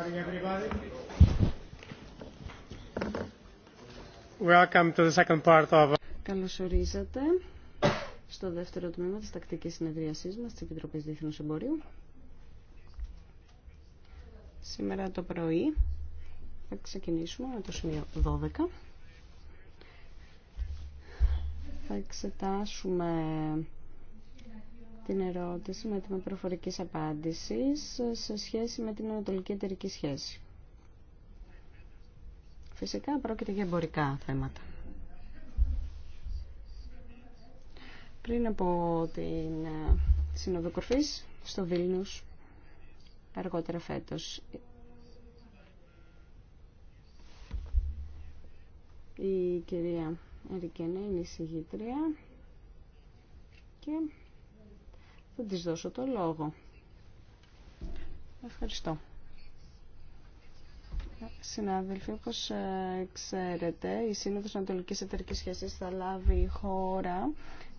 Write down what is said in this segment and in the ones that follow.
morning, Καλώς ορίζατε στο δεύτερο τμήμα της τακτικής συνεδρίασής μας της Επιτροπής Διεθνούς Εμπορίου. Σήμερα το πρωί θα ξεκινήσουμε με το σημείο 12. Θα εξετάσουμε την ερώτηση με την προφορική απάντηση σε σχέση με την ανατολική εταιρική σχέση. Φυσικά πρόκειται για εμπορικά θέματα. Πριν από την ε, Σύνοδο στο Βίλνιους, αργότερα φέτος, η κυρία Ερικενέ είναι η συγγήτρια και θα της δώσω το λόγο. Ευχαριστώ. Συνάδελφοι, όπως ε, ξέρετε, η Σύνοδος Ανατολικής Εταιρικής Σχέσης θα λάβει χώρα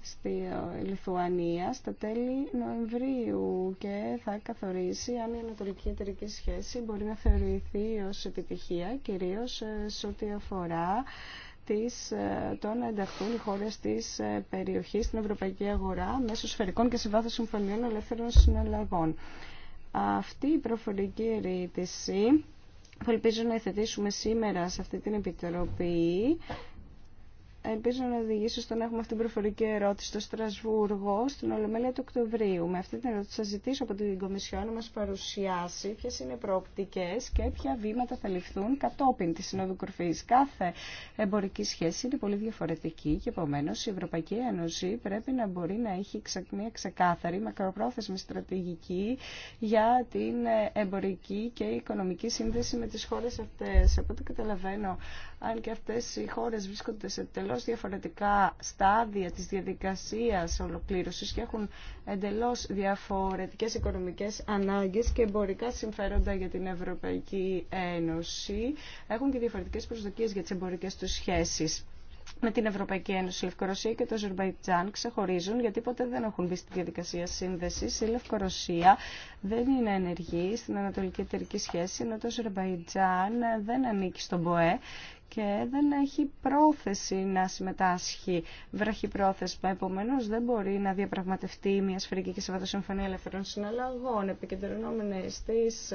στη ε, Λιθουανία στα τέλη Νοεμβρίου και θα καθορίσει αν η ανατολική εταιρική σχέση μπορεί να θεωρηθεί ως επιτυχία, κυρίως ε, σε ό,τι αφορά της, ε, το να ενταχθούν οι χώρες της ε, περιοχής στην ευρωπαϊκή αγορά μέσω σφαιρικών και συμβάθων συμφωνιών ελεύθερων συναλλαγών. Αυτή η προφορική ερήτηση που ελπίζω να εθετήσουμε σήμερα σε αυτή την Επιτροπή ελπίζω να οδηγήσω στο να έχουμε αυτή την προφορική ερώτηση στο Στρασβούργο στην Ολομέλεια του Οκτωβρίου. Με αυτή την ερώτηση θα ζητήσω από την Κομισιόν να μας παρουσιάσει ποιες είναι οι προοπτικές και ποια βήματα θα ληφθούν κατόπιν της Συνόδου Κορφή. Κάθε εμπορική σχέση είναι πολύ διαφορετική και επομένω η Ευρωπαϊκή Ένωση πρέπει να μπορεί να έχει μια ξεκάθαρη μακροπρόθεσμη στρατηγική για την εμπορική και οικονομική σύνδεση με τις χώρες αυτές. Από καταλαβαίνω, αν και αυτές οι χώρες βρίσκονται σε εντελώς διαφορετικά στάδια της διαδικασίας ολοκλήρωσης και έχουν εντελώς διαφορετικές οικονομικές ανάγκες και εμπορικά συμφέροντα για την Ευρωπαϊκή Ένωση. Έχουν και διαφορετικές προσδοκίες για τις εμπορικές τους σχέσεις με την Ευρωπαϊκή Ένωση. Η Λευκορωσία και το Αζερβαϊτζάν ξεχωρίζουν γιατί ποτέ δεν έχουν μπει στη διαδικασία σύνδεση. Η Λευκορωσία δεν είναι ενεργή στην ανατολική εταιρική σχέση, ενώ το Αζερβαϊτζάν δεν ανήκει στον ΠΟΕ και δεν έχει πρόθεση να συμμετάσχει βραχυπρόθεσμα. Επομένω, δεν μπορεί να διαπραγματευτεί μια σφαιρική και σεβατό συμφωνία ελεύθερων συναλλαγών, επικεντρωνόμενη στι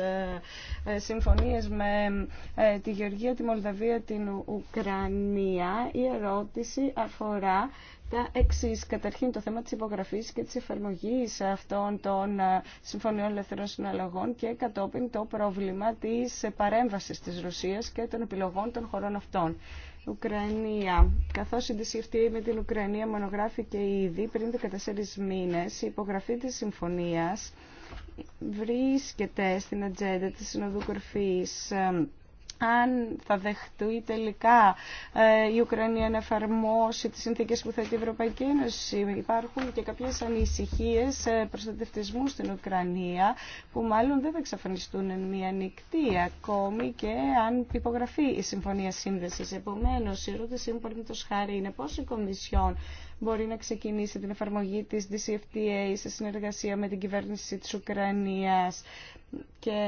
ε, ε, συμφωνίε με ε, τη Γεωργία, τη Μολδαβία, την Ουκρανία. Η ερώτηση αφορά τα εξή. Καταρχήν το θέμα τη υπογραφή και τη εφαρμογή αυτών των ε, συμφωνιών ελευθερών συναλλαγών και κατόπιν το πρόβλημα τη παρέμβαση τη Ρωσία και των επιλογών των χωρών αυτών. Ουκρανία. Καθώ η DCFTA με την Ουκρανία μονογράφηκε ήδη πριν 14 μήνε, η υπογραφή τη συμφωνία βρίσκεται στην ατζέντα της Συνοδού αν θα δεχτούει τελικά ε, η Ουκρανία να εφαρμόσει τις συνθήκες που θέτει η Ευρωπαϊκή Ένωση. Υπάρχουν και κάποιες ανησυχίες ε, προστατευτισμού στην Ουκρανία που μάλλον δεν θα εξαφανιστούν εν μία νυχτή ακόμη και αν υπογραφεί η Συμφωνία Σύνδεσης. Επομένως, η ερώτησή μου το χάρη είναι πώς η Κομισιόν μπορεί να ξεκινήσει την εφαρμογή της DCFTA σε συνεργασία με την κυβέρνηση της Ουκρανίας και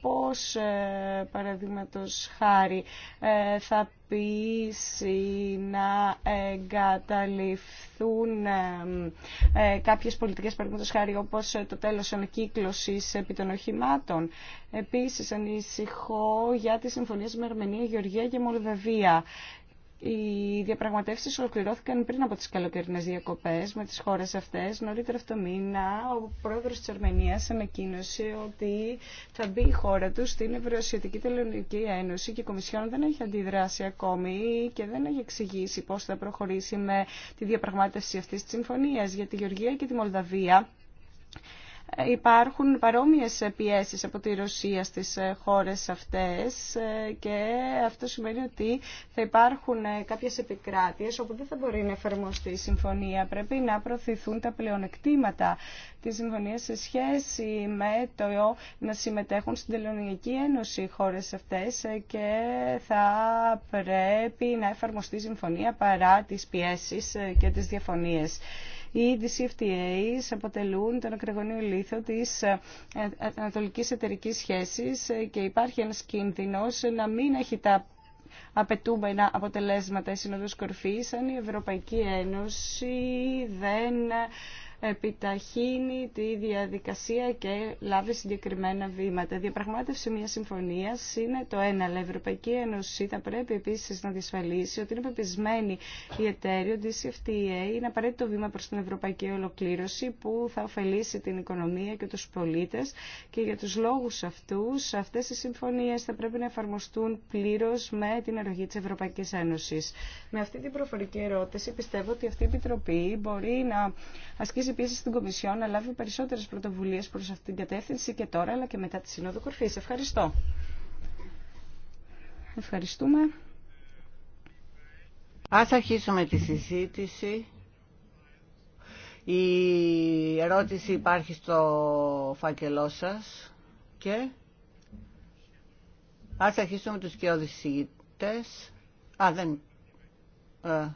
πώς ε, παραδείγματος χάρη ε, θα πείσει να εγκαταλειφθούν ε, κάποιες πολιτικές παραδείγματος χάρη όπως το τέλος ανακύκλωσης επί των οχημάτων. Επίσης ανησυχώ για τις συμφωνίες με Αρμενία, Γεωργία και Μολδαβία. Οι διαπραγματεύσει ολοκληρώθηκαν πριν από τι καλοκαιρινέ διακοπέ με τι χώρε αυτέ. Νωρίτερα αυτό μήνα, ο πρόεδρο τη Αρμενία ανακοίνωσε ότι θα μπει η χώρα του στην Ευρωασιατική Τελωνική Ένωση και η Κομισιόν δεν έχει αντιδράσει ακόμη και δεν έχει εξηγήσει πώ θα προχωρήσει με τη διαπραγμάτευση αυτή τη συμφωνία για τη Γεωργία και τη Μολδαβία υπάρχουν παρόμοιες πιέσεις από τη Ρωσία στις ε, χώρες αυτές ε, και αυτό σημαίνει ότι θα υπάρχουν ε, κάποιες επικράτειες όπου δεν θα μπορεί να εφαρμοστεί η συμφωνία. Πρέπει να προωθηθούν τα πλεονεκτήματα της συμφωνίας σε σχέση με το να συμμετέχουν στην Τελωνιακή Ένωση οι χώρες αυτές και θα πρέπει να εφαρμοστεί η συμφωνία παρά τις πιέσεις και τις διαφωνίες. Οι DCFTAs αποτελούν τον ακρογωνίο λίθο της ε, ε, Ανατολική Εταιρική σχέση ε, και υπάρχει ένα κίνδυνο να μην έχει τα απαιτούμενα αποτελέσματα η Συνοδός αν η Ευρωπαϊκή Ένωση δεν επιταχύνει τη διαδικασία και λάβει συγκεκριμένα βήματα. Διαπραγμάτευση μια συμφωνία είναι το ένα, αλλά η Ευρωπαϊκή Ένωση θα πρέπει επίση να διασφαλίσει ότι είναι πεπισμένη η εταίρεια ότι η CFTA είναι απαραίτητο βήμα προ την ευρωπαϊκή ολοκλήρωση που θα ωφελήσει την οικονομία και του πολίτε και για του λόγου αυτού αυτέ οι συμφωνίε θα πρέπει να εφαρμοστούν πλήρω με την αρρωγή τη Ευρωπαϊκή Ένωση. Με αυτή την προφορική ερώτηση πιστεύω ότι αυτή η Επιτροπή μπορεί να ασκήσει πίεση στην Κομισιό να λάβει περισσότερε πρωτοβουλίε προ αυτήν την κατεύθυνση και τώρα αλλά και μετά τη Σύνοδο Κορφή. Ευχαριστώ. Ευχαριστούμε. Ας αρχίσουμε τη συζήτηση. Η ερώτηση υπάρχει στο φάκελό σα. και ας αρχίσουμε τους του συζητητές. Α, δεν... Ε,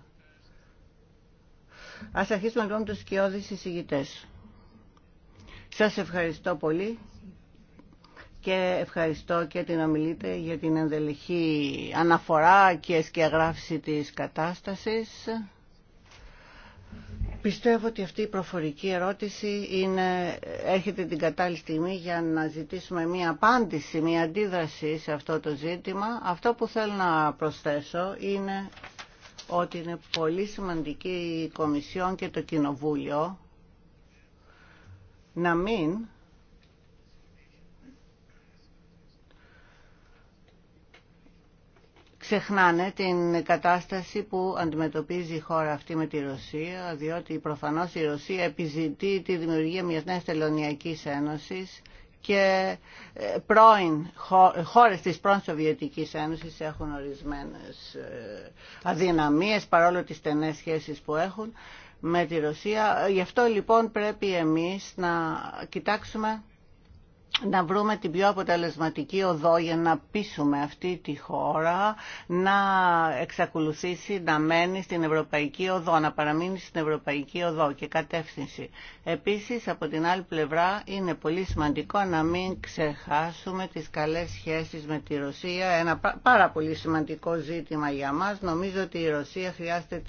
Ας αρχίσουμε λοιπόν τους σκιώδεις εισηγητές. Σας ευχαριστώ πολύ και ευχαριστώ και την ομιλήτρια για την ενδελεχή αναφορά και σκιαγράφηση της κατάστασης. Πιστεύω ότι αυτή η προφορική ερώτηση είναι, έρχεται την κατάλληλη στιγμή για να ζητήσουμε μία απάντηση, μία αντίδραση σε αυτό το ζήτημα. Αυτό που θέλω να προσθέσω είναι ότι είναι πολύ σημαντική η Κομισιόν και το Κοινοβούλιο να μην ξεχνάνε την κατάσταση που αντιμετωπίζει η χώρα αυτή με τη Ρωσία, διότι προφανώς η Ρωσία επιζητεί τη δημιουργία μιας νέας τελωνιακής ένωσης και ε, πρώην, χώρες της πρώην Σοβιετικής Ένωσης έχουν ορισμένες ε, αδυναμίες παρόλο τις στενές σχέσεις που έχουν με τη Ρωσία. Γι' αυτό λοιπόν πρέπει εμείς να κοιτάξουμε να βρούμε την πιο αποτελεσματική οδό για να πείσουμε αυτή τη χώρα να εξακολουθήσει να μένει στην Ευρωπαϊκή Οδό, να παραμείνει στην Ευρωπαϊκή Οδό και κατεύθυνση. Επίσης, από την άλλη πλευρά, είναι πολύ σημαντικό να μην ξεχάσουμε τις καλές σχέσεις με τη Ρωσία, ένα πάρα πολύ σημαντικό ζήτημα για μας. Νομίζω ότι η Ρωσία χρειάζεται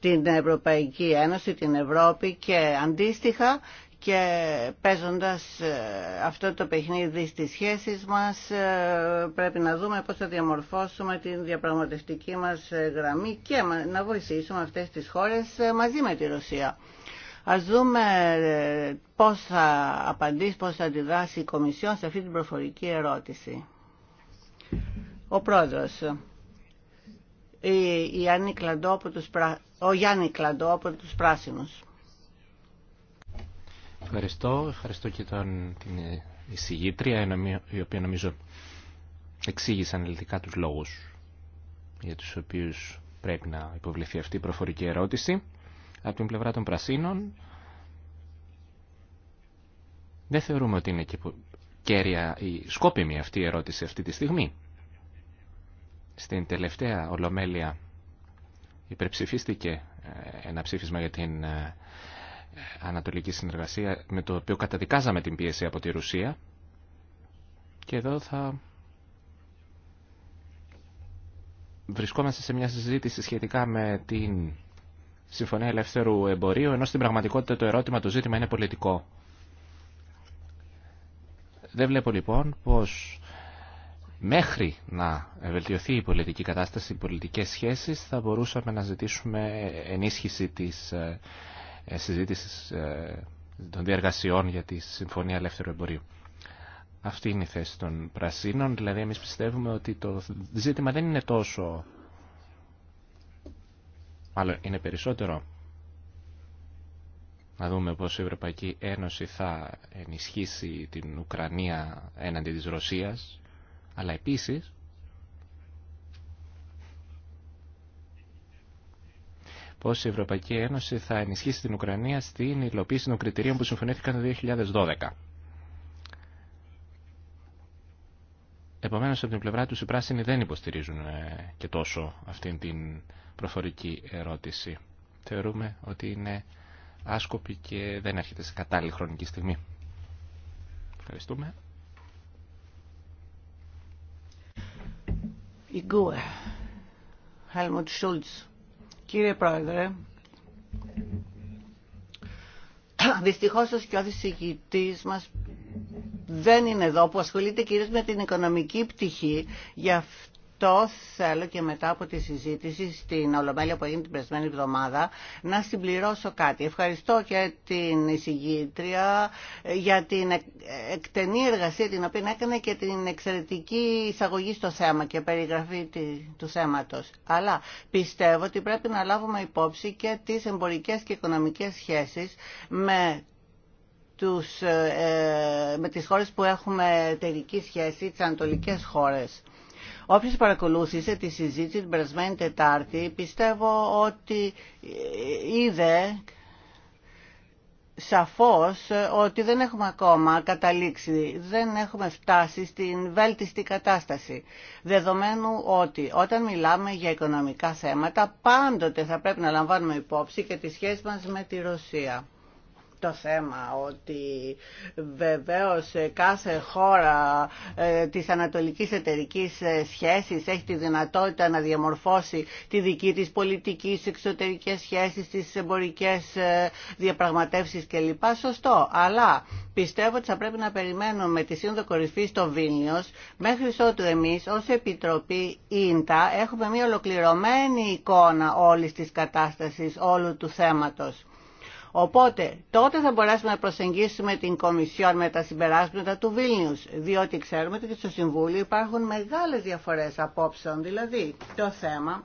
την Ευρωπαϊκή Ένωση, την Ευρώπη και αντίστοιχα και παίζοντας ε, αυτό το παιχνίδι στις σχέσεις μας ε, πρέπει να δούμε πώς θα διαμορφώσουμε την διαπραγματευτική μας ε, γραμμή και να βοηθήσουμε αυτές τις χώρες μαζί με τη Ρωσία. Ας δούμε πώς θα απαντήσει, πώς θα αντιδράσει η Κομισιόν σε αυτή την προφορική ερώτηση. Ο πρόεδρος, η, η ο Γιάννη Κλαντό από τους Πράσινους. Ευχαριστώ. Ευχαριστώ και τον, την εισηγήτρια, η οποία νομίζω εξήγησε αναλυτικά τους λόγους για τους οποίους πρέπει να υποβληθεί αυτή η προφορική ερώτηση. Από την πλευρά των πρασίνων, δεν θεωρούμε ότι είναι και κέρια η σκόπιμη αυτή η ερώτηση αυτή τη στιγμή. Στην τελευταία ολομέλεια υπερψηφίστηκε ε, ένα ψήφισμα για την ε, ανατολική συνεργασία με το οποίο καταδικάζαμε την πίεση από τη Ρουσία και εδώ θα βρισκόμαστε σε μια συζήτηση σχετικά με την Συμφωνία Ελεύθερου Εμπορίου ενώ στην πραγματικότητα το ερώτημα, το ζήτημα είναι πολιτικό. Δεν βλέπω λοιπόν πως μέχρι να βελτιωθεί η πολιτική κατάσταση, οι πολιτικές σχέσεις, θα μπορούσαμε να ζητήσουμε ενίσχυση της ε, ε, Συζήτηση ε, των διεργασιών για τη Συμφωνία Ελεύθερου Εμπορίου. Αυτή είναι η θέση των πρασίνων, δηλαδή εμεί πιστεύουμε ότι το ζήτημα δεν είναι τόσο, μάλλον είναι περισσότερο, να δούμε πώς η Ευρωπαϊκή Ένωση θα ενισχύσει την Ουκρανία έναντι της Ρωσίας, αλλά επίσης πως η Ευρωπαϊκή Ένωση θα ενισχύσει την Ουκρανία στην υλοποίηση των κριτηρίων που συμφωνήθηκαν το 2012. Επομένως, από την πλευρά τους οι πράσινοι δεν υποστηρίζουν ε, και τόσο αυτήν την προφορική ερώτηση. Θεωρούμε ότι είναι άσκοπη και δεν έρχεται σε κατάλληλη χρονική στιγμή. Ευχαριστούμε. Η Κύριε Πρόεδρε, δυστυχώς ο σκιώδης ηγητής μας δεν είναι εδώ που ασχολείται κυρίως με την οικονομική πτυχή. για. αυτό αυτό θέλω και μετά από τη συζήτηση στην Ολομέλεια που έγινε την περασμένη εβδομάδα να συμπληρώσω κάτι. Ευχαριστώ και την εισηγήτρια για την εκτενή εργασία την οποία έκανε και την εξαιρετική εισαγωγή στο θέμα και περιγραφή του θέματος. Αλλά πιστεύω ότι πρέπει να λάβουμε υπόψη και τις εμπορικές και οικονομικές σχέσεις με τους, ε, ε, με τις χώρες που έχουμε εταιρική σχέση, τις ανατολικέ χώρες. Όποιος παρακολούθησε τη συζήτηση την περασμένη Τετάρτη πιστεύω ότι είδε σαφώς ότι δεν έχουμε ακόμα καταλήξει, δεν έχουμε φτάσει στην βέλτιστη κατάσταση. Δεδομένου ότι όταν μιλάμε για οικονομικά θέματα πάντοτε θα πρέπει να λαμβάνουμε υπόψη και τη σχέση μας με τη Ρωσία το θέμα ότι βεβαίως κάθε χώρα ε, της ανατολικής εταιρικής ε, σχέσης έχει τη δυνατότητα να διαμορφώσει τη δική της πολιτική, τις εξωτερικές σχέσεις, τις εμπορικές ε, διαπραγματεύσεις κλπ. Σωστό, αλλά πιστεύω ότι θα πρέπει να περιμένουμε τη σύνοδο κορυφή στο Βίλνιος μέχρι ότου εμείς ως Επιτροπή ΙΝΤΑ έχουμε μια ολοκληρωμένη εικόνα όλης της κατάστασης, όλου του θέματος. Οπότε τότε θα μπορέσουμε να προσεγγίσουμε την Κομισιόν με τα συμπεράσματα του Βίλνιους, διότι ξέρουμε ότι στο Συμβούλιο υπάρχουν μεγάλες διαφορές απόψεων, δηλαδή το θέμα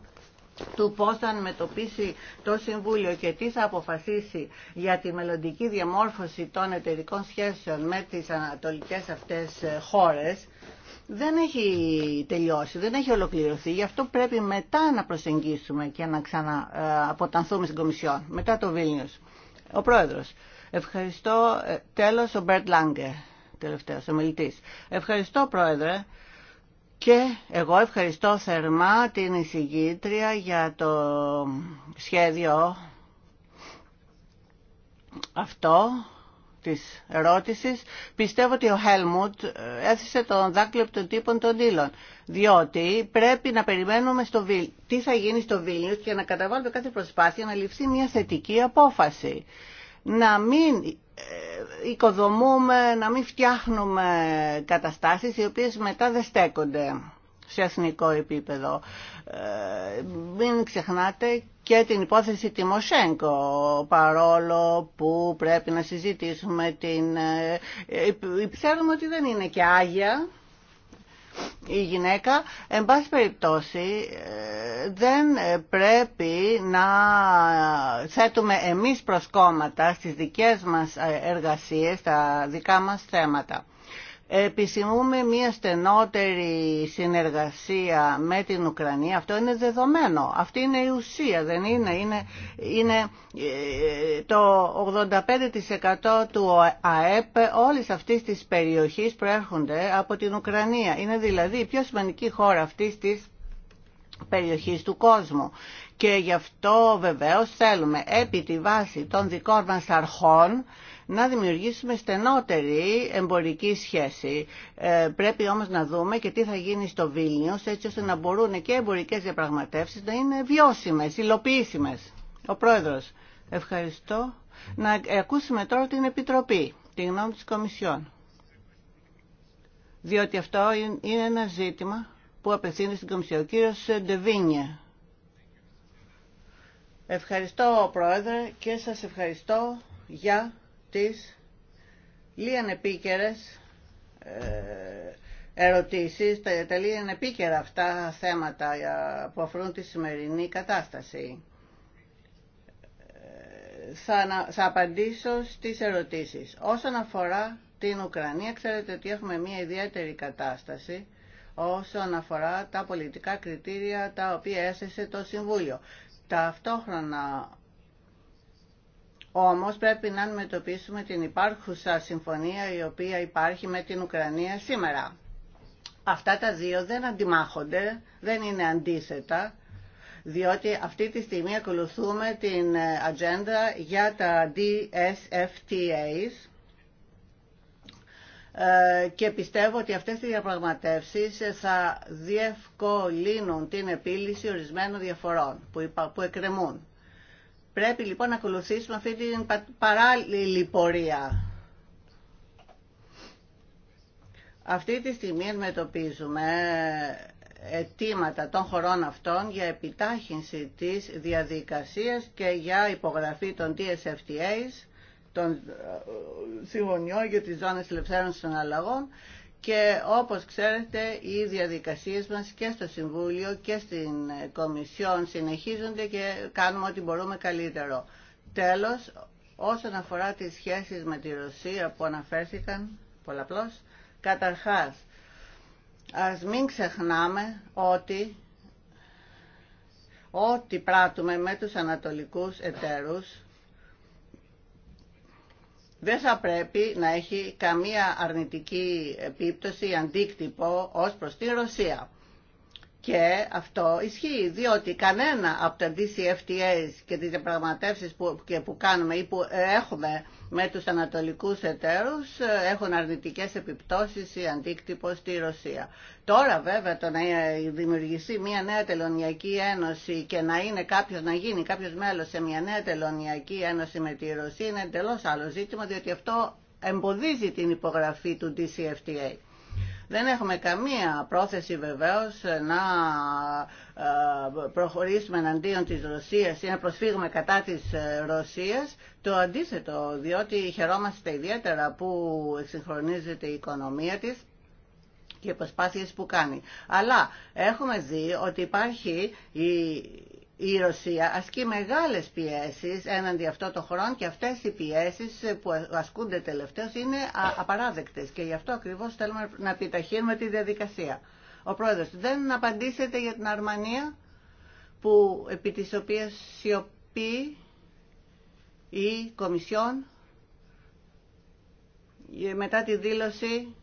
του πώς θα αντιμετωπίσει το Συμβούλιο και τι θα αποφασίσει για τη μελλοντική διαμόρφωση των εταιρικών σχέσεων με τις ανατολικές αυτές χώρες δεν έχει τελειώσει, δεν έχει ολοκληρωθεί. Γι' αυτό πρέπει μετά να προσεγγίσουμε και να ξανααποτανθούμε ε, στην Κομισιόν, μετά το Βίλνιος. Ο Πρόεδρος. Ευχαριστώ. Ε, τέλος, ο Μπέρτ Λάγκε, τελευταίος ομιλητής. Ευχαριστώ, Πρόεδρε. Και εγώ ευχαριστώ θερμά την εισηγήτρια για το σχέδιο αυτό της ερώτησης, πιστεύω ότι ο Χέλμουτ ε, έθεσε τον δάκλειο των τύπων των δήλων. Διότι πρέπει να περιμένουμε στο Βίλ... τι θα γίνει στο Βίλνιους και να καταβάλουμε κάθε προσπάθεια να ληφθεί μια θετική απόφαση. Να μην ε, οικοδομούμε, να μην φτιάχνουμε καταστάσεις οι οποίες μετά δεν στέκονται σε εθνικό επίπεδο. Ε, μην ξεχνάτε και την υπόθεση Τιμοσέγκο, παρόλο που πρέπει να συζητήσουμε την... Ε, ε, ξέρουμε ότι δεν είναι και άγια η γυναίκα, εν πάση περιπτώσει, δεν πρέπει να θέτουμε εμείς προσκόμματα στις δικές μας εργασίες, στα δικά μας θέματα επισημούμε μια στενότερη συνεργασία με την Ουκρανία. Αυτό είναι δεδομένο. Αυτή είναι η ουσία, δεν είναι. Είναι, είναι ε, το 85% του ΑΕΠ όλης αυτής της περιοχής προέρχονται από την Ουκρανία. Είναι δηλαδή η πιο σημαντική χώρα αυτής της περιοχής του κόσμου. Και γι' αυτό βεβαίως θέλουμε επί τη βάση των δικών μας αρχών να δημιουργήσουμε στενότερη εμπορική σχέση. Ε, πρέπει όμως να δούμε και τι θα γίνει στο Βίλνιος έτσι ώστε να μπορούν και εμπορικές διαπραγματεύσεις να είναι βιώσιμες, υλοποιήσιμες. Ο Πρόεδρος, ευχαριστώ. Να ακούσουμε τώρα την Επιτροπή, τη γνώμη της Κομισιόν. Διότι αυτό είναι ένα ζήτημα που απευθύνει στην Κομισιόν. Ο κύριος Ντεβίνιε. Ευχαριστώ, Πρόεδρε, και σας ευχαριστώ για τις λίγαν επίκαιρες ε, ερωτήσεις, τα, τα επίκαιρα αυτά θέματα ε, που αφορούν τη σημερινή κατάσταση. Ε, θα, θα απαντήσω στις ερωτήσεις. Όσον αφορά την Ουκρανία, ξέρετε ότι έχουμε μια ιδιαίτερη κατάσταση όσον αφορά τα πολιτικά κριτήρια τα οποία έθεσε το Συμβούλιο. Ταυτόχρονα όμως πρέπει να αντιμετωπίσουμε την υπάρχουσα συμφωνία η οποία υπάρχει με την Ουκρανία σήμερα. Αυτά τα δύο δεν αντιμάχονται, δεν είναι αντίθετα, διότι αυτή τη στιγμή ακολουθούμε την ε, ατζέντα για τα DSFTAs, ε, και πιστεύω ότι αυτές οι διαπραγματεύσεις θα διευκολύνουν την επίλυση ορισμένων διαφορών που εκκρεμούν. Πρέπει λοιπόν να ακολουθήσουμε αυτή την παράλληλη πορεία. Αυτή τη στιγμή αντιμετωπίζουμε αιτήματα των χωρών αυτών για επιτάχυνση της διαδικασίας και για υπογραφή των DSFTAs, των ε, ε, συμφωνιών για τις ζώνες των αλλαγών και όπως ξέρετε οι διαδικασίες μας και στο Συμβούλιο και στην Κομισιόν συνεχίζονται και κάνουμε ό,τι μπορούμε καλύτερο. Τέλος, όσον αφορά τις σχέσεις με τη Ρωσία που αναφέρθηκαν πολλαπλώς, καταρχάς, ας μην ξεχνάμε ότι ό,τι πράττουμε με τους ανατολικούς εταίρους δεν θα πρέπει να έχει καμία αρνητική επίπτωση, αντίκτυπο ως προς τη Ρωσία. Και αυτό ισχύει, διότι κανένα από τα DCFTAs και τις διαπραγματεύσει που, και που κάνουμε ή που έχουμε με τους ανατολικούς εταίρους ε, έχουν αρνητικές επιπτώσεις ή αντίκτυπο στη Ρωσία. Τώρα βέβαια το να δημιουργηθεί μια νέα τελωνιακή ένωση και να είναι κάποιος, να γίνει κάποιος μέλος σε μια νέα τελωνιακή ένωση με τη Ρωσία είναι εντελώς άλλο ζήτημα, διότι αυτό εμποδίζει την υπογραφή του DCFTA. Δεν έχουμε καμία πρόθεση βεβαίως να ε, προχωρήσουμε εναντίον της Ρωσίας ή να προσφύγουμε κατά της ε, Ρωσίας. Το αντίθετο, διότι χαιρόμαστε ιδιαίτερα που εξυγχρονίζεται η οικονομία της και οι προσπάθειες που κάνει. Αλλά έχουμε δει ότι υπάρχει η η Ρωσία ασκεί μεγάλες πιέσεις έναντι αυτό το χρόνο και αυτές οι πιέσεις που ασκούνται τελευταίως είναι απαράδεκτες και γι' αυτό ακριβώς θέλουμε να επιταχύνουμε τη διαδικασία. Ο πρόεδρος δεν απαντήσετε για την Αρμανία που επί της οποίας σιωπή η Κομισιόν μετά τη δήλωση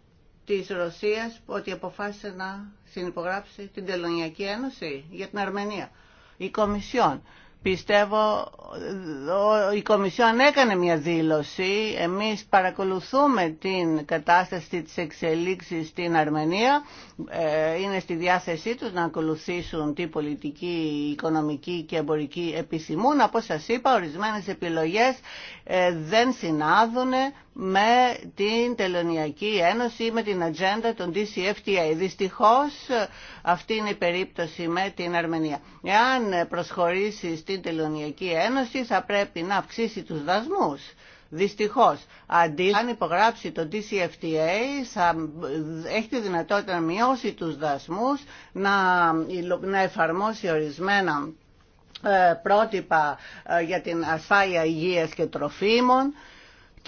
της Ρωσίας ότι αποφάσισε να συνυπογράψει την Τελωνιακή Ένωση για την Αρμενία η Κομισιόν. Πιστεύω ε, η Κομισιόν έκανε μια δήλωση, εμείς παρακολουθούμε την κατάσταση της εξελίξης στην Αρμενία, ε, είναι στη διάθεσή τους να ακολουθήσουν τι πολιτική, οικονομική και εμπορική επισημούν. Από σας είπα, ορισμένες επιλογές ε, δεν συνάδουν με την Τελωνιακή Ένωση ή με την ατζέντα των DCFTA. Δυστυχώς αυτή είναι η περίπτωση με την Αρμενία. Εάν προσχωρήσει στην Τελωνιακή Ένωση θα πρέπει να αυξήσει τους δασμούς. Δυστυχώς, αντί αν υπογράψει το DCFTA θα έχει τη δυνατότητα να μειώσει τους δασμούς, να, να εφαρμόσει ορισμένα ε, πρότυπα ε, για την ασφάλεια υγείας και τροφίμων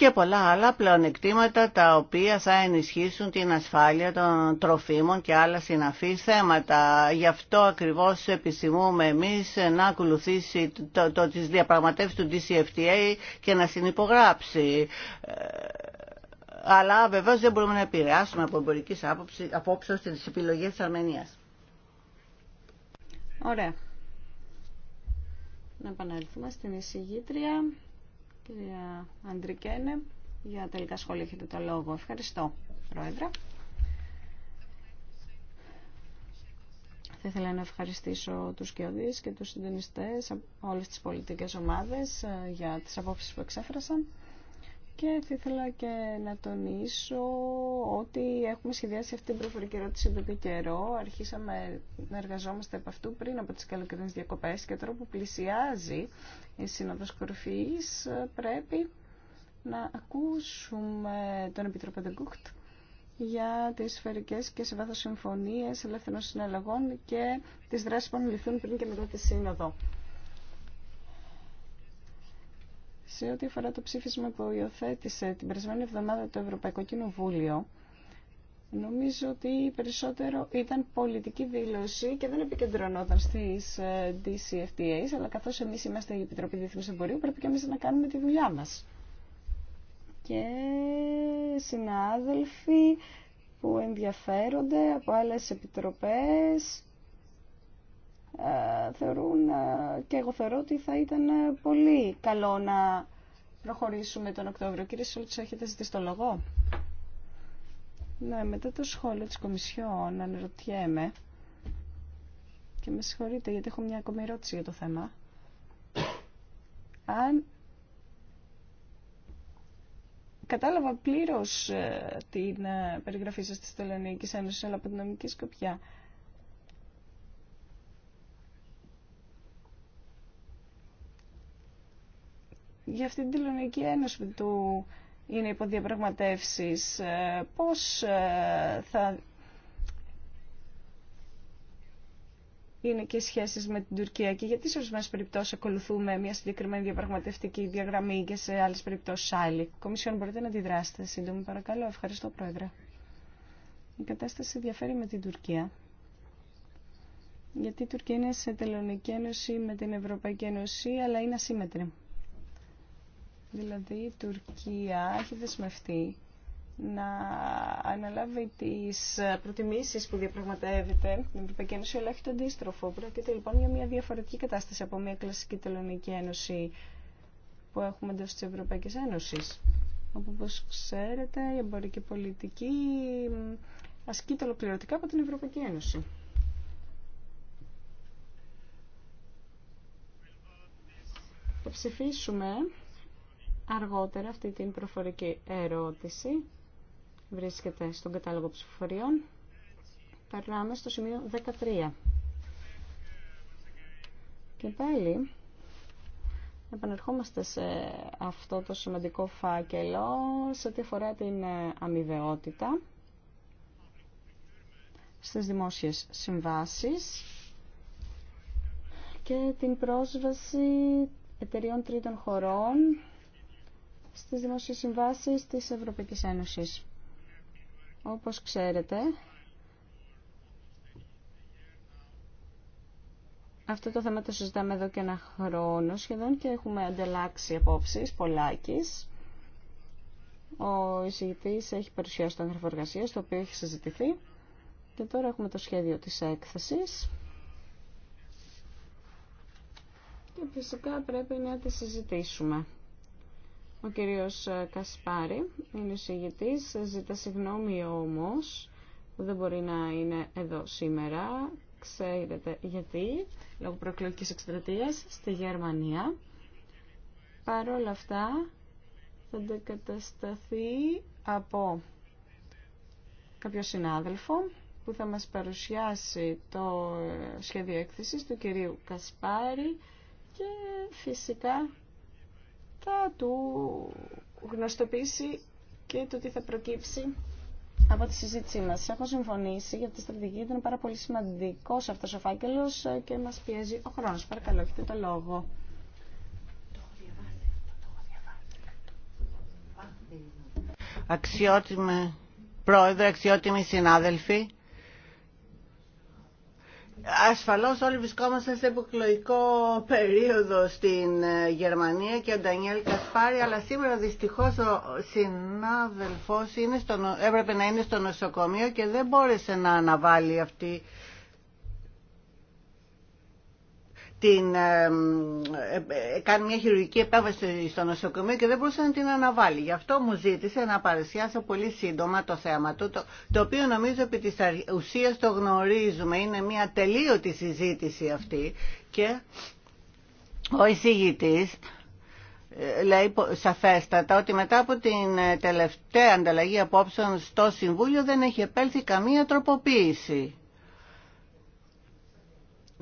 και πολλά άλλα πλεονεκτήματα τα οποία θα ενισχύσουν την ασφάλεια των τροφίμων και άλλα συναφή θέματα. Γι' αυτό ακριβώς επισημούμε εμείς να ακολουθήσει το, το, τις διαπραγματεύσεις του DCFTA και να συνυπογράψει. Ε, αλλά βεβαίως δεν μπορούμε να επηρεάσουμε από εμπορική άποψη, απόψεως τις επιλογές της Αρμενίας. Ωραία. Να επανέλθουμε στην εισηγήτρια. Κυρία Αντρικένε, για τελικά σχόλια έχετε το λόγο. Ευχαριστώ, Πρόεδρε. Θα ήθελα να ευχαριστήσω τους Κιωδείς και τους συντονιστές από όλες τις πολιτικές ομάδες ε, για τις απόψεις που εξέφρασαν. Και θα ήθελα και να τονίσω ότι έχουμε σχεδιάσει αυτή την προφορική ερώτηση εδώ και καιρό. Αρχίσαμε να εργαζόμαστε από αυτού πριν από τις καλοκαιρινές διακοπές και τώρα που πλησιάζει η Σύνοδος Κορφής πρέπει να ακούσουμε τον Επιτροπό Δεγκούχτ για τις σφαιρικές και σε βάθος συμφωνίες ελεύθερων συναλλαγών και τις δράσεις που αναλυθούν πριν και μετά τη Σύνοδο σε ό,τι αφορά το ψήφισμα που υιοθέτησε την περασμένη εβδομάδα το Ευρωπαϊκό Κοινοβούλιο, νομίζω ότι περισσότερο ήταν πολιτική δήλωση και δεν επικεντρωνόταν στις ε, DCFTAs, αλλά καθώς εμείς είμαστε η Επιτροπή Διεθνούς Εμπορίου, πρέπει και εμείς να κάνουμε τη δουλειά μας. Και συνάδελφοι που ενδιαφέρονται από άλλες επιτροπές ε, θεωρούν ε, και εγώ θεωρώ ότι θα ήταν ε, πολύ καλό να προχωρήσουμε τον Οκτώβριο. Κύριε Σόλτς, έχετε ζητήσει το λόγο. Ναι, μετά το σχόλιο της Κομισιόν αναρωτιέμαι και με συγχωρείτε γιατί έχω μια ακόμη ερώτηση για το θέμα. Αν κατάλαβα πλήρως την περιγραφή σας της Τελωνιακής Ένωσης αλλά από την νομική σκοπιά, για αυτή την τηλεονική ένωση που του είναι διαπραγματεύσεις, ε, πώς ε, θα είναι και οι σχέσεις με την Τουρκία και γιατί σε ορισμένες περιπτώσεις ακολουθούμε μια συγκεκριμένη διαπραγματευτική διαγραμμή και σε άλλες περιπτώσεις άλλη. Κομισιόν, μπορείτε να αντιδράσετε σύντομα, παρακαλώ. Ευχαριστώ, Πρόεδρε. Η κατάσταση διαφέρει με την Τουρκία. Γιατί η Τουρκία είναι σε τελωνική ένωση με την Ευρωπαϊκή Ένωση, αλλά είναι ασύμμετρη. Δηλαδή η Τουρκία έχει δεσμευτεί να αναλάβει τις προτιμήσεις που διαπραγματεύεται την Ευρωπαϊκή Ένωση, αλλά έχει το αντίστροφο. Πρόκειται λοιπόν για μια διαφορετική κατάσταση από μια κλασική τελωνική ένωση που έχουμε εντό τη Ευρωπαϊκή Ένωση. Όπω ξέρετε, η εμπορική πολιτική ασκείται ολοκληρωτικά από την Ευρωπαϊκή Ένωση. Θα ψηφίσουμε Αργότερα αυτή την προφορική ερώτηση βρίσκεται στον κατάλογο ψηφοφοριών. Περνάμε στο σημείο 13. Και πάλι επανερχόμαστε σε αυτό το σημαντικό φάκελο σε ό,τι αφορά την ε, αμοιβαιότητα στις δημόσιες συμβάσεις και την πρόσβαση εταιριών τρίτων χωρών στις δημοσίες συμβάσεις της Ευρωπαϊκής Ένωσης. Όπως ξέρετε, αυτό το θέμα το συζητάμε εδώ και ένα χρόνο σχεδόν και έχουμε ανταλλάξει απόψεις πολλάκις. Ο εισηγητής έχει παρουσιάσει το το οποίο έχει συζητηθεί. Και τώρα έχουμε το σχέδιο της έκθεσης. Και φυσικά πρέπει να τη συζητήσουμε. Ο κύριος ε, Κασπάρη είναι εισηγητής, ζητά συγγνώμη όμως που δεν μπορεί να είναι εδώ σήμερα. Ξέρετε γιατί, λόγω προεκλογικής εκστρατείας στη Γερμανία. Παρ' όλα αυτά θα αντικατασταθεί από κάποιο συνάδελφο που θα μας παρουσιάσει το ε, σχέδιο έκθεσης του κυρίου Κασπάρη και φυσικά θα του γνωστοποιήσει και το τι θα προκύψει από τη συζήτησή μα. Έχω συμφωνήσει για τη στρατηγική, ήταν πάρα πολύ σημαντικό αυτό ο φάκελο και μα πιέζει ο χρόνο. Παρακαλώ, έχετε το λόγο. Αξιότιμε πρόεδρε, αξιότιμοι συνάδελφοι, Ασφαλώς όλοι βρισκόμαστε σε υποκλοϊκό περίοδο στην ε, Γερμανία και ο Ντανιέλ Κασπάρη, αλλά σήμερα δυστυχώς ο συνάδελφός είναι στο, έπρεπε να είναι στο νοσοκομείο και δεν μπόρεσε να αναβάλει αυτή την, ε, ε, ε, κάνει μια χειρουργική επέμβαση στο νοσοκομείο και δεν μπορούσε να την αναβάλει. Γι' αυτό μου ζήτησε να παρουσιάσω πολύ σύντομα το θέμα του, το, το οποίο νομίζω επί της ουσίας το γνωρίζουμε. Είναι μια τελείωτη συζήτηση αυτή και ο εισηγητής λέει σαφέστατα ότι μετά από την τελευταία ανταλλαγή απόψεων στο Συμβούλιο δεν έχει επέλθει καμία τροποποίηση.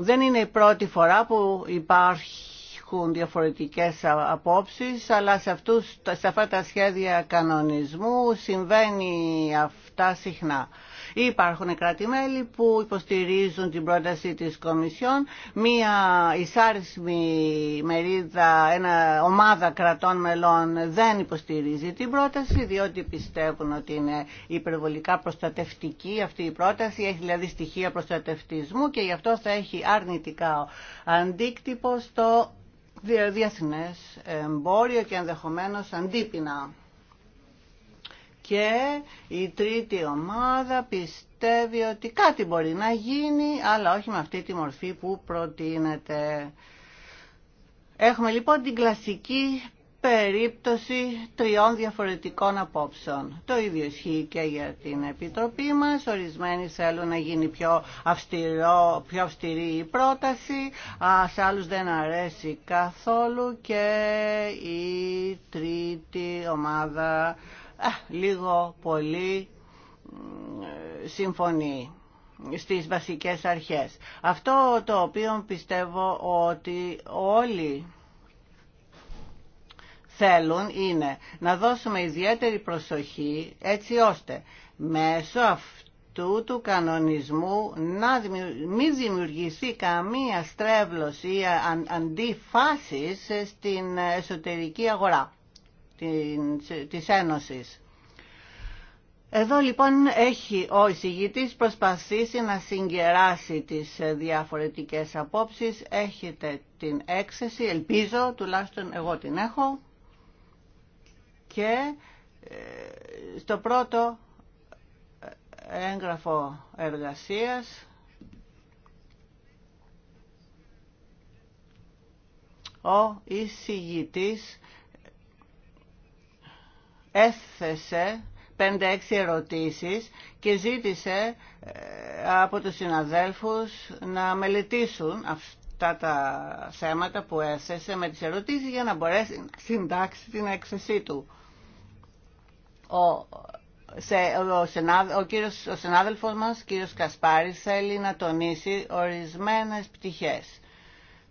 Δεν είναι η πρώτη φορά που υπάρχουν διαφορετικές απόψεις, αλλά σε, αυτούς, σε αυτά τα σχέδια κανονισμού συμβαίνει αυτά συχνά. Υπάρχουν κράτη-μέλη που υποστηρίζουν την πρόταση της Κομισιόν. Μία εισάρισμη μερίδα, ένα ομάδα κρατών μελών δεν υποστηρίζει την πρόταση διότι πιστεύουν ότι είναι υπερβολικά προστατευτική αυτή η πρόταση. Έχει δηλαδή στοιχεία προστατευτισμού και γι' αυτό θα έχει αρνητικά αντίκτυπο στο διεθνές εμπόριο και ενδεχομένως αντίπεινα. Και η τρίτη ομάδα πιστεύει ότι κάτι μπορεί να γίνει, αλλά όχι με αυτή τη μορφή που προτείνεται. Έχουμε λοιπόν την κλασική περίπτωση τριών διαφορετικών απόψεων. Το ίδιο ισχύει και για την Επιτροπή μας. Ορισμένοι θέλουν να γίνει πιο, αυστηρό, πιο αυστηρή η πρόταση, α, σε άλλους δεν αρέσει καθόλου και η τρίτη ομάδα λίγο πολύ συμφωνεί στις βασικές αρχές. Αυτό το οποίο πιστεύω ότι όλοι θέλουν είναι να δώσουμε ιδιαίτερη προσοχή έτσι ώστε μέσω αυτού του κανονισμού να μην δημιουργηθεί καμία στρέβλωση ή αντιφάσεις στην εσωτερική αγορά της Ένωσης. Εδώ λοιπόν έχει ο εισηγητής προσπαθήσει να συγκεράσει τις διαφορετικές απόψεις. Έχετε την έξεση. ελπίζω, τουλάχιστον εγώ την έχω. Και ε, στο πρώτο έγγραφο εργασίας ο εισηγητής έθεσε 5-6 ερωτήσεις και ζήτησε ε, από τους συναδέλφους να μελετήσουν αυτά τα θέματα που έθεσε με τις ερωτήσεις για να μπορέσει να συντάξει την έκθεσή του. Ο, σε, ο, ο, κύριος, ο συνάδελφος μας, κύριος Κασπάρης, θέλει να τονίσει ορισμένες πτυχές.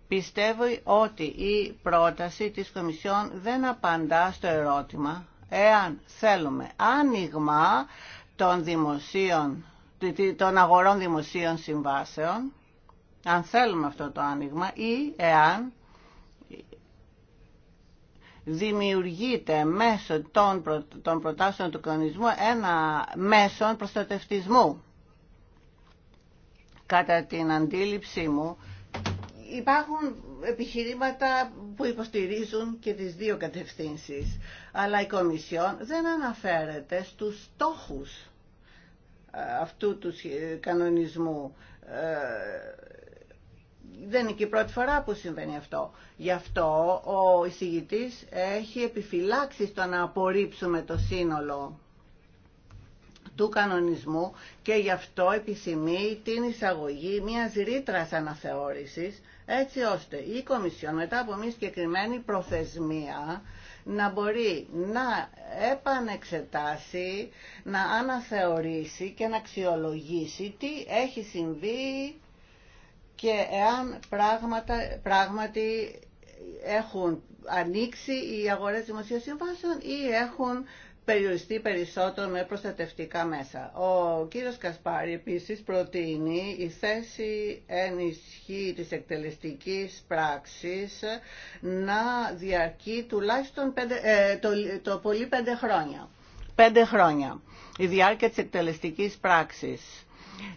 Πιστεύω ότι η πρόταση της Κομισιόν δεν απαντά στο ερώτημα εάν θέλουμε άνοιγμα των, δημοσίων, των αγορών δημοσίων συμβάσεων, αν θέλουμε αυτό το άνοιγμα ή εάν δημιουργείται μέσω των, προ, των προτάσεων του κανονισμού ένα μέσο προστατευτισμού. Κατά την αντίληψή μου υπάρχουν επιχειρήματα που υποστηρίζουν και τις δύο κατευθύνσεις. Αλλά η Κομισιόν δεν αναφέρεται στους στόχους ε, αυτού του κανονισμού. Ε, δεν είναι και η πρώτη φορά που συμβαίνει αυτό. Γι' αυτό ο εισηγητής έχει επιφυλάξει στο να απορρίψουμε το σύνολο του κανονισμού και γι' αυτό επισημεί την εισαγωγή μιας ρήτρας αναθεώρησης έτσι ώστε η Κομισιόν μετά από μια συγκεκριμένη προθεσμία να μπορεί να επανεξετάσει, να αναθεωρήσει και να αξιολογήσει τι έχει συμβεί και εάν πράγματα, πράγματι έχουν ανοίξει οι αγορές δημοσίων συμβάσεων ή έχουν περιοριστεί περισσότερο με προστατευτικά μέσα. Ο κύριος Κασπάρη επίσης προτείνει η θέση ενισχύ της εκτελεστικής πράξης να διαρκεί τουλάχιστον ε, το, το πολύ πέντε χρόνια. Πέντε χρόνια η διάρκεια της εκτελεστικής πράξης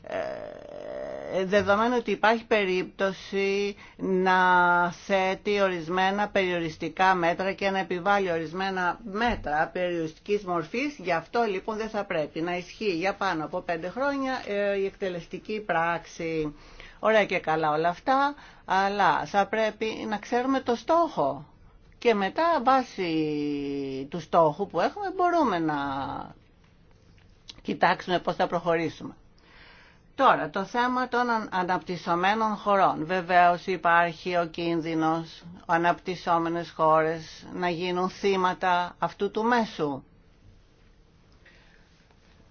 ε, δεδομένου ότι υπάρχει περίπτωση να θέτει ορισμένα περιοριστικά μέτρα και να επιβάλλει ορισμένα μέτρα περιοριστικής μορφής. Γι' αυτό λοιπόν δεν θα πρέπει να ισχύει για πάνω από πέντε χρόνια ε, η εκτελεστική πράξη. Ωραία και καλά όλα αυτά, αλλά θα πρέπει να ξέρουμε το στόχο. Και μετά βάσει του στόχου που έχουμε μπορούμε να κοιτάξουμε πώς θα προχωρήσουμε. Τώρα, το θέμα των αναπτυσσομένων χωρών. Βεβαίως υπάρχει ο κίνδυνος, οι αναπτυσσόμενες χώρες να γίνουν θύματα αυτού του μέσου.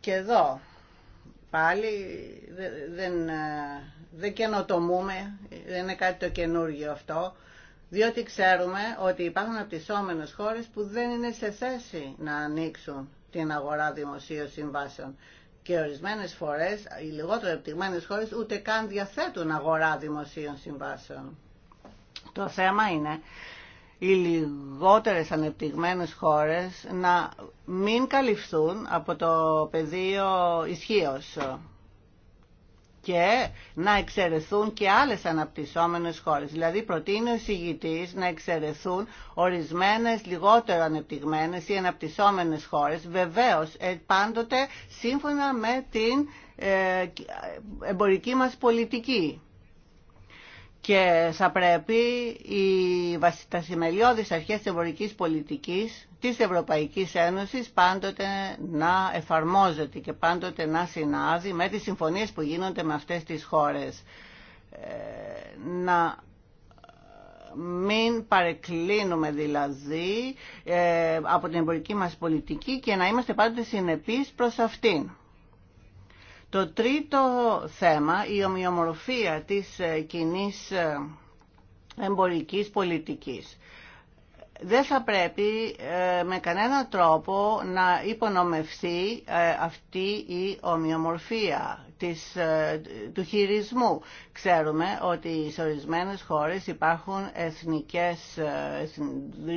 Και εδώ πάλι δεν, ε, δεν καινοτομούμε, δεν είναι κάτι το καινούργιο αυτό, διότι ξέρουμε ότι υπάρχουν αναπτυσσόμενες χώρες που δεν είναι σε θέση να ανοίξουν την αγορά δημοσίων συμβάσεων και ορισμένες φορές οι λιγότερο επιτυγμένες χώρες ούτε καν διαθέτουν αγορά δημοσίων συμβάσεων. Το θέμα είναι οι λιγότερες ανεπτυγμένες χώρες να μην καλυφθούν από το πεδίο ισχύω και να εξαιρεθούν και άλλες αναπτυσσόμενες χώρες. Δηλαδή προτείνει ο εισηγητής να εξαιρεθούν ορισμένες λιγότερο ανεπτυγμένες ή αναπτυσσόμενες χώρες, βεβαίως ε, πάντοτε σύμφωνα με την ε, εμπορική μας πολιτική και θα πρέπει οι, τα θεμελιώδεις αρχές της ευρωπαϊκής πολιτικής της Ευρωπαϊκής Ένωσης πάντοτε να εφαρμόζεται και πάντοτε να συνάδει με τις συμφωνίες που γίνονται με αυτές τις χώρες. Ε, να μην παρεκκλίνουμε δηλαδή ε, από την εμπορική μας πολιτική και να είμαστε πάντοτε συνεπείς προς αυτήν. Το τρίτο θέμα, η ομοιομορφία της ε, κοινή ε, εμπορικής πολιτικής. Δεν θα πρέπει ε, με κανένα τρόπο να υπονομευθεί αυτή η ομοιομορφία της, του χειρισμού. Ξέρουμε ότι σε ορισμένε χώρες υπάρχουν εθνικές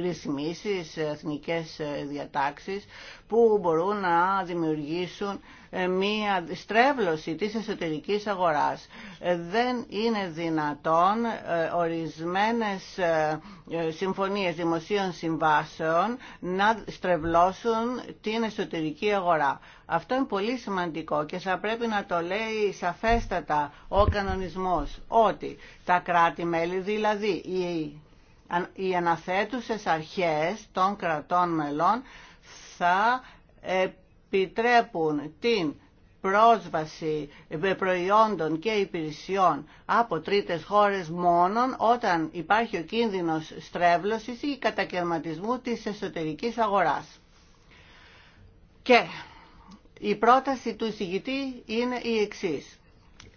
ρυθμίσεις, εθνικές διατάξεις που μπορούν να δημιουργήσουν ε, μία στρέβλωση της εσωτερικής αγοράς. Ε, δεν είναι δυνατόν ε, ορισμένες συμφωνίες δημοσίων συμβάσεων να στρεβλώσουν την εσωτερική αγορά. Αυτό είναι πολύ σημαντικό και θα πρέπει να το λέει σαφέστατα ο κανονισμός ότι τα κράτη-μέλη δηλαδή οι οι αναθέτουσες αρχές των κρατών μελών θα επιτρέπουν την πρόσβαση προϊόντων και υπηρεσιών από τρίτες χώρες μόνον όταν υπάρχει ο κίνδυνος στρέβλωσης ή κατακαιρματισμού της εσωτερικής αγοράς. Και η πρόταση του εισηγητή είναι η εξής.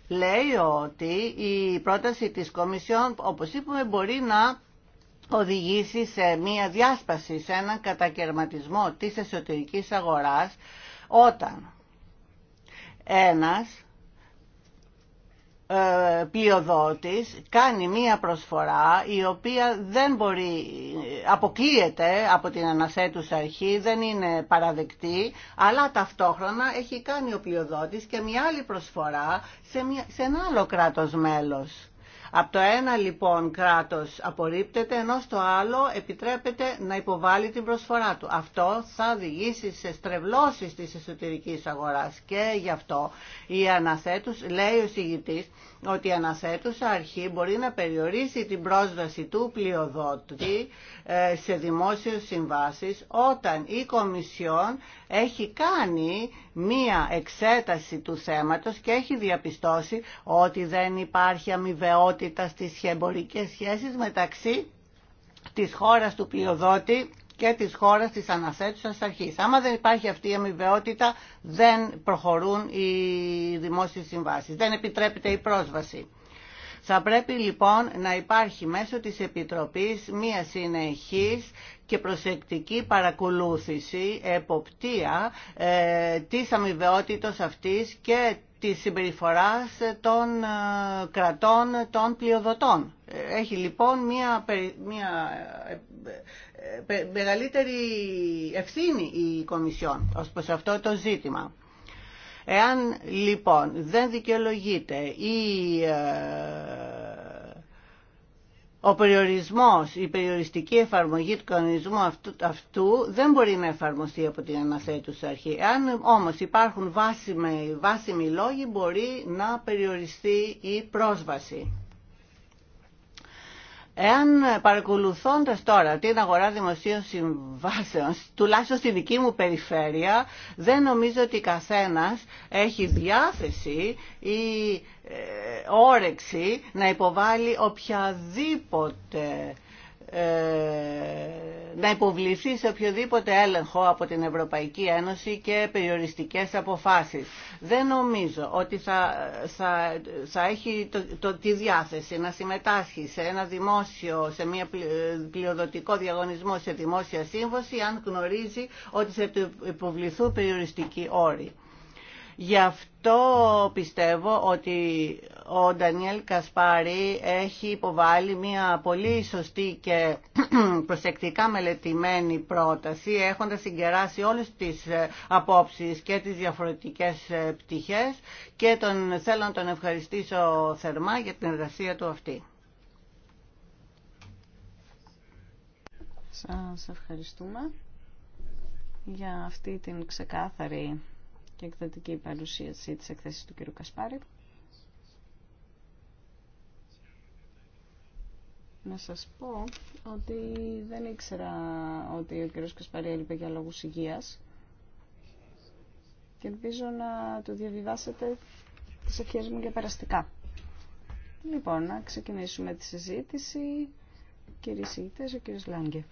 Λέει ότι η πρόταση της Κομισιόν, όπως είπαμε, μπορεί να οδηγήσει σε μία διάσπαση, σε έναν κατακαιρματισμό της εσωτερικής αγοράς όταν ένας ε, πλειοδότης κάνει μία προσφορά η οποία δεν μπορεί, αποκλείεται από την αναθέτουσα αρχή, δεν είναι παραδεκτή, αλλά ταυτόχρονα έχει κάνει ο πλειοδότης και μία άλλη προσφορά σε, μια, σε ένα άλλο κράτος μέλος. Από το ένα λοιπόν κράτος απορρίπτεται, ενώ στο άλλο επιτρέπεται να υποβάλει την προσφορά του. Αυτό θα οδηγήσει σε στρεβλώσεις της εσωτερικής αγοράς και γι' αυτό η αναθέτους λέει ο συγητής ότι η αναθέτουσα αρχή μπορεί να περιορίσει την πρόσβαση του πλειοδότη ε, σε δημόσιες συμβάσεις όταν η Κομισιόν έχει κάνει μία εξέταση του θέματος και έχει διαπιστώσει ότι δεν υπάρχει αμοιβαιότητα στις εμπορικές σχέσεις μεταξύ της χώρας του πλειοδότη και της χώρας της αναθέτουσας αρχής. Άμα δεν υπάρχει αυτή η αμοιβαιότητα δεν προχωρούν οι δημόσιες συμβάσεις, δεν επιτρέπεται η πρόσβαση. Θα πρέπει λοιπόν να υπάρχει μέσω της Επιτροπής μία συνεχής και προσεκτική παρακολούθηση, εποπτεία ε, της αυτή αυτής και της συμπεριφοράς των ε, κρατών των πλειοδοτών. Ε, έχει λοιπόν μία ε, μεγαλύτερη ευθύνη η Κομισιόν ως προς αυτό το ζήτημα. Εάν λοιπόν δεν δικαιολογείται ή ε, ο περιορισμός, η περιοριστική εφαρμογή του κανονισμού αυτού, αυτού δεν μπορεί να εφαρμοστεί από την αναθέτουσα αρχή. Εάν όμως υπάρχουν βάσιμοι, βάσιμοι λόγοι μπορεί να περιοριστεί η περιοριστικη εφαρμογη του κανονισμου αυτου δεν μπορει να εφαρμοστει απο την αναθετουσα αρχη εαν ομως υπαρχουν βασιμοι λογοι μπορει να περιοριστει η προσβαση Εάν παρακολουθώντα τώρα την αγορά δημοσίων συμβάσεων, τουλάχιστον στη δική μου περιφέρεια, δεν νομίζω ότι καθένα έχει διάθεση ή ε, όρεξη να υποβάλει οποιαδήποτε ε, να υποβληθεί σε οποιοδήποτε έλεγχο από την Ευρωπαϊκή Ένωση και περιοριστικές αποφάσεις. Δεν νομίζω ότι θα, θα, θα έχει το, τη διάθεση να συμμετάσχει σε ένα δημόσιο, σε μια πλειοδοτικό διαγωνισμό σε δημόσια σύμβαση αν γνωρίζει ότι θα υποβληθούν περιοριστικοί όροι. Γι' αυτό πιστεύω ότι ο Ντανιέλ Κασπάρη έχει υποβάλει μια πολύ σωστή και προσεκτικά μελετημένη πρόταση έχοντας συγκεράσει όλες τις ε, απόψεις και τις διαφορετικές ε, πτυχές και τον, θέλω να τον ευχαριστήσω θερμά για την εργασία του αυτή. Σας ευχαριστούμε για αυτή την ξεκάθαρη και εκδοτική παρουσίαση της εκθέσης του κ. Κασπάρη. να σας πω ότι δεν ήξερα ότι ο κ. Κασπαρία έλειπε για λόγους υγείας και ελπίζω να του διαβιβάσετε τις ευχές μου για περαστικά. Λοιπόν, να ξεκινήσουμε τη συζήτηση. Κύριε και ο κ. Λάγκε.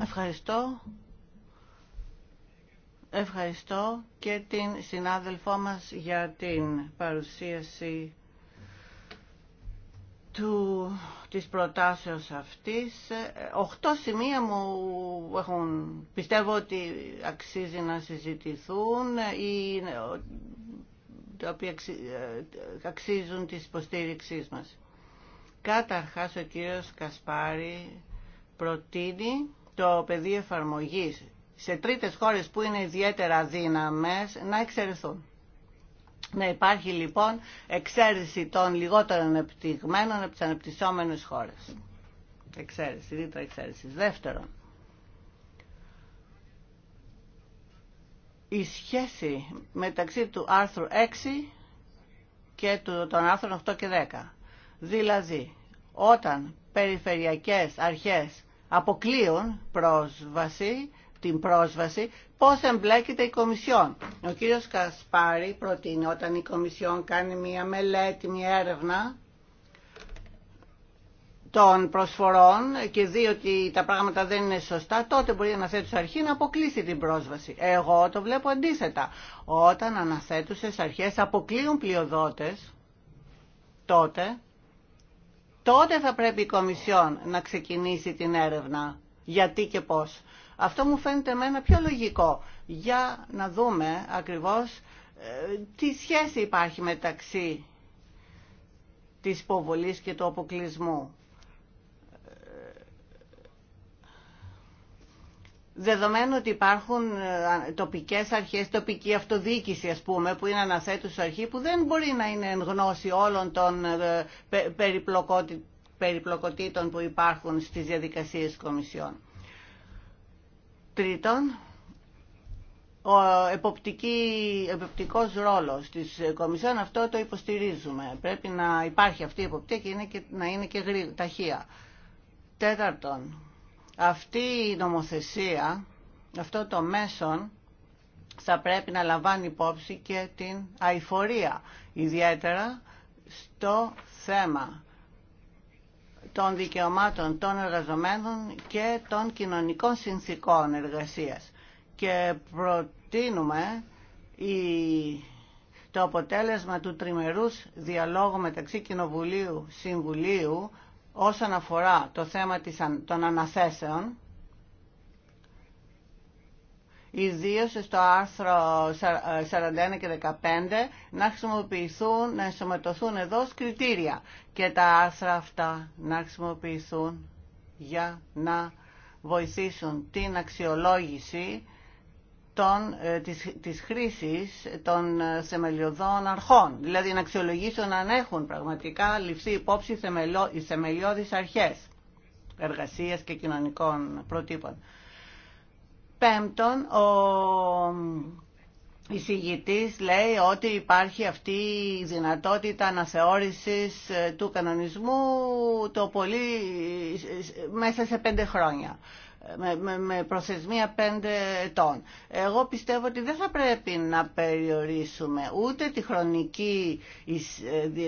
Ευχαριστώ. Ευχαριστώ και την συνάδελφό μας για την παρουσίαση του, της προτάσεως αυτής. Οχτώ σημεία μου έχουν, πιστεύω ότι αξίζει να συζητηθούν ή τα οποία ε, αξίζουν της υποστήριξή μας. Καταρχάς ο κύριος Κασπάρη προτείνει το πεδίο εφαρμογής σε τρίτες χώρες που είναι ιδιαίτερα δύναμες να εξαιρεθούν. Να υπάρχει λοιπόν εξαίρεση των λιγότερων ανεπτυγμένων από τι ανεπτυσσόμενες χώρες. Εξαίρεση, ρήτρα εξαίρεση. Δεύτερον, η σχέση μεταξύ του άρθρου 6 και του των άρθρων 8 και 10. Δηλαδή, όταν περιφερειακές αρχές αποκλείουν πρόσβαση την πρόσβαση, πώς εμπλέκεται η Κομισιόν. Ο κύριος Κασπάρη προτείνει όταν η Κομισιόν κάνει μια μελέτη, μια έρευνα των προσφορών και δει ότι τα πράγματα δεν είναι σωστά, τότε μπορεί η αναθέτουσα αρχή να αποκλείσει την πρόσβαση. Εγώ το βλέπω αντίθετα. Όταν αναθέτουσες αρχές αποκλείουν πλειοδότε, τότε, τότε θα πρέπει η Κομισιόν να ξεκινήσει την έρευνα. Γιατί και πώς. Αυτό μου φαίνεται εμένα πιο λογικό για να δούμε ακριβώς ε, τι σχέση υπάρχει μεταξύ της υποβολής και του αποκλεισμού. Δεδομένου ότι υπάρχουν ε, τοπικές αρχές, τοπική αυτοδιοίκηση ας πούμε, που είναι αναθέτους αρχή, που δεν μπορεί να είναι εν γνώση όλων των ε, περιπλοκότητων που υπάρχουν στις διαδικασίες κομισιών. Τρίτον, ο εποπτική, εποπτικός ρόλος της Κομισιόν, αυτό το υποστηρίζουμε. Πρέπει να υπάρχει αυτή η εποπτεία και, να είναι και γρήγορα, ταχεία. Τέταρτον, αυτή η νομοθεσία, αυτό το μέσον, θα πρέπει να λαμβάνει υπόψη και την αηφορία, ιδιαίτερα στο θέμα των δικαιωμάτων των εργαζομένων και των κοινωνικών συνθήκων εργασίας. Και προτείνουμε η... το αποτέλεσμα του τριμερούς διαλόγου μεταξύ Κοινοβουλίου Συμβουλίου όσον αφορά το θέμα των αναθέσεων ιδίως στο άρθρο 41 ε, και 15, να χρησιμοποιηθούν, να ενσωματωθούν εδώ ως κριτήρια και τα άρθρα αυτά να χρησιμοποιηθούν για να βοηθήσουν την αξιολόγηση των, ε, της, της χρήσης των ε, θεμελιωδών αρχών. Δηλαδή να αξιολογήσουν αν έχουν πραγματικά ληφθεί υπόψη οι θεμελιώδεις αρχές εργασίας και κοινωνικών προτύπων. Πέμπτον, ο εισηγητής λέει ότι υπάρχει αυτή η δυνατότητα αναθεώρησης ε, του κανονισμού το πολύ ε, μέσα σε πέντε χρόνια ε, με προθεσμία πέντε ετών. Εγώ πιστεύω ότι δεν θα πρέπει να περιορίσουμε ούτε τη χρονική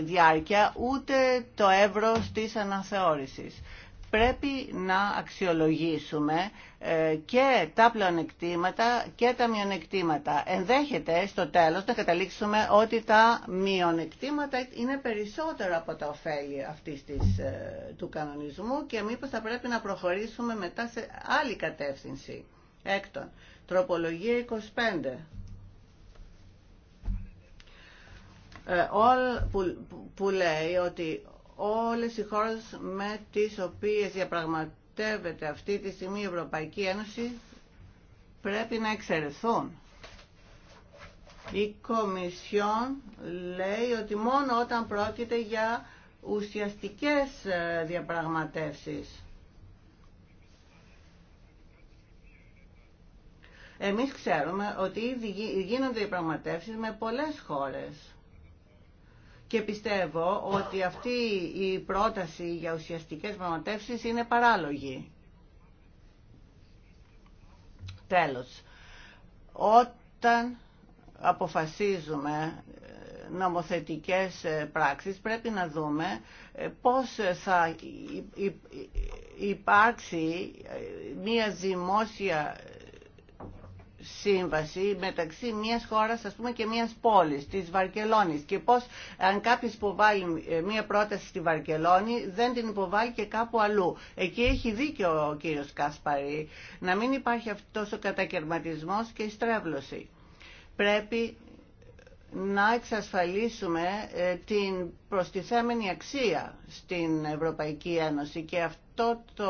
διάρκεια ούτε το εύρος της αναθεώρησης πρέπει να αξιολογήσουμε ε, και τα πλεονεκτήματα και τα μειονεκτήματα. Ενδέχεται στο τέλος να καταλήξουμε ότι τα μειονεκτήματα είναι περισσότερα από τα ωφέλη αυτής της, ε, του κανονισμού και μήπως θα πρέπει να προχωρήσουμε μετά σε άλλη κατεύθυνση. Έκτον, τροπολογία 25. Ε, all που λέει ότι όλες οι χώρες με τις οποίες διαπραγματεύεται αυτή τη στιγμή η Ευρωπαϊκή Ένωση πρέπει να εξαιρεθούν. Η Κομισιόν λέει ότι μόνο όταν πρόκειται για ουσιαστικές ε, διαπραγματεύσεις. Εμείς ξέρουμε ότι ήδη γίνονται διαπραγματεύσεις με πολλές χώρες και πιστεύω ότι αυτή η πρόταση για ουσιαστικές πραγματεύσεις είναι παράλογη. Τέλος, όταν αποφασίζουμε ε, νομοθετικές ε, πράξεις πρέπει να δούμε ε, πώς θα υπάρξει μια δημόσια σύμβαση μεταξύ μιας χώρας ας πούμε και μιας πόλης, της Βαρκελόνης και πώς αν κάποιος υποβάλλει ε, μια πρόταση στη Βαρκελόνη δεν την υποβάλλει και κάπου αλλού. Εκεί έχει δίκιο ο κύριος Κάσπαρη να μην υπάρχει αυτός ο κατακαιρματισμός και η στρέβλωση. Πρέπει να εξασφαλίσουμε ε, την προστιθέμενη αξία στην Ευρωπαϊκή Ένωση και αυτό αυτό το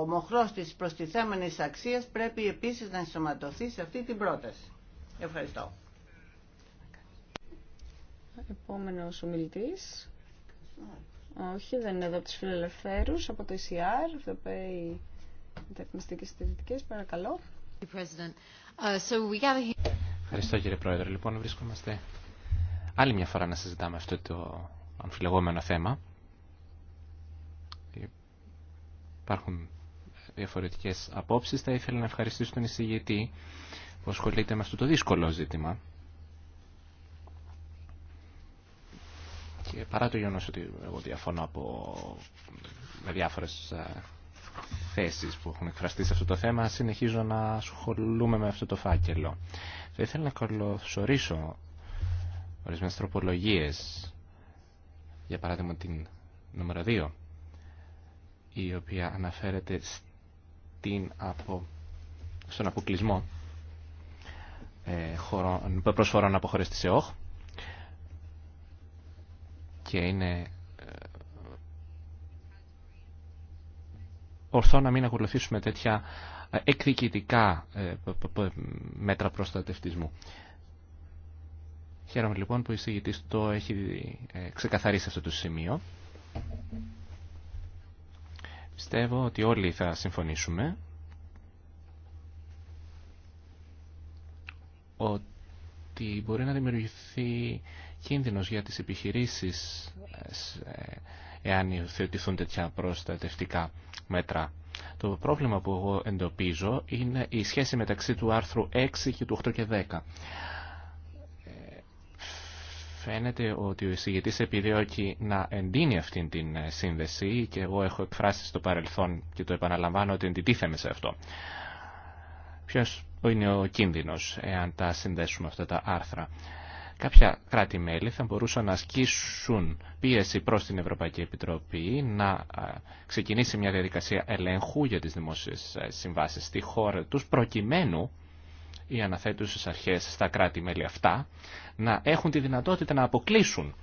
ομοχρό της προστιθέμενης αξίας πρέπει επίσης να ενσωματωθεί σε αυτή την πρόταση. Ευχαριστώ. Επόμενος ομιλητής. Όχι, δεν είναι εδώ από τους φιλελευθέρους, από το ECR, Ευρωπαίοι Μεταρρυθμιστικές Συντηρητικέ. παρακαλώ. Ευχαριστώ κύριε Πρόεδρε. Λοιπόν, βρισκόμαστε άλλη μια φορά να συζητάμε αυτό το αμφιλεγόμενο θέμα. Υπάρχουν διαφορετικές απόψεις. Θα ήθελα να ευχαριστήσω τον εισηγητή που ασχολείται με αυτό το δύσκολο ζήτημα. Και παρά το γεγονό ότι εγώ διαφωνώ από... με διάφορες ε, θέσεις που έχουν εκφραστεί σε αυτό το θέμα, συνεχίζω να ασχολούμαι με αυτό το φάκελο. Θα ήθελα να καλωσορίσω ορισμένες τροπολογίε για παράδειγμα την νούμερο 2, η οποία αναφέρεται απο... στον αποκλεισμό ε, προσφορών από χώρες της ΕΟΧ και είναι ε, ορθό να μην ακολουθήσουμε τέτοια ε, εκδικητικά ε, μέτρα προστατευτισμού. Χαίρομαι λοιπόν που η συγητής το έχει ξεκαθαρίσει αυτό το σημείο. Πιστεύω ότι όλοι θα συμφωνήσουμε ότι μπορεί να δημιουργηθεί κίνδυνος για τις επιχειρήσεις ε, εάν υιοθετηθούν τέτοια προστατευτικά μέτρα. Το πρόβλημα που εγώ εντοπίζω είναι η σχέση μεταξύ του άρθρου 6 και του 8 και 10. Φαίνεται ότι ο εισηγητής επιδιώκει να εντείνει αυτήν την ε, σύνδεση και εγώ έχω εκφράσει στο παρελθόν και το επαναλαμβάνω ότι εντιτίθεμαι σε αυτό. Ποιο είναι ο κίνδυνο εάν τα συνδέσουμε αυτά τα άρθρα. Κάποια κράτη-μέλη θα μπορούσαν να ασκήσουν πίεση προς την Ευρωπαϊκή Επιτροπή να ξεκινήσει μια διαδικασία ελέγχου για τις δημόσιες ε, συμβάσεις στη χώρα τους προκειμένου οι αναθέτουσες αρχές στα κράτη-μέλη αυτά να έχουν τη δυνατότητα να αποκλείσουν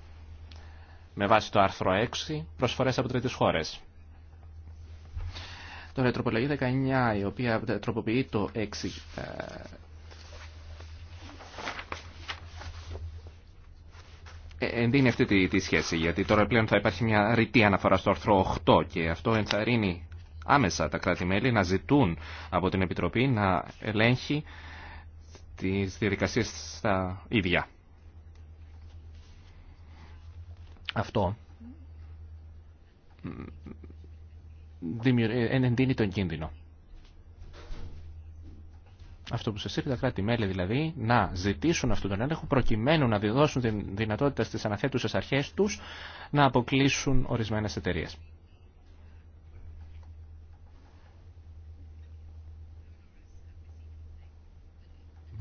με βάση το άρθρο 6 προσφορές από τρίτες χώρες. Τώρα η τροπολογία 19 η οποία τροποποιεί το 6 ε, ε, εντείνει αυτή τη, τη, σχέση, γιατί τώρα πλέον θα υπάρχει μια ρητή αναφορά στο άρθρο 8 και αυτό ενθαρρύνει άμεσα τα κράτη-μέλη να ζητούν από την Επιτροπή να ελέγχει τις διαδικασίες στα ίδια. Αυτό ενεντείνει τον κίνδυνο. Αυτό που σας είπε τα κράτη-μέλη δηλαδή να ζητήσουν αυτόν τον έλεγχο προκειμένου να διδώσουν τη δυνατότητα στις αναθέτουσες αρχές τους να αποκλείσουν ορισμένες εταιρείες.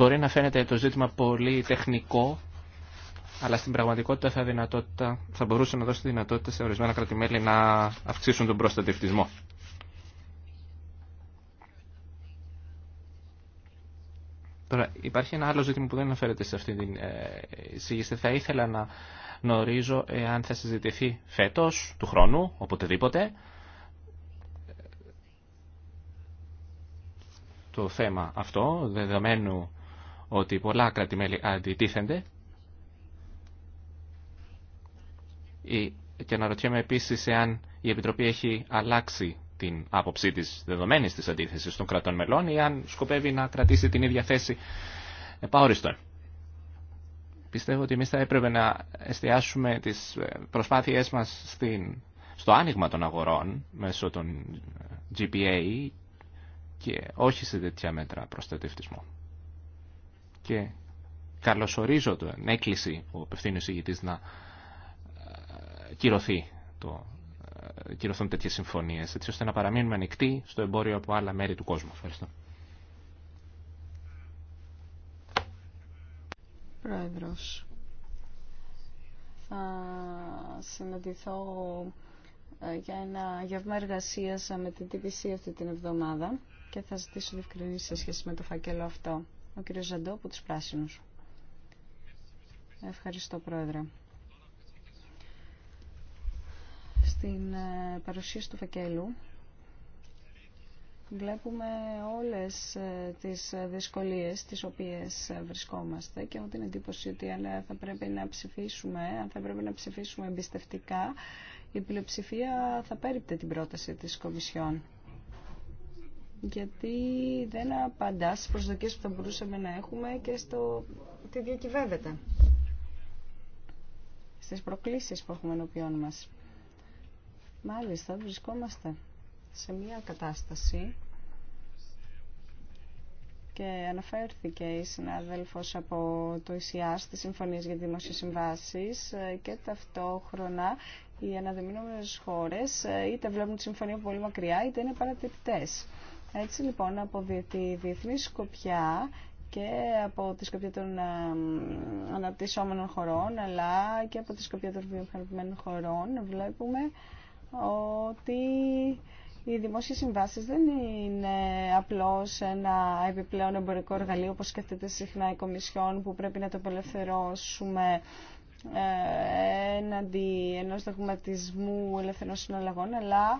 Μπορεί να φαίνεται το ζήτημα πολύ τεχνικό, αλλά στην πραγματικότητα θα, δυνατότητα, θα μπορούσε να δώσει δυνατότητα σε ορισμένα κρατημέλη να αυξήσουν τον προστατευτισμό. Τώρα, υπάρχει ένα άλλο ζήτημα που δεν αναφέρεται σε αυτή την ε, εισήγηση. Θα ήθελα να γνωρίζω εάν θα συζητηθεί φέτος, του χρόνου, οποτεδήποτε, το θέμα αυτό, δεδομένου ότι πολλά κράτη-μέλη αντιτίθενται. Και αναρωτιέμαι επίσης εάν η Επιτροπή έχει αλλάξει την άποψή της δεδομένης της αντίθεσης των κρατών μελών ή αν σκοπεύει να κρατήσει την ίδια θέση επαόριστον. Πιστεύω ότι εμεί θα έπρεπε να εστιάσουμε τις προσπάθειές μας στο άνοιγμα των αγορών μέσω των GPA και όχι σε τέτοια μέτρα προστατευτισμού και καλωσορίζω την έκκληση ο απευθύνει ηγητής να ε, κυρωθεί το, ε, κυρωθούν τέτοιε συμφωνίε, έτσι ώστε να παραμείνουμε ανοιχτοί στο εμπόριο από άλλα μέρη του κόσμου. Ευχαριστώ. Πρόεδρος, θα συναντηθώ ε, για ένα γεύμα εργασία με την TPC αυτή την εβδομάδα και θα ζητήσω διευκρινήσει σε σχέση με το φακέλο αυτό ο κύριος Ζαντό από τους Πράσινους. Ευχαριστώ Πρόεδρε. Στην ε, παρουσίαση του φακέλου βλέπουμε όλες ε, τις δυσκολίες τις οποίες ε, βρισκόμαστε και έχω την εντύπωση ότι αν θα πρέπει να ψηφίσουμε, αν θα πρέπει να ψηφίσουμε εμπιστευτικά, η πλειοψηφία θα πέριπτε την πρόταση της Κομισιόν γιατί δεν απαντά στι προσδοκίες που θα μπορούσαμε να έχουμε και στο τι διακυβεύεται στι προκλήσεις που έχουμε ενώπιόν μα. Μάλιστα, βρισκόμαστε σε μια κατάσταση και αναφέρθηκε η συνάδελφος από το ΙΣΙΑ στι Συμφωνίες για δημοσιοσυμβάσεις συμβάσει και ταυτόχρονα οι αναδεμινόμενες χώρες είτε βλέπουν τη συμφωνία πολύ μακριά είτε είναι παρατηρητές. Έτσι λοιπόν από τη διεθνή σκοπιά και από τη σκοπιά των ε, αναπτυσσόμενων χωρών αλλά και από τη σκοπιά των βιομηχανοποιημένων χωρών βλέπουμε ότι οι δημόσιες συμβάσεις δεν είναι απλώς ένα επιπλέον εμπορικό εργαλείο όπως σκεφτείτε συχνά η Κομισιόν που πρέπει να το απελευθερώσουμε ε, έναντι ενός δογματισμού ελευθερών συναλλαγών, αλλά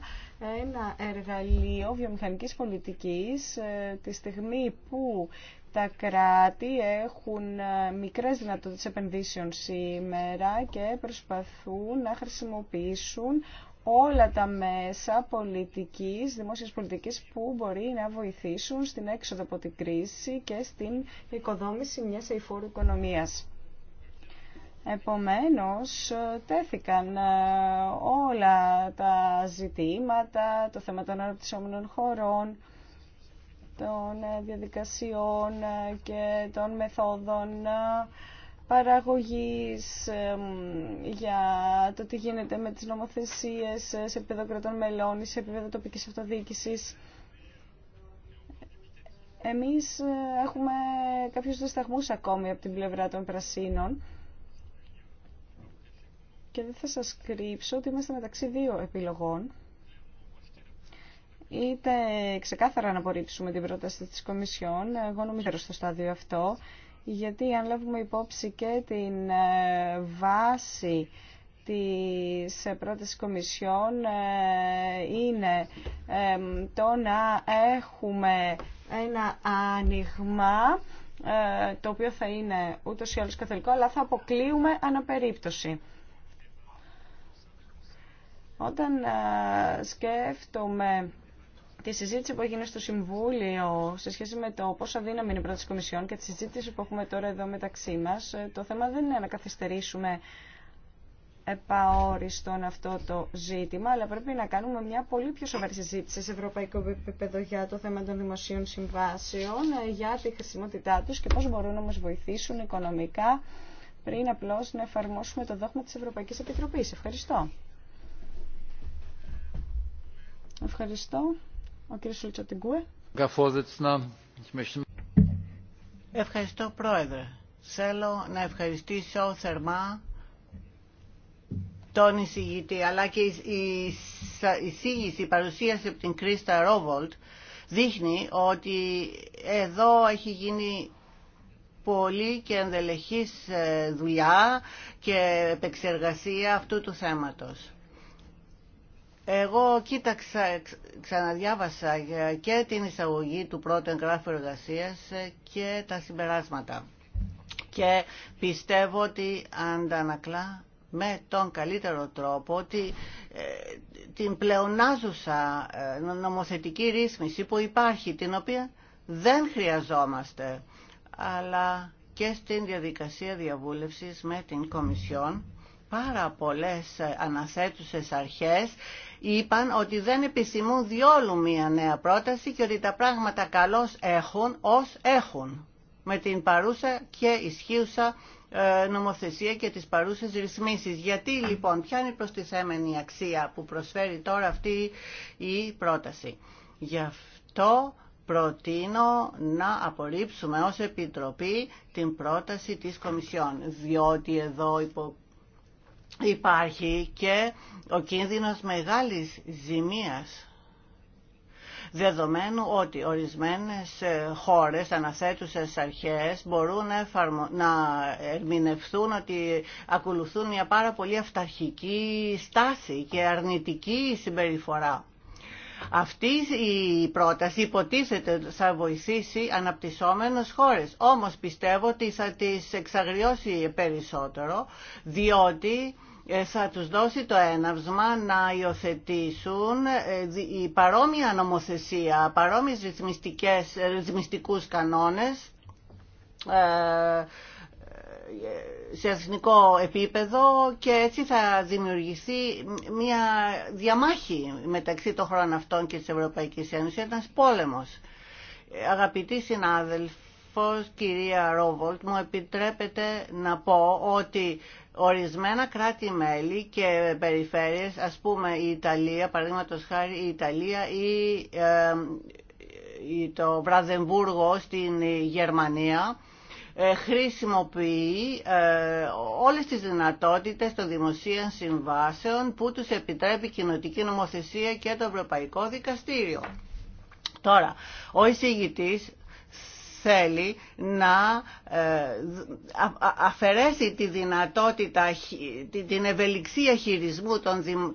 ένα εργαλείο βιομηχανικής πολιτικής ε, τη στιγμή που τα κράτη έχουν ε, μικρές δυνατότητες επενδύσεων σήμερα και προσπαθούν να χρησιμοποιήσουν όλα τα μέσα πολιτικής, δημόσιας πολιτικής που μπορεί να βοηθήσουν στην έξοδο από την κρίση και στην οικοδόμηση μιας αηφόρου οικονομίας. Επομένως, τέθηκαν ε, όλα τα ζητήματα, το θέμα των αναπτυσσόμενων χωρών, των ε, διαδικασιών ε, και των μεθόδων παραγωγής για το τι γίνεται με τις νομοθεσίες σε επίπεδο κρατών μελών ή σε επίπεδο τοπικής αυτοδιοίκησης. Εμείς έχουμε κάποιους δισταγμούς ακόμη από την πλευρά των πρασίνων και δεν θα σας κρύψω ότι είμαστε μεταξύ δύο επιλογών. Είτε ξεκάθαρα να απορρίψουμε την πρόταση της Κομισιόν, εγώ νομίζω στο στάδιο αυτό, γιατί αν λάβουμε υπόψη και την ε, βάση της ε, πρώτης Κομισιόν ε, είναι το να έχουμε ένα άνοιγμα το οποίο θα είναι ούτως ή άλλως καθολικό αλλά θα αποκλείουμε αναπερίπτωση. Όταν ε, σκέφτομαι τη συζήτηση που έγινε στο Συμβούλιο σε σχέση με το πόσο δύναμη είναι η πρόταση Κομισιόν και τη συζήτηση που έχουμε τώρα εδώ μεταξύ μα, ε, το θέμα δεν είναι να καθυστερήσουμε επαόριστον αυτό το ζήτημα, αλλά πρέπει να κάνουμε μια πολύ πιο σοβαρή συζήτηση σε ευρωπαϊκό επίπεδο για το θέμα των δημοσίων συμβάσεων, ε, για τη χρησιμότητά τους και πώς μπορούν να μας βοηθήσουν οικονομικά πριν απλώς να εφαρμόσουμε το δόγμα της Ευρωπαϊκής Επιτροπής. Ευχαριστώ. Ευχαριστώ. Ο κύριος Ευχαριστώ Πρόεδρε. Θέλω να ευχαριστήσω θερμά τον εισηγητή, αλλά και η εισήγηση, η παρουσίαση από την Κρίστα Ρόβολτ δείχνει ότι εδώ έχει γίνει πολύ και ενδελεχής ε, δουλειά και επεξεργασία αυτού του θέματος. Εγώ κοίταξα, ξαναδιάβασα και την εισαγωγή του πρώτου εγγράφου εργασία και τα συμπεράσματα. Και πιστεύω ότι αντανακλά με τον καλύτερο τρόπο ότι ε, την πλεονάζουσα ε, νομοθετική ρύθμιση που υπάρχει, την οποία δεν χρειαζόμαστε, αλλά και στην διαδικασία διαβούλευσης με την Κομισιόν, πάρα πολλές αναθέτουσες αρχές είπαν ότι δεν επισημούν διόλου μία νέα πρόταση και ότι τα πράγματα καλώς έχουν ως έχουν με την παρούσα και ισχύουσα ε, νομοθεσία και τις παρούσες ρυθμίσεις. Γιατί λοιπόν, ποια είναι η προστιθέμενη αξία που προσφέρει τώρα αυτή η πρόταση. Γι' αυτό προτείνω να απορρίψουμε ως Επιτροπή την πρόταση της Κομισιόν, διότι εδώ υπάρχει και ο κίνδυνος μεγάλης ζημίας δεδομένου ότι ορισμένες ε, χώρες αναθέτουσες αρχές μπορούν να, να ερμηνευθούν ότι ακολουθούν μια πάρα πολύ αυταρχική στάση και αρνητική συμπεριφορά. Αυτή η πρόταση υποτίθεται θα βοηθήσει αναπτυσσόμενες χώρες. Όμως πιστεύω ότι θα τις εξαγριώσει περισσότερο, διότι ε, θα τους δώσει το έναυσμα να υιοθετήσουν ε, η παρόμοια νομοθεσία, παρόμοιες ρυθμιστικές, ρυθμιστικούς κανόνες ε, σε εθνικό επίπεδο και έτσι θα δημιουργηθεί μια διαμάχη μεταξύ των χρόνων αυτών και της Ευρωπαϊκής Ένωσης, ένας πόλεμος. Αγαπητοί συνάδελφος, κυρία Ρόβολτ, μου επιτρέπετε να πω ότι ορισμένα κράτη-μέλη και περιφέρειες, ας πούμε η Ιταλία, παραδείγματος χάρη η Ιταλία ή ε, το Βραδεμβούργο στην Γερμανία, ε, χρησιμοποιεί ε, όλες τις δυνατότητες των δημοσίων συμβάσεων που τους επιτρέπει η κοινοτική νομοθεσία και το Ευρωπαϊκό Δικαστήριο. Τώρα, ο εισηγητής θέλει να ε, αφαιρέσει τη δυνατότητα, την ευελιξία χειρισμού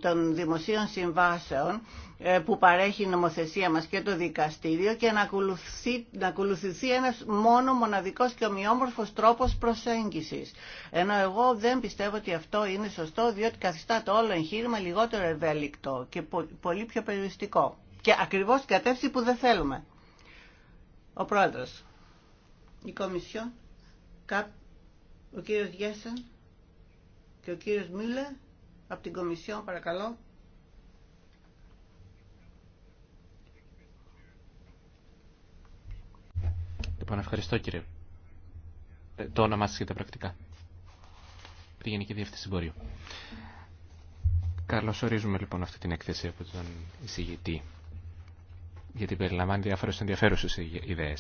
των δημοσίων συμβάσεων ε, που παρέχει η νομοθεσία μας και το δικαστήριο και να ακολουθηθεί, να ακολουθηθεί ένας μόνο μοναδικός και ομοιόμορφος τρόπος προσέγγισης. Ενώ εγώ δεν πιστεύω ότι αυτό είναι σωστό διότι καθιστά το όλο εγχείρημα λιγότερο ευέλικτο και πολύ πιο περιοριστικό. Και ακριβώς την κατεύθυνση που δεν θέλουμε. Ο πρόεδρος. Η Κομισιόν. Ο κύριος Γέσεν και ο κύριος Μίλε από την Κομισιόν παρακαλώ. Λοιπόν, ευχαριστώ κύριε. Ε, το όνομά σα και τα πρακτικά. Τη Γενική Διεύθυνση Εμπορίου. Καλώ ορίζουμε λοιπόν αυτή την έκθεση από τον εισηγητή. Γιατί περιλαμβάνει διάφορε ενδιαφέρουσε ιδέε.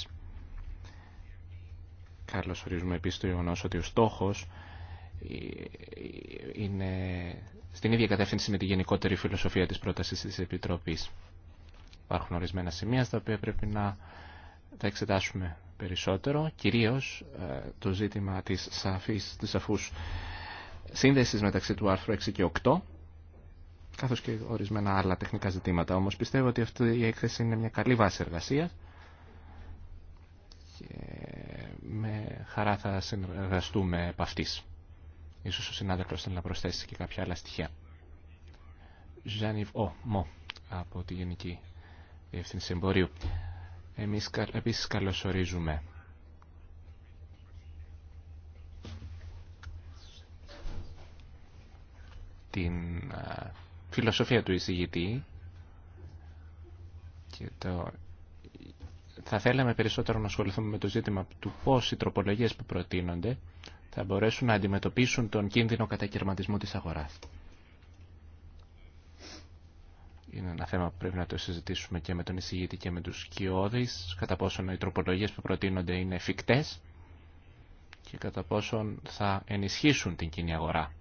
Καλώ ορίζουμε επίση το γεγονό ότι ο στόχο ε, ε, είναι στην ίδια κατεύθυνση με τη γενικότερη φιλοσοφία της πρότασης τη Επιτροπής. Υπάρχουν ορισμένα σημεία στα οποία πρέπει να τα εξετάσουμε περισσότερο, κυρίως ε, το ζήτημα της, σαφής, της σαφούς σύνδεσης μεταξύ του άρθρου 6 και 8, καθώς και ορισμένα άλλα τεχνικά ζητήματα. Όμως πιστεύω ότι αυτή η έκθεση είναι μια καλή βάση εργασίας και με χαρά θα συνεργαστούμε επ' αυτής. Ίσως ο συνάδελφος θέλει να προσθέσει και κάποια άλλα στοιχεία. Ζάνιβ Ο, Μο, από τη Γενική Εμπορίου. Εμείς επίσης καλωσορίζουμε την φιλοσοφία του εισηγητή και το... θα θέλαμε περισσότερο να ασχοληθούμε με το ζήτημα του πώς οι τροπολογίες που προτείνονται θα μπορέσουν να αντιμετωπίσουν τον κίνδυνο κατακαιρματισμού της αγοράς είναι ένα θέμα που πρέπει να το συζητήσουμε και με τον εισηγήτη και με τους σκιώδεις, κατά πόσον οι τροπολογίες που προτείνονται είναι εφικτές και κατά πόσον θα ενισχύσουν την κοινή αγορά.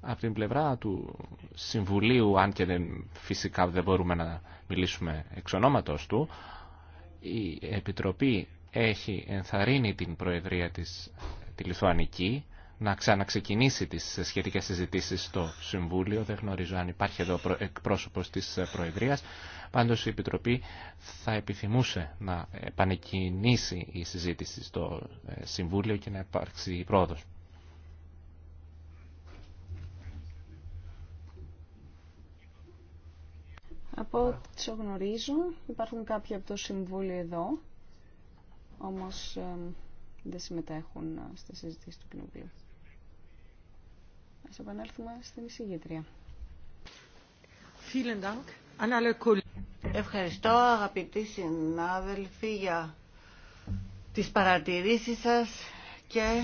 Από την πλευρά του Συμβουλίου, αν και δεν, φυσικά δεν μπορούμε να μιλήσουμε εξ του, η Επιτροπή έχει ενθαρρύνει την Προεδρία της, τη Λιθουανική να ξαναξεκινήσει τις σχετικές συζητήσεις στο Συμβούλιο. Δεν γνωρίζω αν υπάρχει εδώ εκπρόσωπος της ε, Προεδρίας. Πάντως η Επιτροπή θα επιθυμούσε να επανεκκινήσει η συζήτηση στο ε, Συμβούλιο και να υπάρξει πρόοδος. Από ό,τι γνωρίζω υπάρχουν κάποιοι από το Συμβούλιο εδώ, όμως δεν συμμετέχουν ε, στη συζήτηση του Κοινοβουλίου. Ας επανέλθουμε στην εισηγήτρια. Ευχαριστώ αγαπητοί συνάδελφοι για τις παρατηρήσεις σας και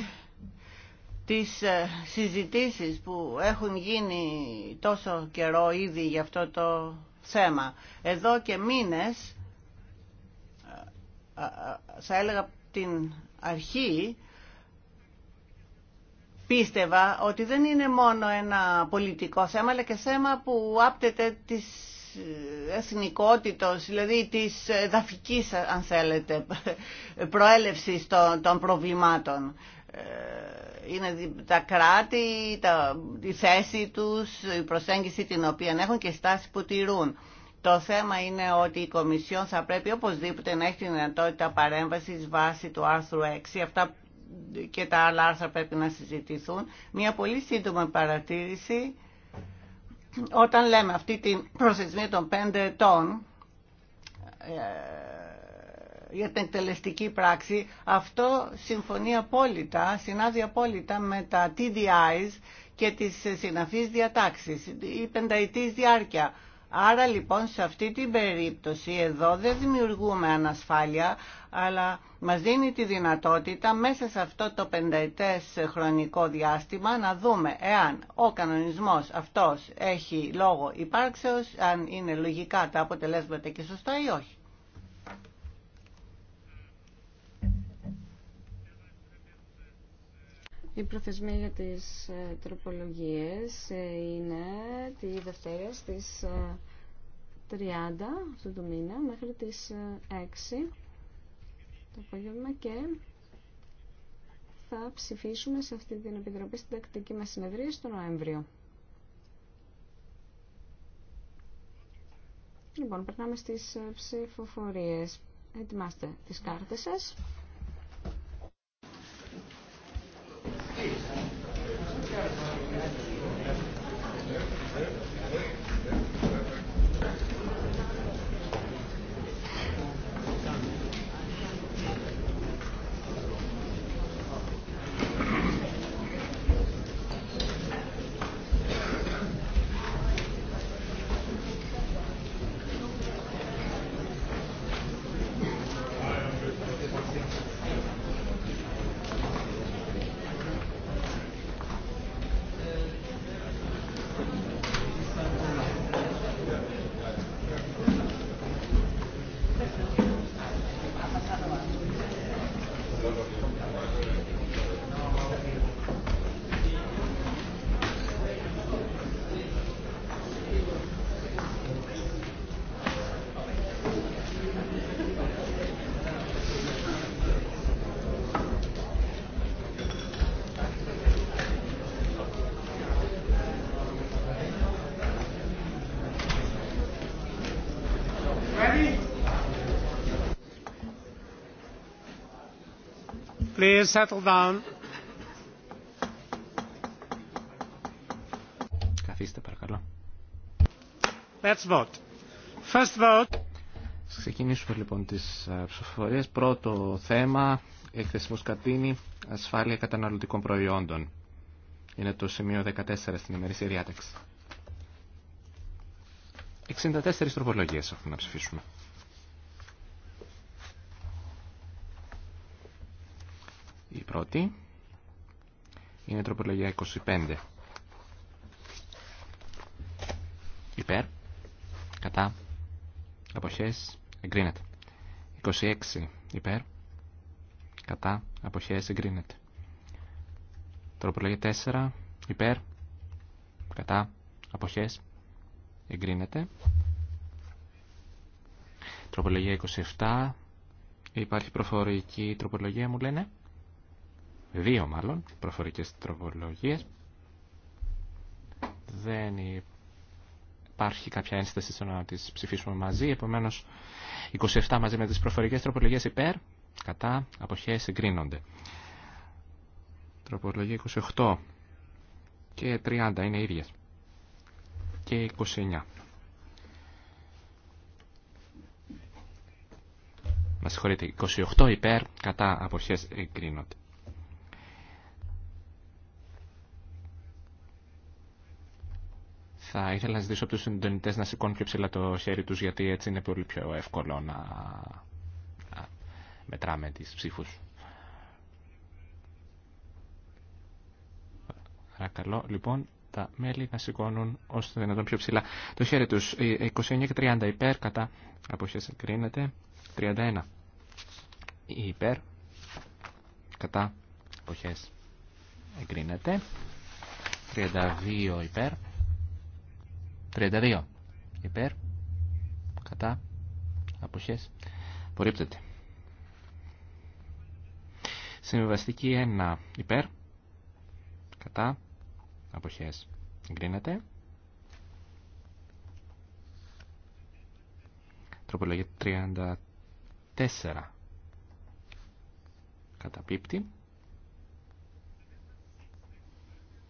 τις ε, συζητήσεις που έχουν γίνει τόσο καιρό ήδη για αυτό το θέμα. Εδώ και μήνες, ε, ε, θα έλεγα την αρχή, πίστευα ότι δεν είναι μόνο ένα πολιτικό θέμα, αλλά και θέμα που άπτεται της εθνικότητος, δηλαδή της δαφικής, αν θέλετε, προέλευσης των, προβλημάτων. Ε, είναι τα κράτη, τα, η θέση τους, η προσέγγιση την οποία έχουν και η στάση που τηρούν. Το θέμα είναι ότι η Κομισιόν θα πρέπει οπωσδήποτε να έχει τη δυνατότητα παρέμβασης βάσει του άρθρου 6. Αυτά και τα άλλα άρθρα πρέπει να συζητηθούν. Μια πολύ σύντομη παρατήρηση. Όταν λέμε αυτή την προθεσμία των πέντε ετών ε, για την εκτελεστική πράξη, αυτό συμφωνεί απόλυτα, συνάδει απόλυτα με τα TDIs και τις συναφείς διατάξεις, η πενταετής διάρκεια. Άρα λοιπόν σε αυτή την περίπτωση εδώ δεν δημιουργούμε ανασφάλεια, αλλά μας δίνει τη δυνατότητα μέσα σε αυτό το πενταετές χρονικό διάστημα να δούμε εάν ο κανονισμός αυτός έχει λόγο υπάρξεως, αν είναι λογικά τα αποτελέσματα και σωστά ή όχι. Η προθεσμοί για τις ε, τροπολογίες ε, είναι τη Δευτέρα στις 30 ε, αυτού του μήνα μέχρι τις 6 το απόγευμα και θα ψηφίσουμε σε αυτή την επιτροπή στην τακτική μας συνεδρία στο Νοέμβριο. Λοιπόν, περνάμε στις ψηφοφορίες. Ετοιμάστε τις κάρτες σας. Υπότιτλοι AUTHORWAVE Καθίστε παρακαλώ. Let's vote. First vote. Ας ξεκινήσουμε λοιπόν τις ε, ψηφοφορίες. Πρώτο θέμα, έκθεση κατίνη, ασφάλεια καταναλωτικών προϊόντων. Είναι το σημείο 14 στην ημερήσια διάταξη. 64 τροπολογίες έχουμε να ψηφίσουμε. Η πρώτη είναι τροπολογία 25. Υπέρ, κατά, αποχές, εγκρίνεται. 26 υπέρ, κατά, αποχές, εγκρίνεται. Τροπολογία 4 υπέρ, κατά, αποχές, εγκρίνεται. Τροπολογία 27, υπάρχει προφορική τροπολογία μου λένε. Δύο μάλλον προφορικές τροπολογίες. Δεν υπάρχει κάποια ένσταση στο να τις ψηφίσουμε μαζί. Επομένως, 27 μαζί με τις προφορικές τροπολογίες υπέρ, κατά, αποχές εγκρίνονται. Τροπολογία 28 και 30 είναι ίδιες. Και 29. Μα συγχωρείτε, 28 υπέρ κατά αποχές εγκρίνονται. Θα ήθελα να ζητήσω από τους συντονιτές να σηκώνουν πιο ψηλά το χέρι τους γιατί έτσι είναι πολύ πιο εύκολο να, μετράμε τις ψήφους. Παρακαλώ λοιπόν τα μέλη να σηκώνουν όσο δυνατόν πιο ψηλά το χέρι τους. 29 και 30 υπέρ κατά αποχές εγκρίνεται. 31 υπέρ κατά αποχές εγκρίνεται. 32 υπέρ 32. Υπέρ. Κατά. Αποχές. Απορρίπτεται. Συμβιβαστική 1. Υπέρ. Κατά. Αποχές. Εγκρίνεται. Τροπολογία 34. Καταπίπτει.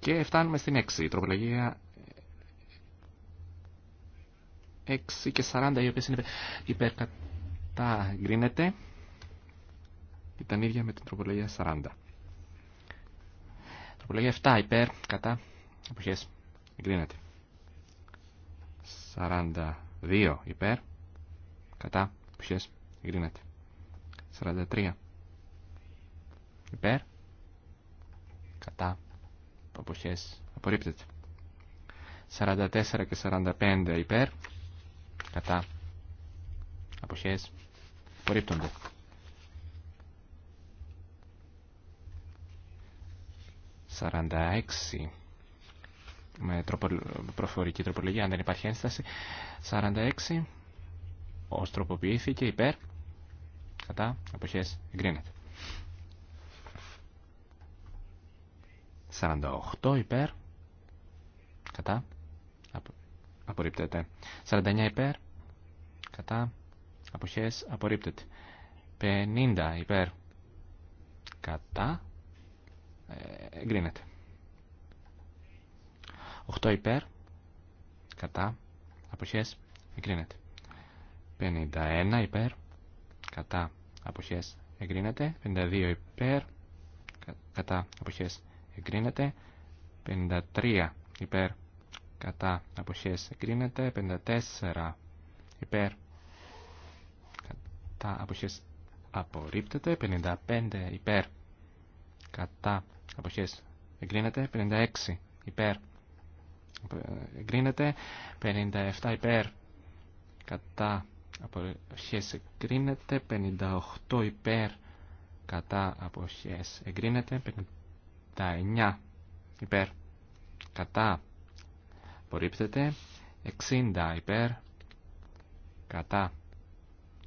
Και φτάνουμε στην 6. τροπολογία 6 και 40 οι οποίε είναι υπέρ κατά Ήταν ίδια με την τροπολογία 40. Τροπολογία 7 υπέρ κατά εποχές εγκρίνεται. 42 υπέρ κατά εποχές εγκρίνεται. 43 υπέρ κατά εποχές απορρίπτεται. 44 και 45 υπέρ Κατά. Αποχές. Απορρίπτονται. 46 με προφορική τροπολογία, αν δεν υπάρχει ένσταση. 46 ως τροποποιήθηκε υπέρ. Κατά. Αποχές. Εγκρίνεται. 48 υπέρ. Κατά απορρίπτεται. 49 υπέρ, κατά, αποχές, απορρίπτεται. 50 υπέρ, κατά, ε, εγκρίνεται. 8 υπέρ, κατά, αποχές, εγκρίνεται. 51 υπέρ, κατά, αποχές, εγκρίνεται. 52 υπέρ, κατά, αποχές, εγκρίνεται. 53 υπέρ, κατά αποχές εγκρίνεται 54 υπέρ κατά αποχές απορρίπτεται 55 υπέρ κατά αποχές εγκρίνεται 56 υπέρ εγκρίνεται 57 υπέρ κατά αποχές εγκρίνεται 58 υπέρ κατά αποχές εγκρίνεται 59 υπέρ κατά απορρίπτεται 60 υπέρ κατά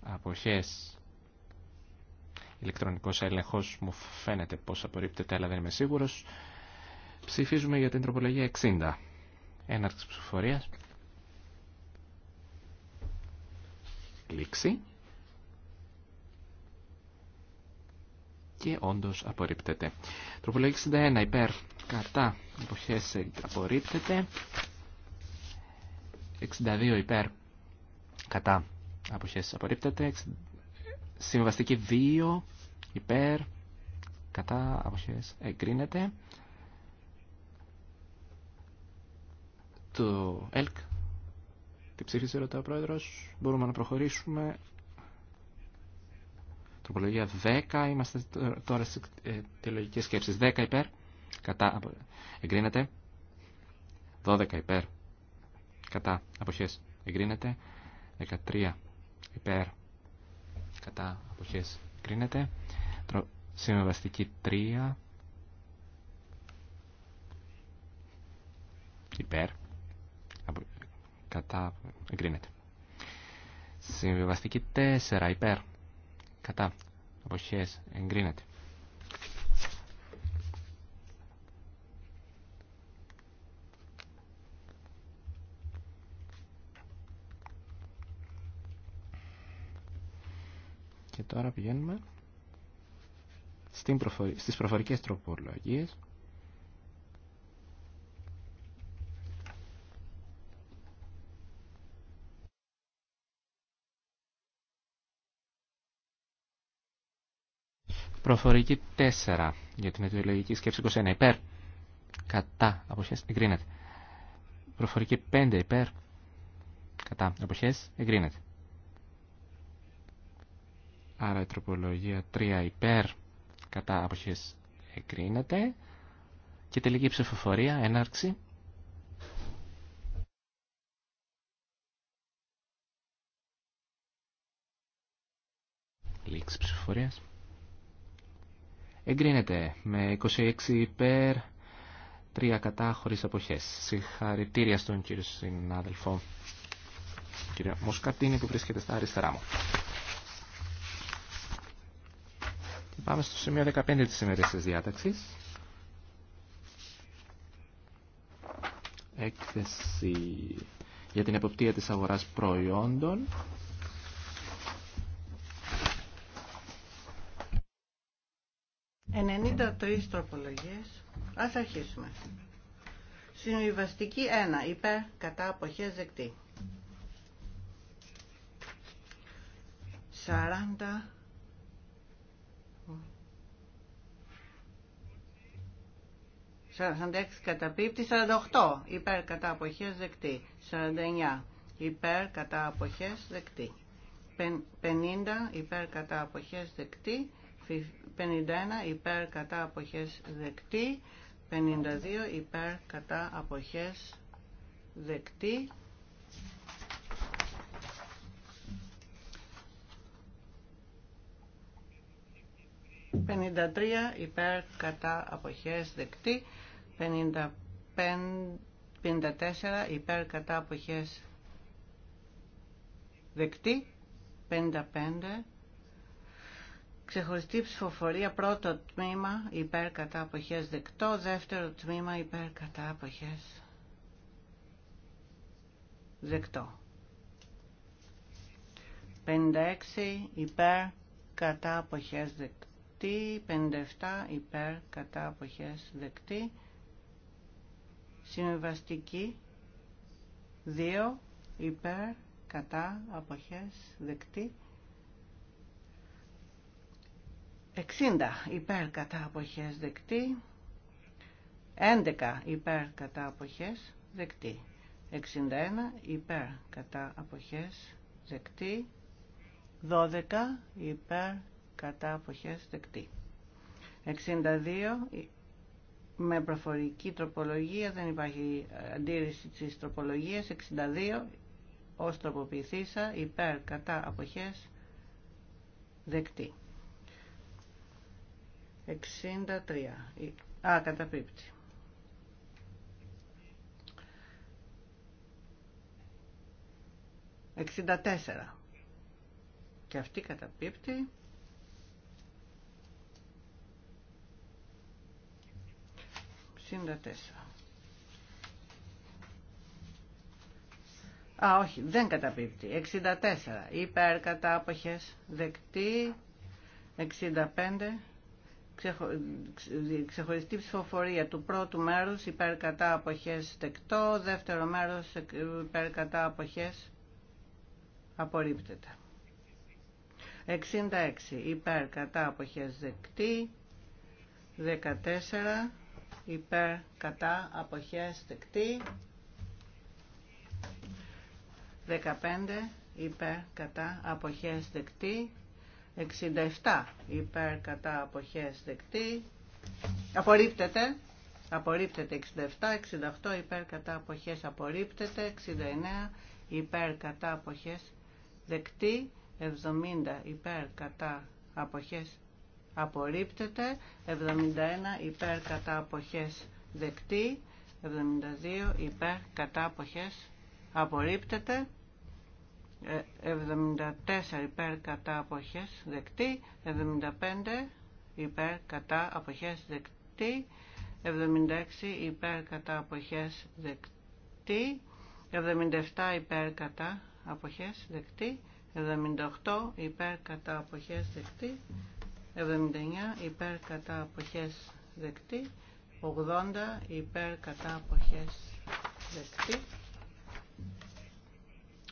αποχές ηλεκτρονικός έλεγχος μου φαίνεται πως απορρίπτεται αλλά δεν είμαι σίγουρος ψηφίζουμε για την τροπολογία 60 έναρξη ψηφοφορίας κλίξη και όντως απορρίπτεται τροπολογία 61 υπέρ κατά αποχές απορρίπτεται 62 υπέρ κατά αποχές απορρίπτεται. Συμβαστική 2 υπέρ κατά αποχές εγκρίνεται. Το ΕΛΚ τι ψήφισε ρωτά ο πρόεδρος. Μπορούμε να προχωρήσουμε. Τροπολογία 10. Είμαστε τώρα στις ε, τελογικές σκέψεις. 10 υπέρ. Κατά, εγκρίνεται. 12 υπέρ κατά αποχές εγκρίνεται 13 υπέρ κατά αποχές εγκρίνεται συμβαστική 3 υπέρ κατά εγκρίνεται συμβαστική 4 υπέρ κατά αποχές εγκρίνεται Τώρα πηγαίνουμε στην προφορι... στις προφορικές τροπολογίες. Προφορική 4 για την αιτιολογική σκέψη 21 υπέρ. Κατά. Αποχές. Εγκρίνεται. Προφορική 5 υπέρ. Κατά. Αποχές. Εγκρίνεται. Άρα η τροπολογία 3 υπέρ κατά αποχές εγκρίνεται. Και τελική ψηφοφορία, έναρξη. Λήξη ψηφοφορίας. Εγκρίνεται με 26 υπέρ, 3 κατά χωρίς αποχές. Συγχαρητήρια στον κύριο συνάδελφο, κύριο Μοσκαρτίνη που βρίσκεται στα αριστερά μου. Πάμε στο σημείο 15 της σημερινής της διάταξης. Έκθεση για την εποπτεία της αγοράς προϊόντων. «93 τροπολογίες. Ας αρχίσουμε. Συμβιβαστική 1. Υπέρ κατά αποχές δεκτή. 40 46 καταπίπτει, 48 υπέρ κατά αποχές δεκτή, 49 υπέρ κατά αποχές δεκτή, 50 υπέρ κατά αποχές δεκτή, 51 υπέρ κατά αποχές δεκτή, 52 υπέρ κατά αποχές δεκτή. «53 υπέρ κατά αποχές δεκτή». 54 υπέρ κατά αποχές δεκτή 55 Ξεχωριστή ψηφοφορία πρώτο τμήμα υπέρ κατά δεκτό, δεύτερο τμήμα υπέρ κατά δεκτό. 56 υπέρ κατά δεκτή, 57 υπέρ κατά αποχές δεκτή. Συμβαστική 2 υπέρ κατά αποχές δεκτή 60 υπέρ κατά αποχές δεκτή 11 υπέρ κατά αποχές δεκτή 61 υπέρ κατά αποχές δεκτή 12 υπέρ κατά αποχές δεκτή 62 με προφορική τροπολογία, δεν υπάρχει αντίρρηση της τροπολογίας, 62, ως τροποποιηθήσα, υπέρ, κατά, αποχές, δεκτή. 63, α, καταπίπτει. 64 Και αυτή καταπίπτει. 64. Α, όχι, δεν καταπίπτει. 64. Υπέρ κατά αποχές δεκτή. 65. Ξεχωριστή ψηφοφορία του πρώτου μέρους υπέρ κατά αποχές δεκτό. Δεύτερο μέρος υπέρ κατά αποχές απορρίπτεται. 66. Υπέρ κατά αποχές δεκτή. 14 υπέρ κατά αποχές δεκτή 15 υπέρ κατά αποχές δεκτή 67 υπέρ κατά αποχές δεκτή απορρίπτεται απορρίπτεται 67 68 υπέρ κατά αποχές απορρίπτεται 69 υπέρ κατά αποχές δεκτή 70 υπέρ κατά αποχές απορρίπτεται 71 υπέρ κατά αποχές δεκτή 72 υπέρ κατά αποχές απορρίπτεται 74 ε, υπέρ κατά αποχές δεκτή 75 υπέρ κατά αποχές δεκτή 76 υπέρ κατά αποχές δεκτή 77 υπέρ κατά αποχές δεκτή 78 υπέρ κατά αποχές δεκτή 79 υπέρ κατά αποχές δεκτή 80 υπέρ κατά αποχές δεκτή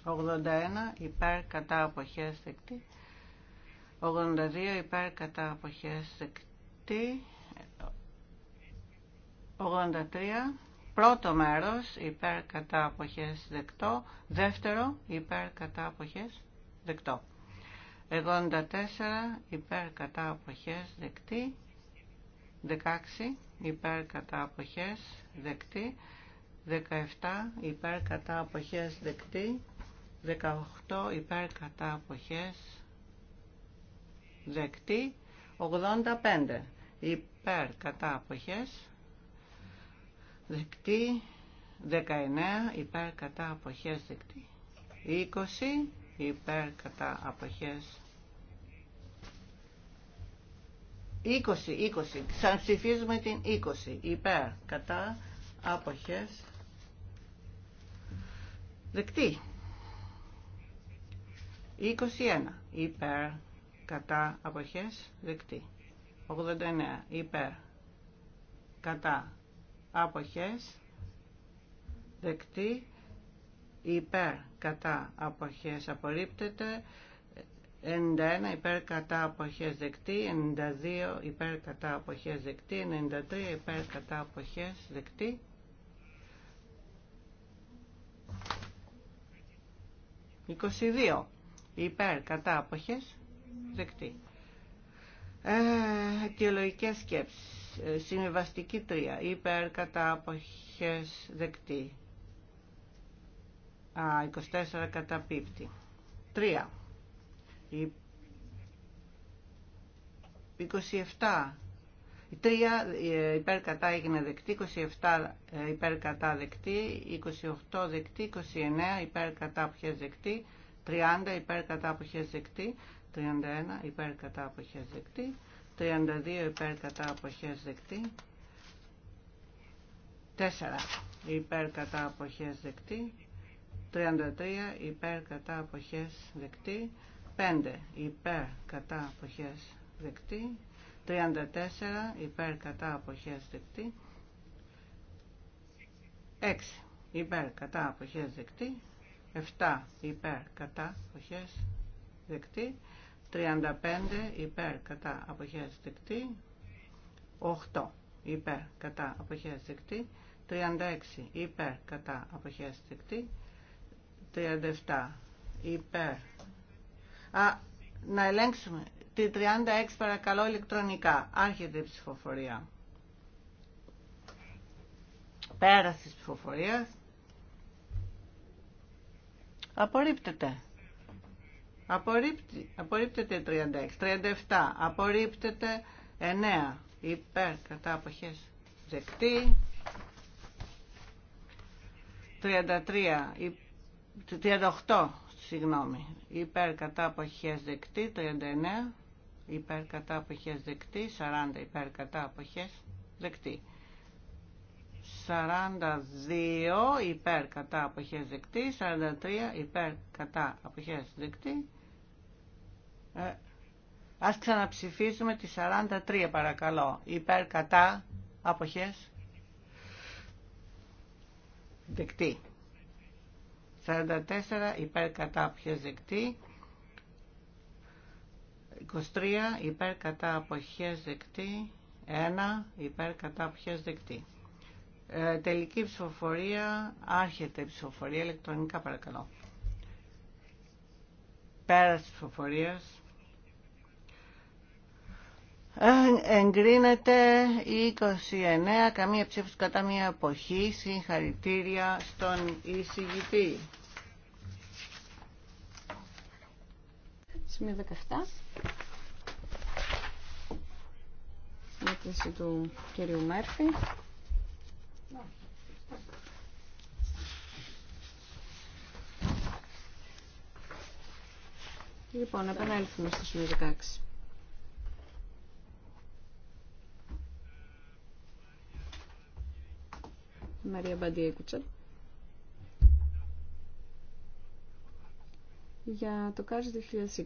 81 υπέρ κατά αποχές δεκτή 82 υπέρ κατά αποχές δεκτή 83 πρώτο μέρος υπέρ κατά αποχές δεκτό δεύτερο υπέρ κατά αποχές δεκτό 84 υπέρ κατά αποχές δεκτή 16 υπέρ κατά αποχές δεκτή 17 υπέρ κατά αποχές δεκτή 18 υπέρ κατά αποχές δεκτή 85 υπέρ κατά αποχές δεκτή 19 υπέρ κατά αποχές δεκτή 20 υπέρ κατά αποχές 20, 20, σαν ψηφίζουμε την 20, υπέρ, κατά, άποχες, δεκτή. 21, υπέρ, κατά, άποχες, δεκτή. 89, υπέρ, κατά, άποχες, δεκτή υπέρ κατά αποχές απορρίπτεται 91 υπέρ κατά αποχές δεκτή 92 υπέρ κατά αποχές δεκτή 93 υπέρ κατά αποχές δεκτή 22 υπέρ κατά αποχές δεκτή ε, αιτιολογικές σκέψεις ε, συμβιβαστική 3 υπέρ κατά αποχές δεκτή 24 24 καταπίπτει. 3. 27. 3 υπέρ κατά έγινε δεκτή, 27 ε, υπέρ κατά δεκτή, 28 δεκτή, 29 υπέρ κατά αποχές δεκτή, 30 υπέρ κατά αποχές δεκτή, 31 υπέρ κατά αποχές δεκτή, 32 υπέρ κατά αποχές δεκτή, 4 υπέρ κατά αποχές δεκτή, 33 υπέρ κατά αποχές δεκτή 5 υπέρ κατά αποχές δεκτή 34 υπέρ κατά αποχές δεκτή 6 υπέρ κατά αποχές δεκτή 7 υπέρ κατά αποχές δεκτή 35 υπέρ κατά αποχές δεκτή 8 υπέρ κατά αποχές δεκτή 36 υπέρ κατά αποχές δεκτή 37 υπέρ. Α, να ελέγξουμε. Τη 36 παρακαλώ ηλεκτρονικά. Άρχεται η ψηφοφορία. Πέραση της ψηφοφορίας. Απορρίπτεται. Απορρίπτεται 36. 37. Απορρίπτεται 9. Υπέρ κατά αποχές. Δεκτή. 33. Υπέρ 38, συγγνώμη, υπέρ κατά αποχές δεκτή, 39, υπέρ κατά αποχές δεκτή, 40 υπέρ κατά αποχές δεκτή. 42 υπέρ κατά αποχές δεκτή, 43 υπέρ κατά αποχές δεκτή. Ε, ας ξαναψηφίσουμε τη 43 παρακαλώ, υπέρ κατά αποχές δεκτή. 44 υπέρ κατά αποχές δεκτή. 23 υπέρ κατά αποχές δεκτή. 1 υπέρ κατά αποχές δεκτή. Ε, τελική ψηφοφορία, άρχεται η ψηφοφορία ηλεκτρονικά παρακαλώ. Πέρας ψηφοφορίας. Εγκρίνεται 29, καμία ψήφος κατά μία εποχή, συγχαρητήρια στον εισηγητή. Σημείο 17. Συνέκριση του κυρίου Μέρφη. Λοιπόν, επανέλθουμε στο σημείο 16. Μαρία Μπαντία για το ΚΑΡΣ 2020.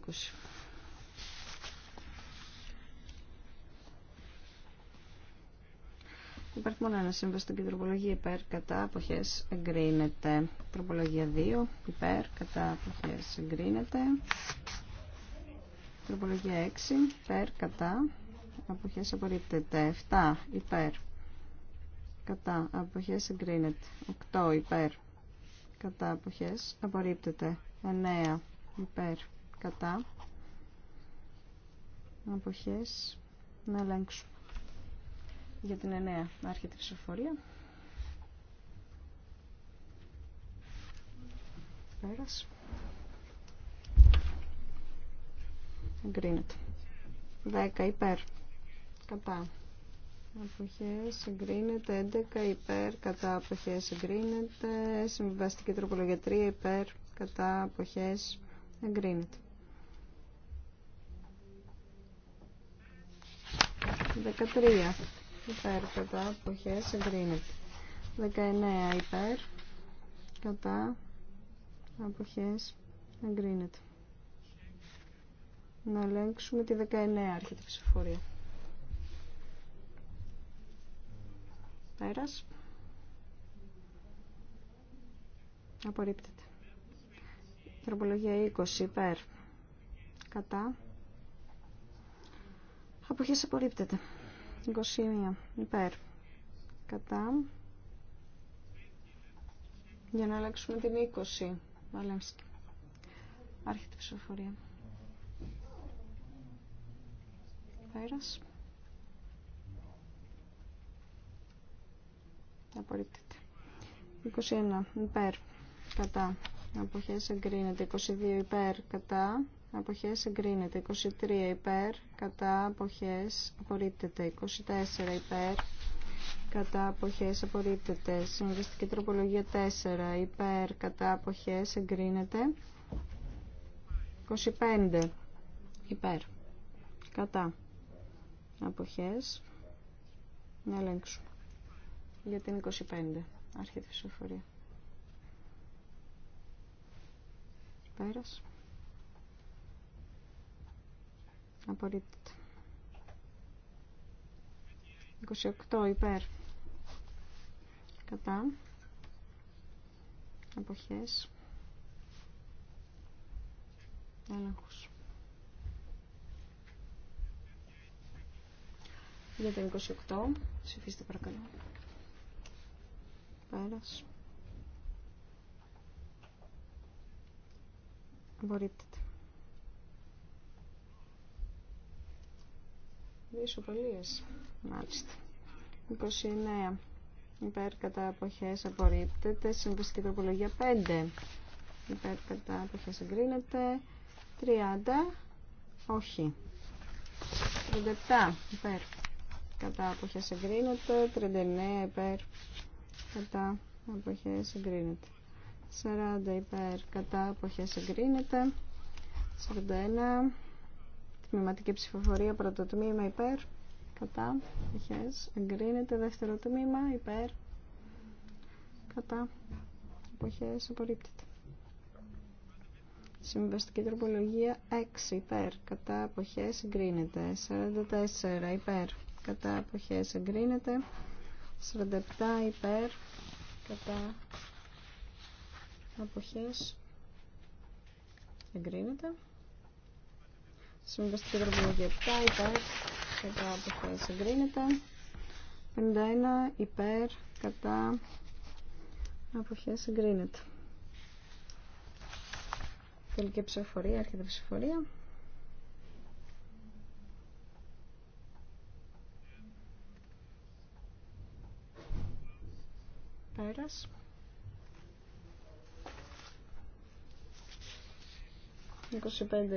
Υπάρχει μόνο ένα σύμβαση στην τροπολογία υπέρ κατά αποχές εγκρίνεται. Τροπολογία 2 υπέρ κατά αποχές εγκρίνεται. Τροπολογία 6 υπέρ κατά αποχές απορρίπτεται. 7 υπέρ κατά αποχές συγκρίνεται. 8 υπέρ κατά αποχές απορρίπτεται 9 υπέρ κατά αποχές να ελέγξουμε για την 9 άρχεται η ψηφοφορία πέρας εγκρίνεται 10 υπέρ κατά Αποχές εγκρίνεται 11 υπέρ κατά αποχές εγκρίνεται συμβιβαστική τροπολογία 3 υπέρ κατά αποχές εγκρίνεται 13 υπέρ κατά αποχές εγκρίνεται 19 υπέρ κατά αποχές εγκρίνεται να ελέγξουμε τη 19 άρχεται ψηφορία Πέρα. Απορρίπτεται. Τροπολογία 20 υπέρ. Κατά. Αποχές απορρίπτεται. 21 υπέρ. Κατά. Για να αλλάξουμε την 20. Βαλέμσκι. Άρχεται η ψηφοφορία. Πέρας. απορρίπτεται. 21 υπέρ κατά αποχές εγκρίνεται. 22 υπέρ κατά αποχές εγκρίνεται. 23 υπέρ κατά αποχές απορρίπτεται. 24 υπέρ κατά αποχές απορρίπτεται. Συμβαστική τροπολογία 4 υπέρ κατά αποχές εγκρίνεται. 25 υπέρ κατά αποχές να ελέγξουμε για την 25. Άρχεται η εφορία. Πέρας. Απορρίπτεται. 28 υπέρ. Κατά. Αποχές. Έλεγχος. Για την 28, ψηφίστε παρακαλώ. Πέρας. Απορρίπτεται. Δύο ισοπαλίες. Μάλιστα. είναι, Υπέρ κατά αποχές απορρίπτεται. Συμβαστική τροπολογία 5. Υπέρ κατά αποχές εγκρίνεται. 30. Όχι. 37. Υπέρ. Κατά αποχές εγκρίνεται. 39. Υπέρ κατά εποχέ εγκρίνεται 40 υπέρ κατά εποχέ εγκρίνεται 41 τμήματική ψηφοφορία πρώτο τμήμα υπέρ κατά εποχέ εγκρίνεται δεύτερο τμήμα υπέρ κατά εποχέ απορρίπτεται Συμβαστική τροπολογία 6 υπέρ κατά αποχές εγκρίνεται 44 υπέρ κατά αποχές εγκρίνεται 47 υπέρ κατά αποχές εγκρίνεται Συμβαστική τροπολογία 7 υπέρ κατά αποχές εγκρίνεται 51 υπέρ κατά αποχές εγκρίνεται Τελική ψηφοφορία, έρχεται ψηφοφορία. «25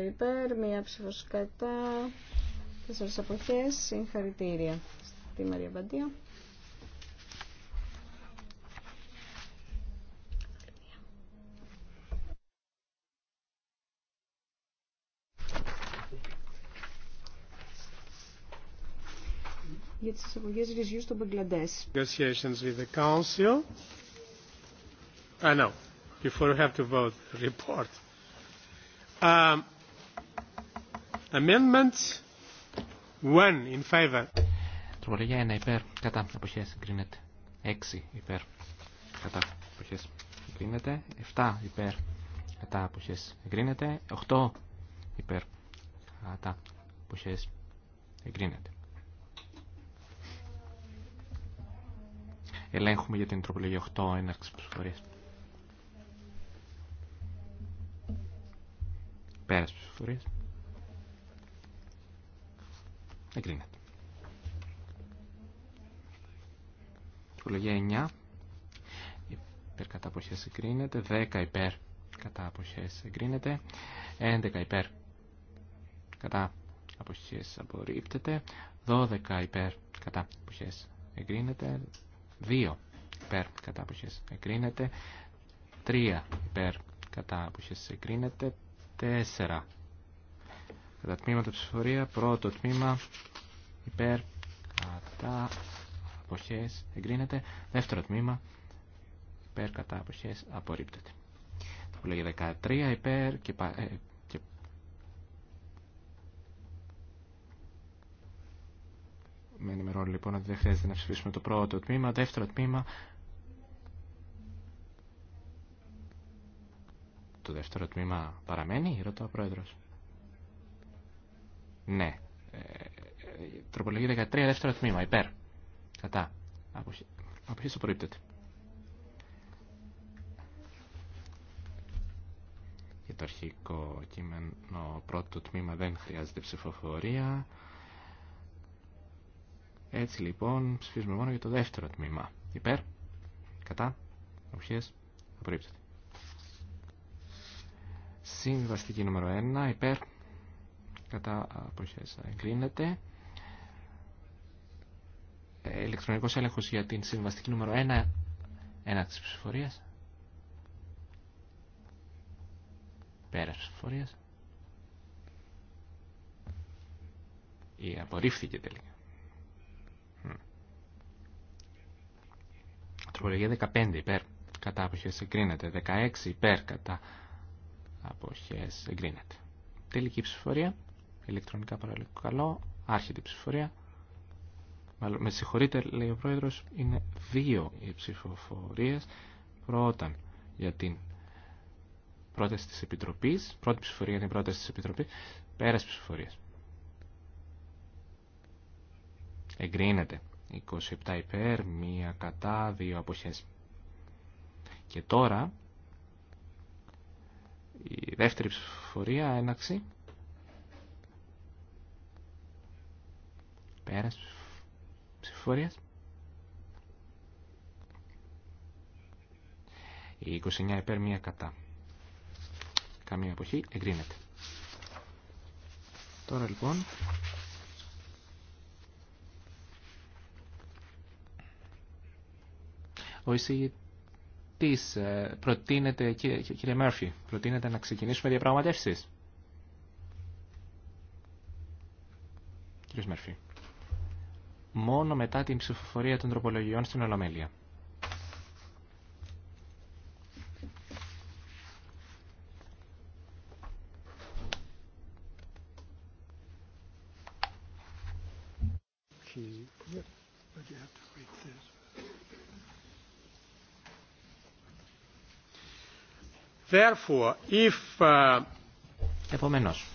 υπέρ, μία ψήφος κατά, τέσσερις αποχές, συγχαρητήρια» στη Μαρία Μπαντία. της εισαγωγής ρυζιού στο Μπαγκλαντές. Τροπολογία 1 υπέρ, κατά, Αποχέ. εγκρίνεται. 6 υπέρ, κατά, Αποχέ. εγκρίνεται. 7 υπέρ, κατά, Αποχέ. εγκρίνεται. 8 υπέρ, κατά, Αποχέ. εγκρίνεται. Ελέγχουμε για την τροπολογία 8 έναρξη ψηφοφορία. Πέρασε ψηφοφορία. Εγκρίνεται. Τροπολογία 9. Υπέρ κατά αποχέ εγκρίνεται. 10 υπέρ κατά αποχέ εγκρίνεται. 11 υπέρ κατά αποχέ απορρίπτεται. 12 υπέρ κατά αποχέ εγκρίνεται. 2 υπέρ κατά αποχές εγκρίνεται 3 υπέρ κατά αποχές εγκρίνεται 4 κατά τμήματα ψηφορία πρώτο τμήμα υπέρ κατά αποχές εγκρίνεται δεύτερο τμήμα υπέρ κατά αποχές απορρίπτεται που λέγει 13 υπέρ και ε, με ενημερώνει λοιπόν ότι δεν χρειάζεται να ψηφίσουμε το πρώτο τμήμα. Δεύτερο τμήμα. Το δεύτερο τμήμα παραμένει, ρωτά ο πρόεδρο. Ναι. Ε, τροπολογία 13, δεύτερο τμήμα, υπέρ. Κατά. Αποχή το προείπτωτο. Για το αρχικό κείμενο πρώτο τμήμα δεν χρειάζεται ψηφοφορία. Έτσι λοιπόν ψηφίζουμε μόνο για το δεύτερο τμήμα. Υπέρ, κατά, αποχές, απορρίπτεται. Συμβαστική νούμερο 1, υπέρ, κατά, αποχές, εγκρίνεται. Ελεκτρονικός έλεγχος για την συμβαστική νούμερο 1, ένα της ψηφορίας. Πέρα ψηφορίας. Ή απορρίφθηκε τελικά. βαθμολογία 15 υπέρ κατά αποχές εγκρίνεται. 16 υπέρ κατά αποχές εγκρίνεται. Τελική ψηφορία. Ηλεκτρονικά παραλογικό καλό. Άρχεται ψηφορία. με συγχωρείτε, λέει ο πρόεδρος, είναι δύο οι ψηφοφορίες. Πρώτα για την πρόταση της Επιτροπής, πρώτη ψηφορία για την πρόταση της Επιτροπής, πέρας ψηφοφορίες Εγκρίνεται. 27 υπέρ, μία κατά, 2 αποχές. Και τώρα η δεύτερη ψηφοφορία έναξη πέρας ψηφοφορίας. Η 29 υπέρ, 1 κατά. Καμία αποχή εγκρίνεται. Τώρα λοιπόν Ο εισηγητής ε, προτείνεται, κύριε Μέρφυ, προτείνεται να ξεκινήσουμε διαπραγματεύσεις. κύριε Μέρφυ. Μόνο μετά την ψηφοφορία των τροπολογιών στην Ολομέλεια. Therefore, uh, Επομένως,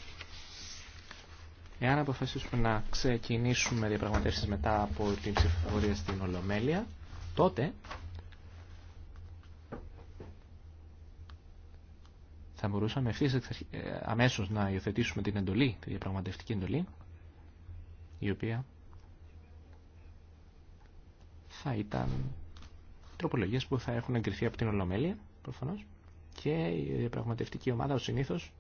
εάν αποφασίσουμε να ξεκινήσουμε διαπραγματεύσεις μετά από την ψηφοφορία στην Ολομέλεια, τότε θα μπορούσαμε ε, αμέσως αμέσω να υιοθετήσουμε την εντολή, τη διαπραγματευτική εντολή, η οποία θα ήταν τροπολογίες που θα έχουν εγκριθεί από την Ολομέλεια, προφανώς και η διαπραγματευτική ομάδα, ο συνήθως,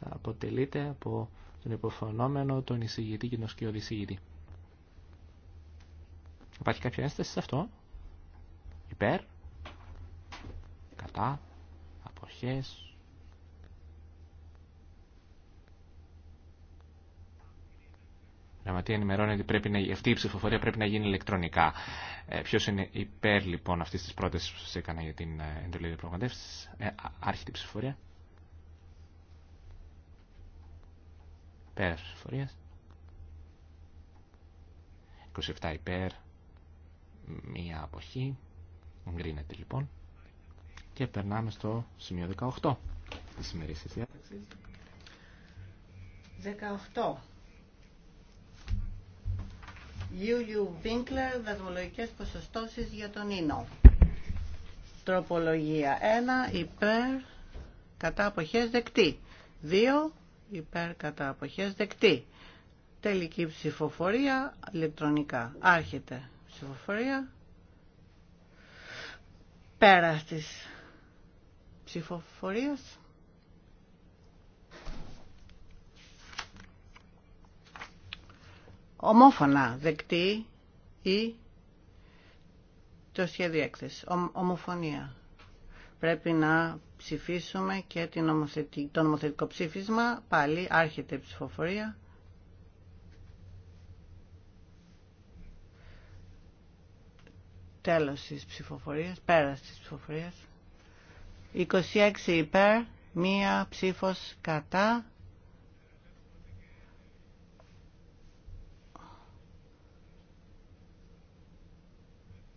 θα αποτελείται από τον υποφωνόμενο, τον εισηγητή και τον εισηγητή. Υπάρχει κάποια ένσταση σε αυτό. Υπέρ. Κατά. Αποχές. Γραμματεία ενημερώνει ότι πρέπει να, αυτή η ψηφοφορία πρέπει να γίνει ηλεκτρονικά. Ε, Ποιο είναι υπέρ λοιπόν αυτή τη πρόταση που σα έκανα για την ε, εντολή διαπραγματεύση, ε, άρχιτη ψηφορία. Πέρα ψηφορία. 27 υπέρ. Μία αποχή. Εγκρίνεται λοιπόν. Και περνάμε στο σημείο 18 τη σημερινή διάταξη. 18. Ιούλιου Βίνκλερ, δασμολογικές ποσοστώσεις για τον Ίνο. Τροπολογία 1, υπέρ, κατά αποχές δεκτή. 2, υπέρ, κατά αποχές δεκτή. Τελική ψηφοφορία ηλεκτρονικά. Άρχεται ψηφοφορία. Πέρα της ψηφοφορίας. ομόφωνα δεκτή ή το σχέδιο έκθεση. ομοφωνία. Πρέπει να ψηφίσουμε και την το νομοθετικό ψήφισμα. Πάλι άρχεται η ψηφοφορία. Τέλος της ψηφοφορίας, πέρας της ψηφοφορίας. 26 υπέρ, μία ψήφος κατά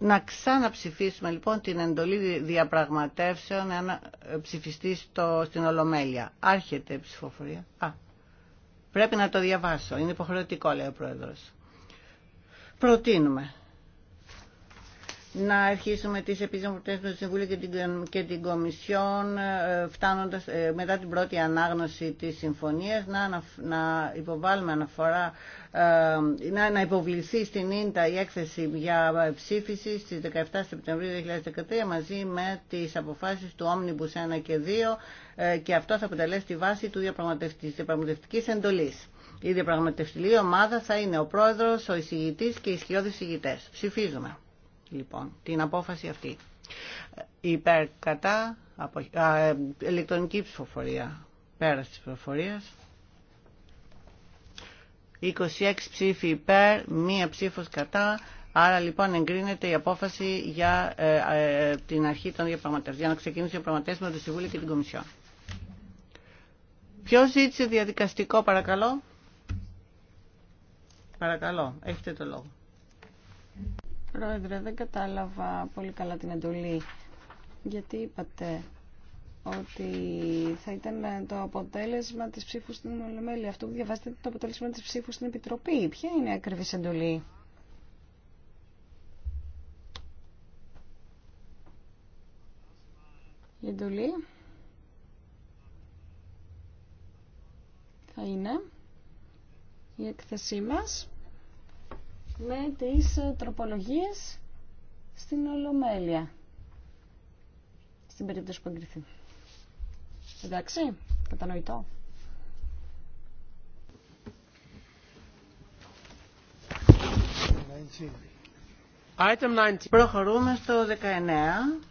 Να ξαναψηφίσουμε λοιπόν την εντολή διαπραγματεύσεων να ε, ψηφιστεί στο, στην Ολομέλεια. Άρχεται η ψηφοφορία. Α, πρέπει να το διαβάσω. Είναι υποχρεωτικό λέει ο Πρόεδρος. Προτείνουμε να αρχίσουμε τις επιζημωτές του Συμβούλου και την, και την Κομισιόν ε, φτάνοντας ε, μετά την πρώτη ανάγνωση της συμφωνίας να, να υποβάλουμε αναφορά ε, να, να υποβληθεί στην ίντα η έκθεση για ψήφιση στις 17 Σεπτεμβρίου 2013 μαζί με τις αποφάσεις του Omnibus 1 και 2 και αυτό θα αποτελέσει τη βάση του διαπραγματευτικής, διαπραγματευτικής εντολής. Η διαπραγματευτική ομάδα θα είναι ο πρόεδρος, ο εισηγητής και οι ισχυώδεις εισηγητές. Ψηφίζουμε λοιπόν, την απόφαση αυτή. Ε, υπέρ κατά απο, ε, ηλεκτρονική ψηφοφορία, πέρα της ψηφοφορίας. 26 ψήφοι υπέρ, μία ψήφος κατά. Άρα λοιπόν εγκρίνεται η απόφαση για ε, την αρχή των διαπραγματεύσεων, για να ξεκινήσει ο διαπραγματεύσεις με το Συμβούλιο και την Κομισιόν. Ποιο ζήτησε διαδικαστικό, παρακαλώ. Παρακαλώ, έχετε το λόγο. Πρόεδρε, δεν κατάλαβα πολύ καλά την εντολή. Γιατί είπατε ότι θα ήταν το αποτέλεσμα της ψήφου στην Ολομέλεια. Αυτό που διαβάζετε το αποτέλεσμα της ψήφου στην Επιτροπή. Ποια είναι η ακριβής εντολή. Η εντολή θα είναι η έκθεσή μας με τις ε, τροπολογίες στην Ολομέλεια. Στην περίπτωση που εγκριθεί. Εντάξει, κατανοητό. Item 19. Προχωρούμε στο 19.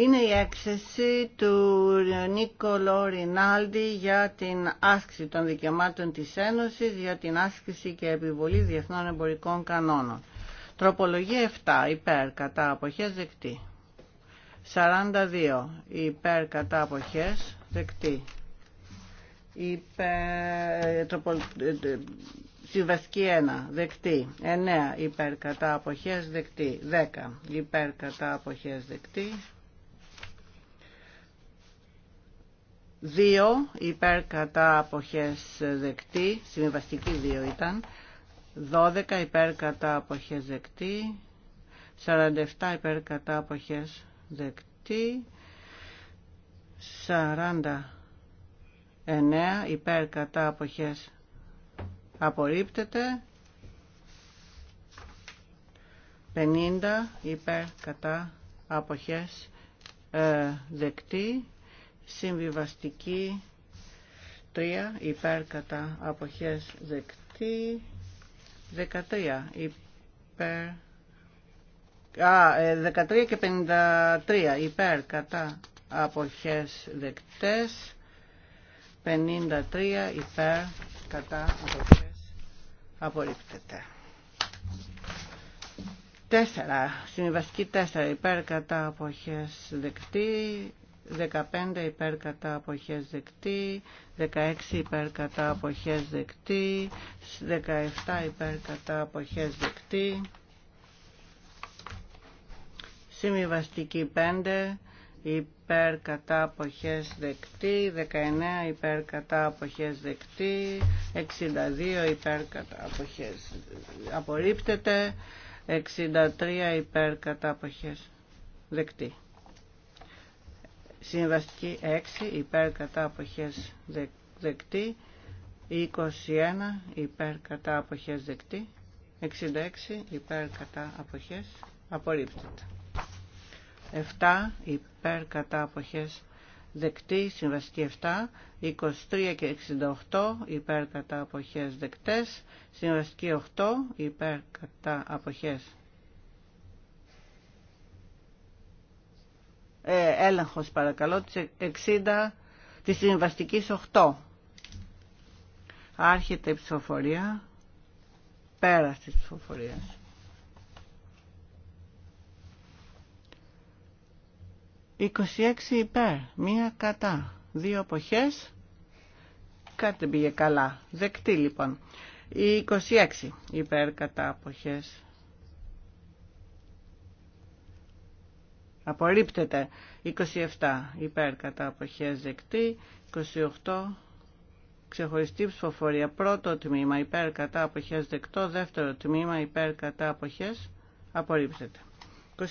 είναι η έκθεση του Νίκολο Ρινάλντι για την άσκηση των δικαιωμάτων της Ένωσης, για την άσκηση και επιβολή διεθνών εμπορικών κανόνων. Τροπολογία 7. Υπέρ κατά αποχές δεκτή. 42. Υπέρ κατά αποχές δεκτή. Υπέρ... 1. Ε, ε, ε, δεκτή. 9. Υπέρ κατά αποχές δεκτή. 10. Υπέρ κατά αποχές δεκτή. 2 υπέρ κατά αποχές δεκτή, συμβιβαστική 2 ήταν, 12 υπέρ κατά αποχές δεκτή, 47 υπέρ κατά αποχές δεκτή, 49 υπέρ κατά αποχές απορρίπτεται, 50 υπέρ κατά αποχές ε, δεκτή, Συμβιβαστική 3 υπέρ κατά αποχές δεκτή. 13 υπέρ. Α, ε, και 53 υπέρ κατά αποχές δεκτές. 53 υπέρ κατά αποχές απορρίπτεται. Τέσσερα. Συμβαστική 4 υπέρ κατά αποχές δεκτή. 15 υπέρ κατά αποχές δεκτή, 16 υπέρ κατά αποχές δεκτή, 17 υπέρ κατά αποχές δεκτή, συμβιβαστική 5 υπέρ κατά αποχές δεκτή, 19 υπέρ κατά αποχές δεκτή, 62 υπέρ κατά αποχές απορρίπτεται, 63 υπέρ κατά αποχές δεκτή. Συμβαστική 6 υπέρ κατά αποχές δεκτή. 21 υπέρ κατά αποχές δεκτή. 66 υπέρ κατά αποχές απορρίπτεται. 7 υπέρ κατά αποχές δεκτή. Συμβαστική 7. 23 και 68 υπέρ κατά αποχές δεκτές. Συμβαστική 8 υπέρ κατά αποχές ε, έλεγχος παρακαλώ της 60 της συμβαστικής 8 άρχεται η ψηφοφορία πέρας της 26 υπέρ, μία κατά, δύο αποχές, κάτι δεν πήγε καλά, δεκτή λοιπόν. 26 υπέρ κατά αποχές Απορρίπτεται. 27 υπέρ κατά αποχές δεκτή. 28 ξεχωριστή ψηφοφορία. Πρώτο τμήμα υπέρ κατά αποχές δεκτό. Δεύτερο τμήμα υπέρ κατά αποχές απορρίπτεται. 29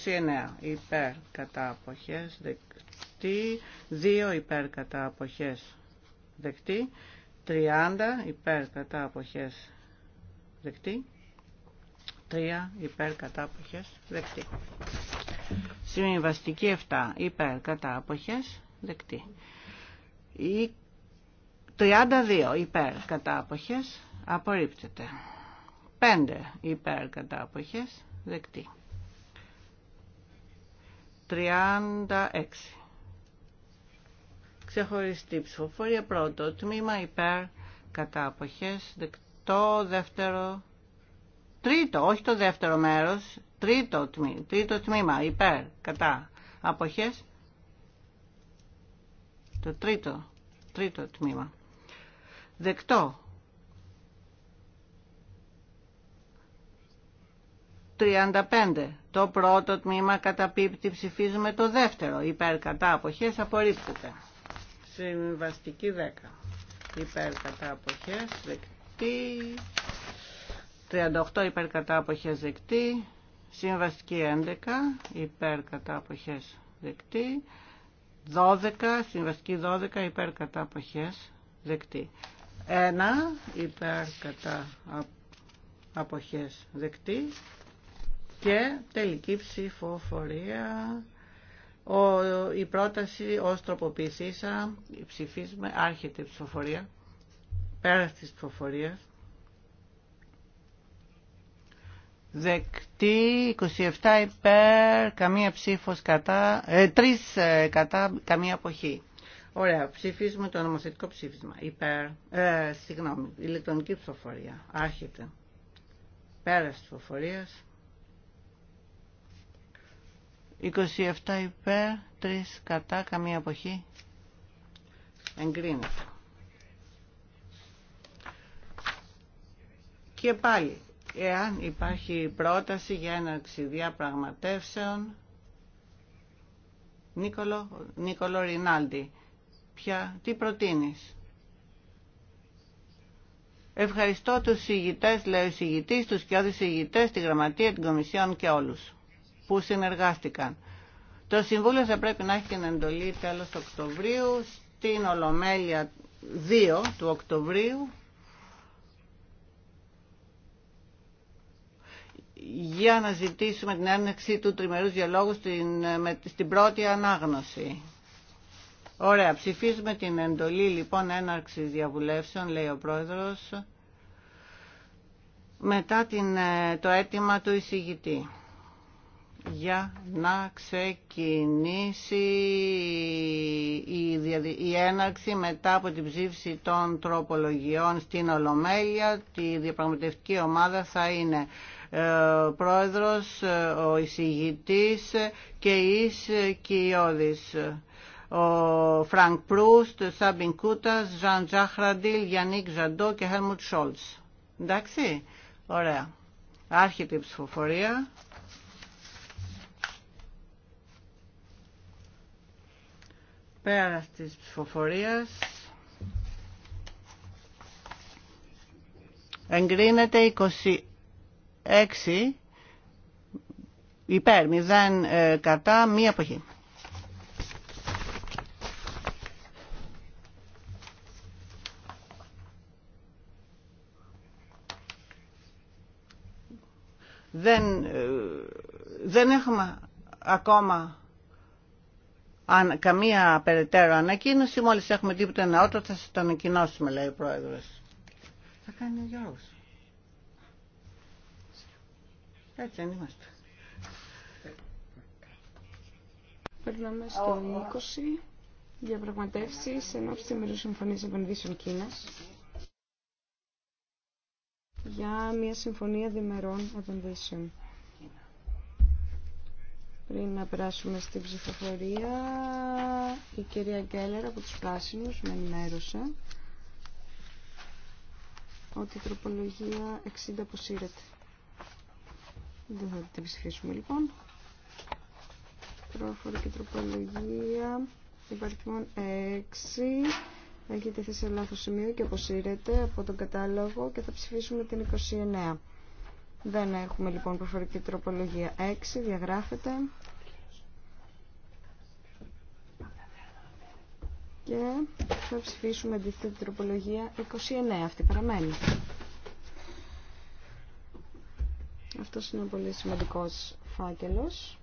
υπέρ κατά αποχές δεκτή. 2 υπέρ κατά αποχές δεκτή. 30 υπέρ κατά αποχές δεκτή. 3 υπέρ κατά αποχές δεκτή. Συμβαστική 7 υπέρ κατά αποχές δεκτή. 32 υπέρ κατά αποχές απορρίπτεται. 5 υπέρ κατά αποχές δεκτή. 36 ξεχωριστή ψηφοφορία πρώτο τμήμα υπέρ κατά αποχές δεκτό δεύτερο τρίτο όχι το δεύτερο μέρος Τρίτο, τμήμα, υπέρ, κατά, αποχές. Το τρίτο, τρίτο τμήμα. Δεκτό. 35. Το πρώτο τμήμα καταπίπτει ψηφίζουμε το δεύτερο. Υπέρ κατά αποχές απορρίπτεται. Συμβαστική 10. Υπέρ κατά αποχές δεκτή. 38 υπέρ κατά αποχές δεκτή. Συμβαστική 11 υπέρ κατά αποχές δεκτή. 12, συμβαστική 12 υπέρ κατά αποχές δεκτή. 1 υπέρ κατά αποχές δεκτή. Και τελική ψηφοφορία. η πρόταση ως τροποποιηθήσα ψηφίσουμε άρχεται η ψηφοφορία πέρας της ψηφοφορίας δεκτή 27 υπέρ καμία ψήφος κατά ε, 3 ε, κατά καμία αποχή Ωραία, ψηφίζουμε το νομοθετικό ψήφισμα. Υπέρ, ε, συγγνώμη, ηλεκτρονική ψηφοφορία. Άρχεται. Πέρας ψηφοφορίας. 27 υπέρ, 3 κατά, καμία αποχή. Εγκρίνεται. Και πάλι, εάν υπάρχει πρόταση για έναρξη διαπραγματεύσεων Νίκολο, Νίκολο Ρινάλντι Ποια, τι προτείνεις Ευχαριστώ τους λέει λέω συγητής, τους και όλους τη Γραμματεία, την Κομισιόν και όλους που συνεργάστηκαν. Το Συμβούλιο θα πρέπει να έχει την εντολή τέλος Οκτωβρίου, στην Ολομέλεια 2 του Οκτωβρίου για να ζητήσουμε την έναρξη του τριμερούς διαλόγου στην, με, στην πρώτη ανάγνωση. Ωραία, ψηφίζουμε την εντολή λοιπόν έναρξη διαβουλεύσεων, λέει ο πρόεδρος, μετά την, ε, το αίτημα του εισηγητή για να ξεκινήσει η, η έναρξη μετά από την ψήφιση των τροπολογιών στην Ολομέλεια. Τη διαπραγματευτική ομάδα θα είναι ε, πρόεδρος, ε, ο εισηγητής και η ε, Κιώδης. Ο Φρανκ Προύστ, Σάμπιν Κούτας, Ζαν Τζάχραντιλ, Γιάννικ Ζαντό και Χέλμουτ Σόλτς. Εντάξει, ωραία. Άρχεται η ψηφοφορία. Πέρα της ψηφοφορίας. Εγκρίνεται 20 6 υπέρ 0 ε, κατά μία εποχή. Δεν, ε, δεν έχουμε ακόμα καμία περαιτέρω ανακοίνωση. Μόλις έχουμε τίποτα νεότερο θα σας το ανακοινώσουμε, λέει ο Πρόεδρος. Θα κάνει ο Γιώργος. Έτσι δεν είμαστε. Περνάμε στο 20. Διαπραγματεύσει εν ώψη μερού συμφωνία επενδύσεων Κίνα για μια συμφωνία διμερών επενδύσεων. Πριν να περάσουμε στην ψηφοφορία, η κυρία Γκέλλερ από τους Πράσινους με ενημέρωσε ότι η τροπολογία 60 αποσύρεται. Δεν θα την ψηφίσουμε λοιπόν. Προφορική τροπολογία. Υπαριθμόν 6. Έχει τεθεί σε λάθος σημείο και αποσύρεται από τον κατάλογο και θα ψηφίσουμε την 29. Δεν έχουμε λοιπόν προφορική τροπολογία 6. Διαγράφεται. Και θα ψηφίσουμε αντίθετη τροπολογία 29. Αυτή παραμένει. Αυτός είναι ο πολύ σημαντικός φάκελος.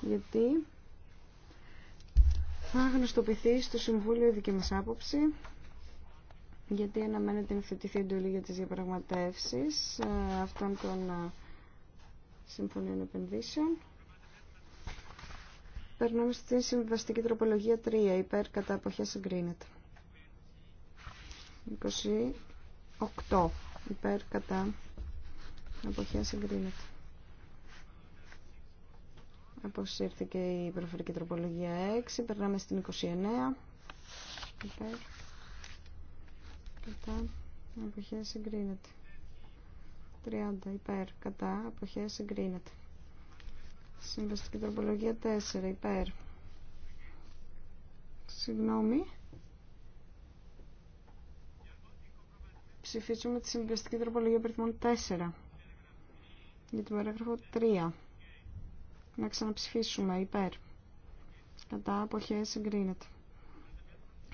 Γιατί θα γνωστοποιηθεί στο Συμβούλιο η δική μας άποψη γιατί αναμένεται να θετηθεί εντολή για τις διαπραγματεύσεις ε, αυτών των ε, συμφωνίων επενδύσεων. Περνάμε στη συμβαστική τροπολογία 3, υπέρ κατά αποχές συγκρίνεται. 28 υπέρ κατά αποχές εγκρίνεται. Αποσύρθηκε η προφορική τροπολογία 6. Περνάμε στην 29. Υπέρ. Κατά. Αποχές εγκρίνεται. 30. Υπέρ. Κατά. Αποχές εγκρίνεται. Συμβαστική τροπολογία 4. Υπέρ. Συγγνώμη. ψηφίσουμε τη συμβιβαστική τροπολογία περιθμών 4 για την παράγραφο 3 να ξαναψηφίσουμε υπέρ κατά αποχές εγκρίνεται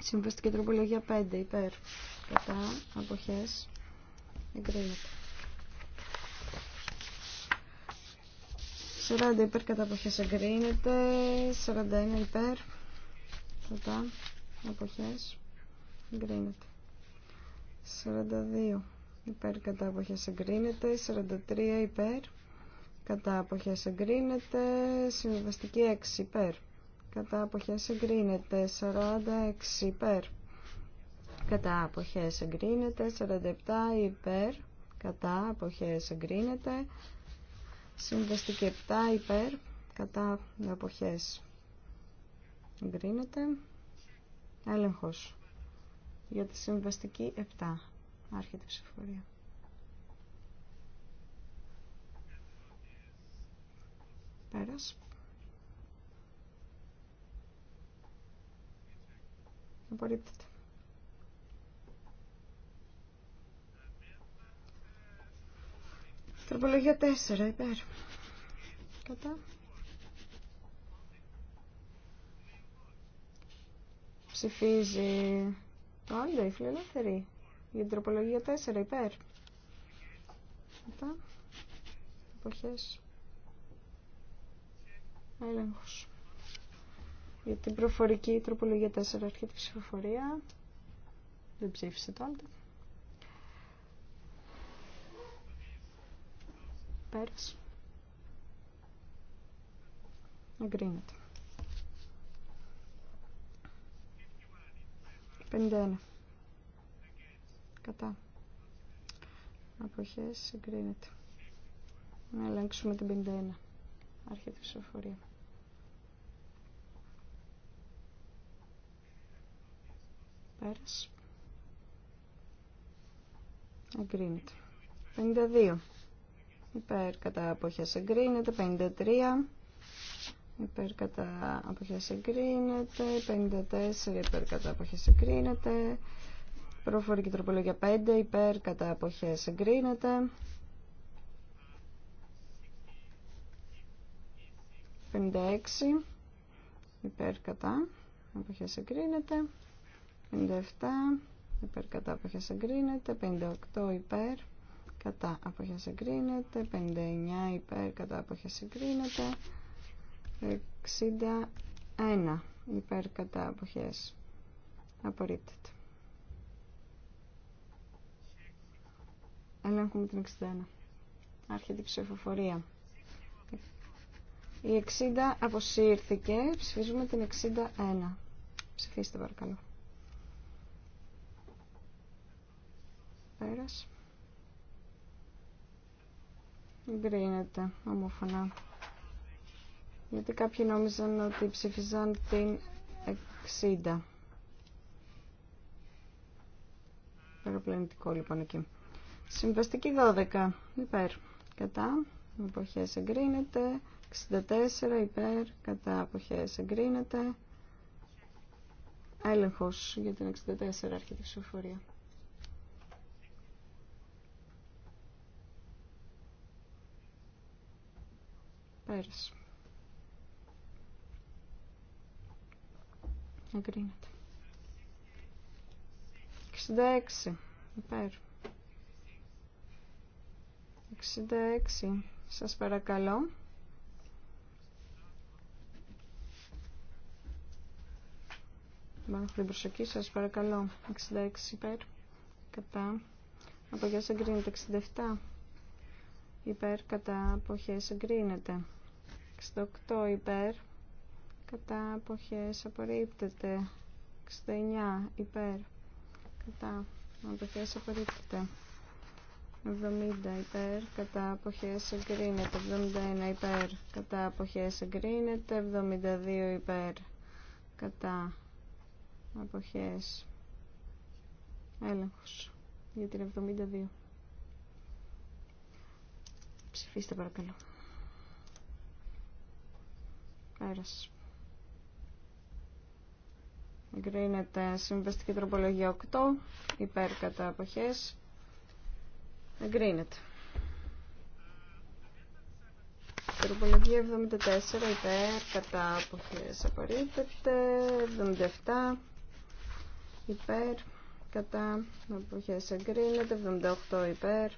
Συμβαστική τροπολογία 5 υπέρ κατά αποχές εγκρίνεται 40 υπέρ κατά αποχές εγκρίνεται 41 υπέρ κατά αποχές εγκρίνεται 42 υπέρ κατά αποχές εγκρίνεται 43 υπέρ κατά αποχές εγκρίνεται συμβαστική 6 υπέρ κατά αποχές εγκρίνεται 46 υπέρ κατά αποχές εγκρίνεται 47 υπέρ κατά αποχές εγκρίνεται συμβαστική 7 υπέρ κατά αποχές εγκρίνεται έλεγχος για τη συμβαστική 7. Άρχεται η ψηφορία. Πέρας. Απορρίπτεται. Τροπολογία 4, υπέρ. Κατά. Ψηφίζει Πάντα η φιλελεύθερη. Για την τροπολογία 4 υπέρ. Μετά. Εποχές. Έλεγχος. Για την προφορική τροπολογία 4 αρχή τη ψηφοφορία. Δεν ψήφισε το άλλο. Πέρασε. Εγκρίνεται. 51. Κατά. Αποχέ συγκρίνεται. Να ελέγξουμε την 51. Άρχεται η ψηφοφορία. Πέρασε. Εγκρίνεται. 52. Υπέρ κατά αποχές εγκρίνεται. 53 υπέρ κατά αποχές εγκρίνεται, 54 υπέρ κατά αποχές εγκρίνεται, προφορική τροπολογία 5 υπέρ κατά αποχές εγκρίνεται, 56 υπέρ κατά αποχές εγκρίνεται, 57 υπέρ κατά αποχές εγκρίνεται, 58 υπέρ κατά αποχές εγκρίνεται, 59 υπέρ κατά αποχές εγκρίνεται, 61 υπέρ κατά αποχές απορρίπτεται ελέγχουμε την 61 άρχεται η ψηφοφορία η 60 αποσύρθηκε ψηφίζουμε την 61 ψηφίστε παρακαλώ πέρας εγκρίνεται ομόφωνα γιατί κάποιοι νόμιζαν ότι ψηφίζαν την 60. Παραπλανητικό, λοιπόν εκεί. Συμβαστική 12. Υπέρ. Κατά. Αποχές εγκρίνεται. 64. Υπέρ. Κατά. Αποχές εγκρίνεται. Έλεγχος για την 64 αρχική ψηφοφορία. Πέρασε. Εγκρίνεται. 66. Υπέρ. 66. Σας παρακαλώ. Μπάνω την προσοχή σας, παρακαλώ. 66 υπέρ. Κατά. Αποχές εγκρίνεται. 67. Υπέρ. Κατά. Αποχές εγκρίνεται. 68 υπέρ κατά αποχές απορρίπτεται 69 υπέρ κατά αποχές απορρίπτεται 70 υπέρ κατά αποχές εγκρίνεται 71 υπέρ κατά αποχές εγκρίνεται 72 υπέρ κατά αποχές έλεγχος για την 72 ψηφίστε παρακαλώ πέρασε Εγκρίνεται συμβαστική τροπολογία 8, υπέρ κατά αποχές. Εγκρίνεται. Τροπολογία 74, υπέρ κατά αποχές απορρίπτεται. 77, υπέρ κατά αποχές εγκρίνεται. 78, υπέρ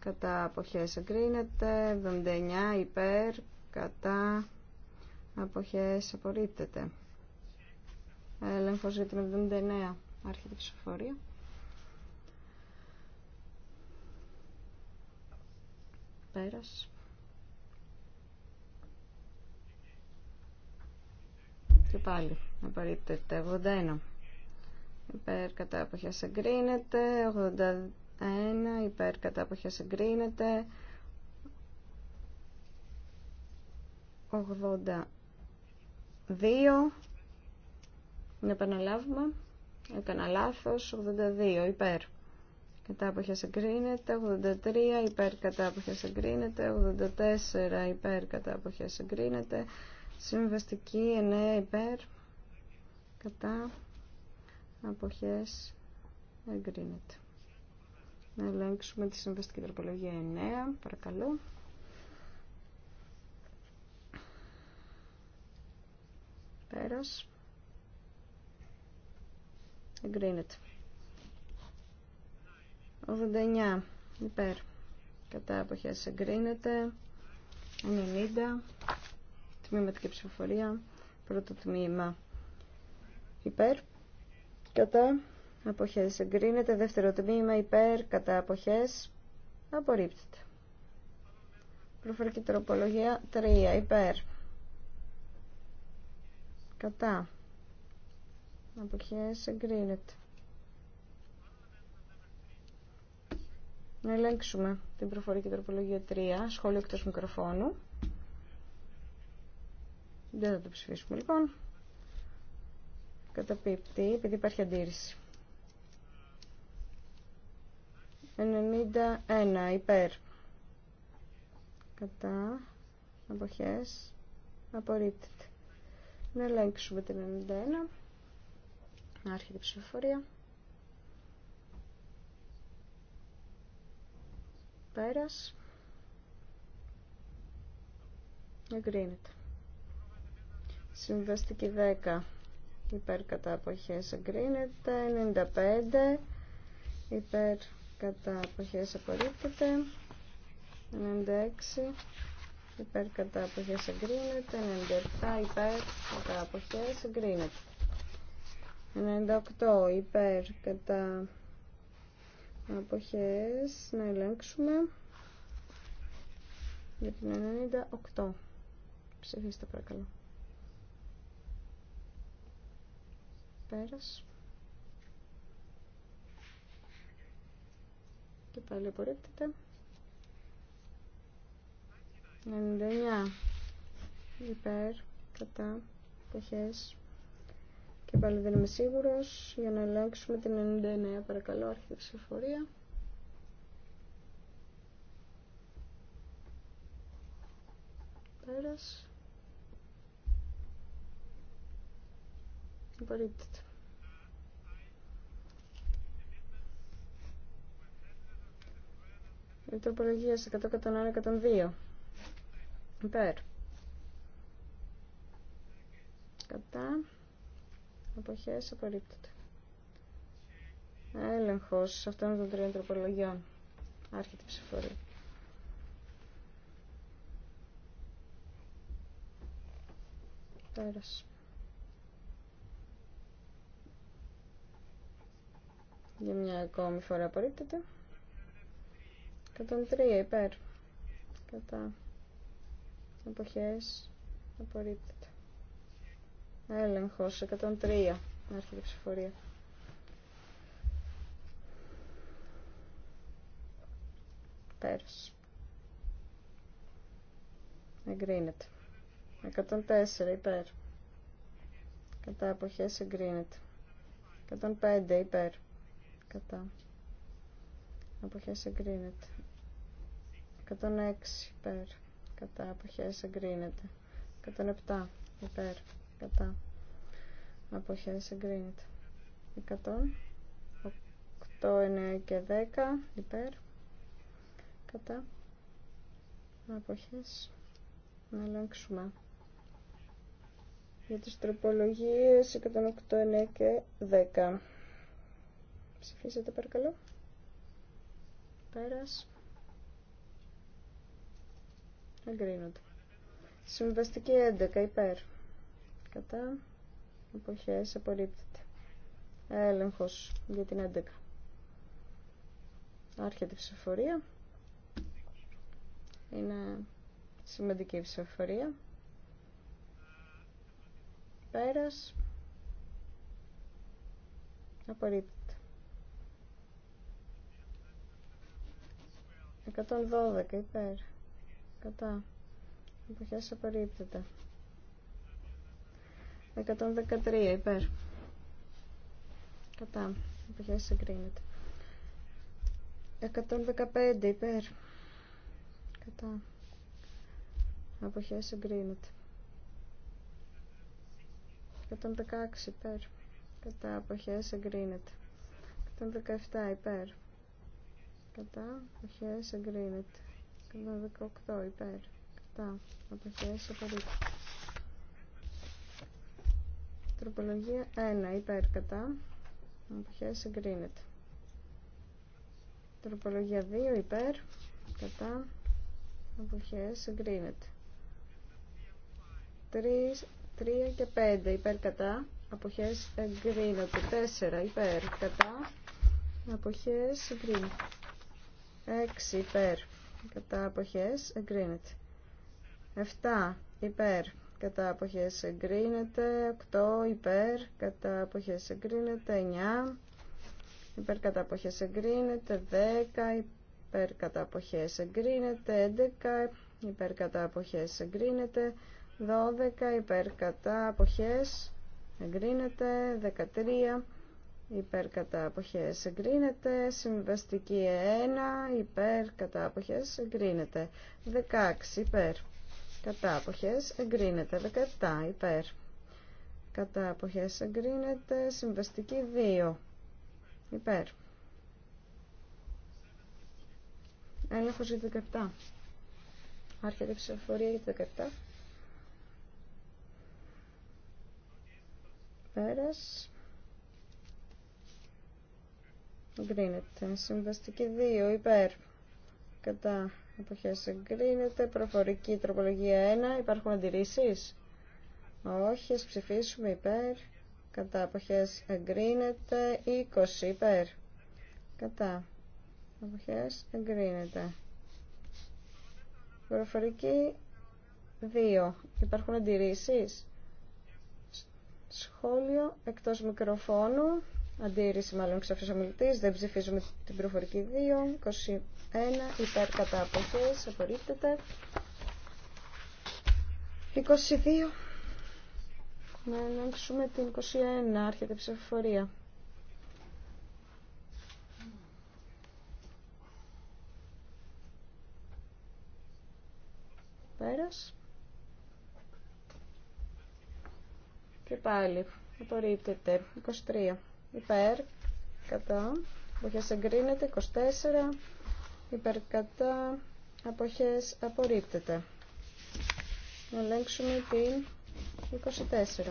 κατά αποχές εγκρίνεται. 79, υπέρ κατά αποχές απορρίπτεται ελεγχο για την 79. Άρχεται ψηφοφορία. Πέρασε. Και πάλι. Απαραίτητα 81. Υπέρ κατά αποχέ εγκρίνεται. 81. Υπέρ κατά αποχέ εγκρίνεται. 82 να επαναλάβουμε. Έκανα λάθο. 82 υπέρ. Κατά αποχέ εγκρίνεται. 83 υπέρ. Κατά αποχέ εγκρίνεται. 84 υπέρ. Κατά αποχέ εγκρίνεται. Συμβαστική 9 υπέρ. Κατά αποχέ εγκρίνεται. Να ελέγξουμε τη συμβαστική τροπολογία 9. Παρακαλώ. Πέρας. Εγκρίνεται. 89 υπέρ. Κατά αποχές εγκρίνεται. 90. Τμήματική ψηφοφορία. Πρώτο τμήμα. Υπέρ. Κατά αποχές εγκρίνεται. Δεύτερο τμήμα. Υπέρ. Κατά αποχές απορρίπτεται. Προφορική τροπολογία 3. Υπέρ. Κατά. Αποχές εγκρίνεται. Να ελέγξουμε την προφορική τροπολογία 3, σχόλιο εκτός μικροφώνου. Δεν θα το ψηφίσουμε λοιπόν. Καταπίπτει, επειδή υπάρχει αντίρρηση. 91 υπέρ. Κατά. Αποχές. Απορρίπτεται. Να ελέγξουμε την 91. Άρχεται η ψηφοφορία. Πέρας. Εγκρίνεται. Συμβαστική 10 υπέρ κατά αποχές εγκρίνεται. 95 υπέρ κατά αποχές απορρίπτεται. 96 υπέρ κατά αποχές εγκρίνεται. 97 υπέρ κατά αποχές εγκρίνεται. 98 υπέρ κατά αποχές να ελέγξουμε για την 98 ψηφίστε παρακαλώ πέρας και πάλι απορρίπτεται 99 υπέρ κατά αποχές και πάλι δεν είμαι σίγουρος. Για να ελέγξουμε την 99 παρακαλώ, άρχιτε ψηφοφορία. Πέρας. Απορρίπτεται. Η τροπολογία σε 101-102. Υπέρ. Κατά. Αποχές απορρίπτεται. Έλεγχος αυτών των τριών τροπολογιών. Άρχεται η ψηφορία. Πέρασε. Για μια ακόμη φορά απορρίπτεται. 103 υπέρ. Κατά. Εποχές. Απορρίπτεται. Έλεγχο 103. Άρχεται η ψηφορία. Πέρας. Εγκρίνεται. 104 υπέρ. Κατά αποχές εγκρίνεται. 105 υπέρ. Κατά. Αποχές εγκρίνεται. 106 υπέρ. Κατά αποχές εγκρίνεται. 107 υπέρ κατά αποχές εγκρίνεται 100 8, 9 και 10 υπέρ κατά αποχές να ελέγξουμε για τις τροπολογίες 108, 9 και 10 ψηφίσετε παρακαλώ πέρας εγκρίνονται συμβαστική 11 υπέρ κατά εποχές απορρίπτεται έλεγχος για την 11 άρχεται η ψηφοφορία είναι σημαντική η ψηφοφορία πέρας απορρίπτεται 112 υπέρ κατά εποχές απορρίπτεται 113 υπέρ. Κατά. Αποχές εγκρίνεται. 115 υπέρ. Κατά. Αποχές εγκρίνεται. 116 υπέρ. Κατά. Αποχές εγκρίνεται. 117 υπέρ. Κατά. Αποχές εγκρίνεται. 118 υπέρ. Κατά. Αποχές συγκρίνεται. Τροπολογία 1. Υπέρ κατά. Αποχές εγκρίνεται. Τροπολογία 2. Υπέρ κατά. Αποχές εγκρίνεται. 3, 3 και 5 υπέρ κατά. Αποχές εγκρίνεται. 4 υπέρ κατά. Αποχές εγκρίνεται. 6 υπέρ κατά αποχές εγκρίνεται. 7 υπέρ κατά αποχές εγκρίνεται 8 υπέρ κατά αποχές εγκρίνεται 9 υπέρ κατά αποχές εγκρίνεται 10 υπέρ κατά αποχές εγκρίνεται 11 υπέρ κατά αποχές εγκρίνεται 12 υπέρ κατά αποχές εγκρίνεται 13 υπέρ κατά αποχές εγκρίνεται συμβαστική 1 υπέρ κατά αποχές εγκρίνεται 16 υπέρ κατά αποχές εγκρίνεται 17 υπέρ κατά αποχές εγκρίνεται συμβαστική 2 υπέρ έλεγχος για 17 άρχεται η ψηφοφορία για 17 πέρας εγκρίνεται συμβαστική 2 υπέρ κατά Εποχέ εγκρίνεται. Προφορική τροπολογία 1. Υπάρχουν αντιρρήσει, Όχι, α ψηφίσουμε υπέρ. Κατά Εποχέ εγκρίνεται. 20 υπέρ. Κατά Εποχέ εγκρίνεται. Προφορική 2. Υπάρχουν αντιρρήσει, Σχόλιο εκτός μικροφώνου. Αντίρρηση μάλλον ξαφνής ομιλητή. Δεν ψηφίζουμε την προφορική 2. 21 υπέρ κατά αποχέ. Απορρίπτεται. 22. Να ελέγξουμε την 21. Άρχεται η ψηφοφορία. Πέρας. Και πάλι. Απορρίπτεται. 23 υπέρ, κατά, αποχές εγκρίνεται, 24, υπέρ, κατά, αποχές απορρίπτεται. Να ελέγξουμε την 24.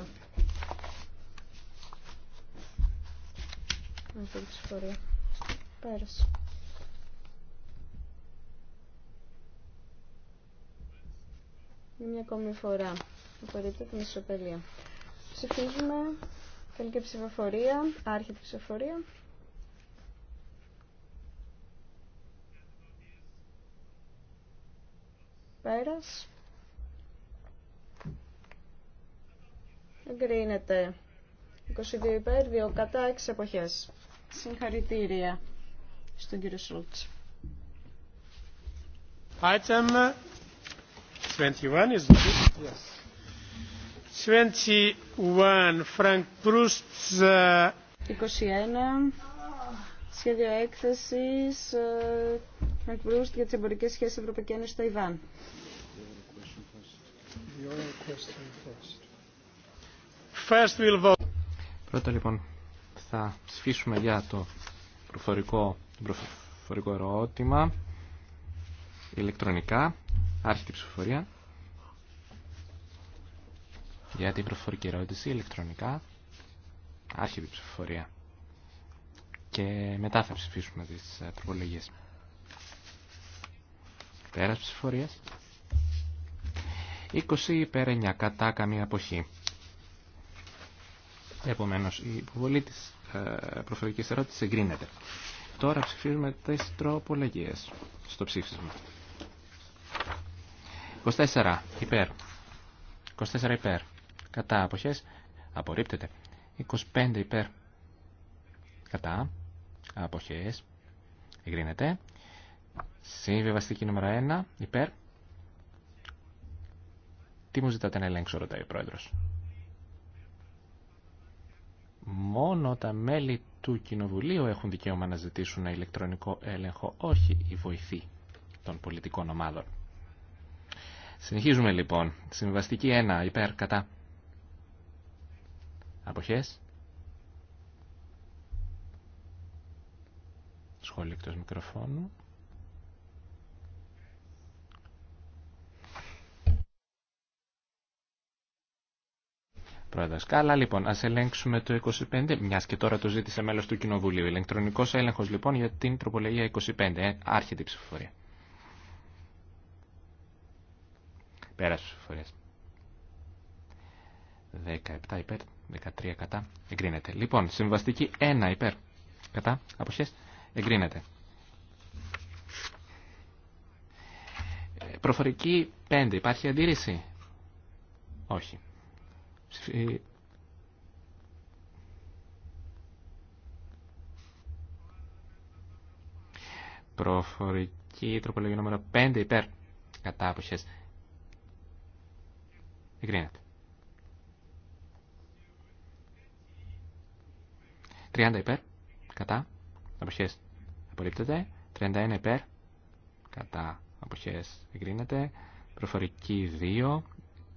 μια ακόμη φορά. Απορρίπτεται την ισοπελία. Ψηφίζουμε Θέλει και ψηφοφορία, άρχεται ψηφοφορία. Πέρας. Εγκρίνεται. 22 υπέρ, 2 κατά, 6 εποχές. Συγχαρητήρια στον κύριο Σούλτς. Item 21 is... Yes. 21, 21 uh, σχέδιο έκθεση uh, Frank Proust για τις εμπορικέ σχέσεις Ευρωπαϊκή Ένωση στο Ιβάν. Πρώτα λοιπόν θα ψηφίσουμε για το προφορικό, προφορικό ερώτημα ηλεκτρονικά, άρχιτη ψηφοφορία για την προφορική ερώτηση ηλεκτρονικά. άρχιδη ψηφοφορία. Και μετά θα ψηφίσουμε τις ε, τροπολογίες. Πέρας ψηφοφορίας. 20 υπέρ 9 κατά καμία αποχή. Επομένως, η υποβολή της ε, προφορικής ερώτησης εγκρίνεται. Τώρα ψηφίζουμε τις τροπολογίες στο ψήφισμα. 24 υπέρ. 24 υπέρ κατά αποχές απορρίπτεται 25 υπέρ κατά αποχές εγκρίνεται συμβιβαστική νούμερα 1 υπέρ τι μου ζητάτε να ελέγξω ρωτάει ο πρόεδρος μόνο τα μέλη του Κοινοβουλίου έχουν δικαίωμα να ζητήσουν ένα ηλεκτρονικό έλεγχο, όχι η βοηθή των πολιτικών ομάδων. Συνεχίζουμε λοιπόν. Συμβαστική 1. Υπέρ κατά Αποχές. Σχόλιο εκτός μικροφώνου. Καλά λοιπόν, ας ελέγξουμε το 25, μιας και τώρα το ζήτησε μέλος του Κοινοβουλίου. Ηλεκτρονικός έλεγχος λοιπόν για την τροπολογία 25, ε, άρχεται η ψηφοφορία. Πέρασε ψηφοφορίας. 17 υπέρ, 13 κατά. Εγκρίνεται. Λοιπόν, συμβαστική 1 υπέρ. Κατά. Αποχές. Εγκρίνεται. Ε, προφορική 5. Υπάρχει αντίρρηση. Όχι. Ε, προφορική τροπολογία νούμερο 5 υπέρ. Κατά αποχές. Εγκρίνεται. 30 υπέρ. Κατά. Αποχές απορρίπτεται. 31 υπέρ. Κατά. Αποχές εγκρίνεται. Προφορική 2.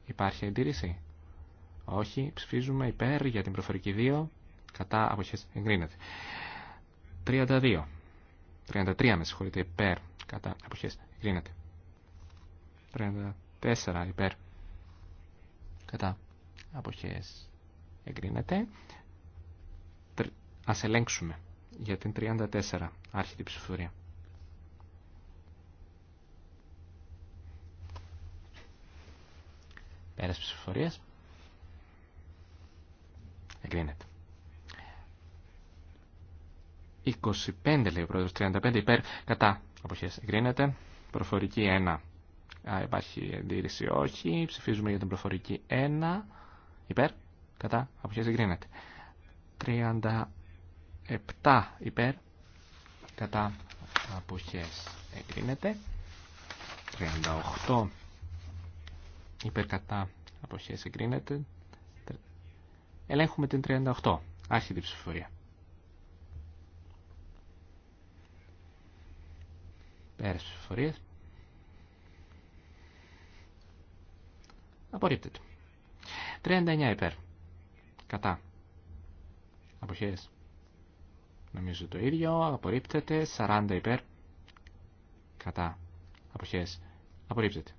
Υπάρχει αντίρρηση. Όχι. Ψηφίζουμε υπέρ για την προφορική 2. Κατά. Αποχές εγκρίνεται. 32. 33 με συγχωρείτε υπέρ. Κατά. Αποχές εγκρίνεται. 34 υπέρ. Κατά. Αποχές εγκρίνεται. Ας ελέγξουμε για την 34 άρχιτη ψηφοφορία. Πέρας ψηφοφορίας. Εγκρίνεται. 25 λέει ο πρόεδρος, 35 υπέρ, κατά αποχές εγκρίνεται. Προφορική 1. Α, υπάρχει αντίρρηση όχι. Ψηφίζουμε για την προφορική 1. Υπέρ, κατά αποχές εγκρίνεται. 30 7 υπέρ κατά αποχές εγκρίνεται 38 υπέρ κατά αποχές εγκρίνεται ελέγχουμε την 38 άρχιτη ψηφοφορία πέρας ψηφοφορία. απορρίπτεται 39 υπέρ κατά αποχές νομίζω το ίδιο, απορρίπτεται, 40 υπέρ, κατά, αποχές, απορρίπτεται.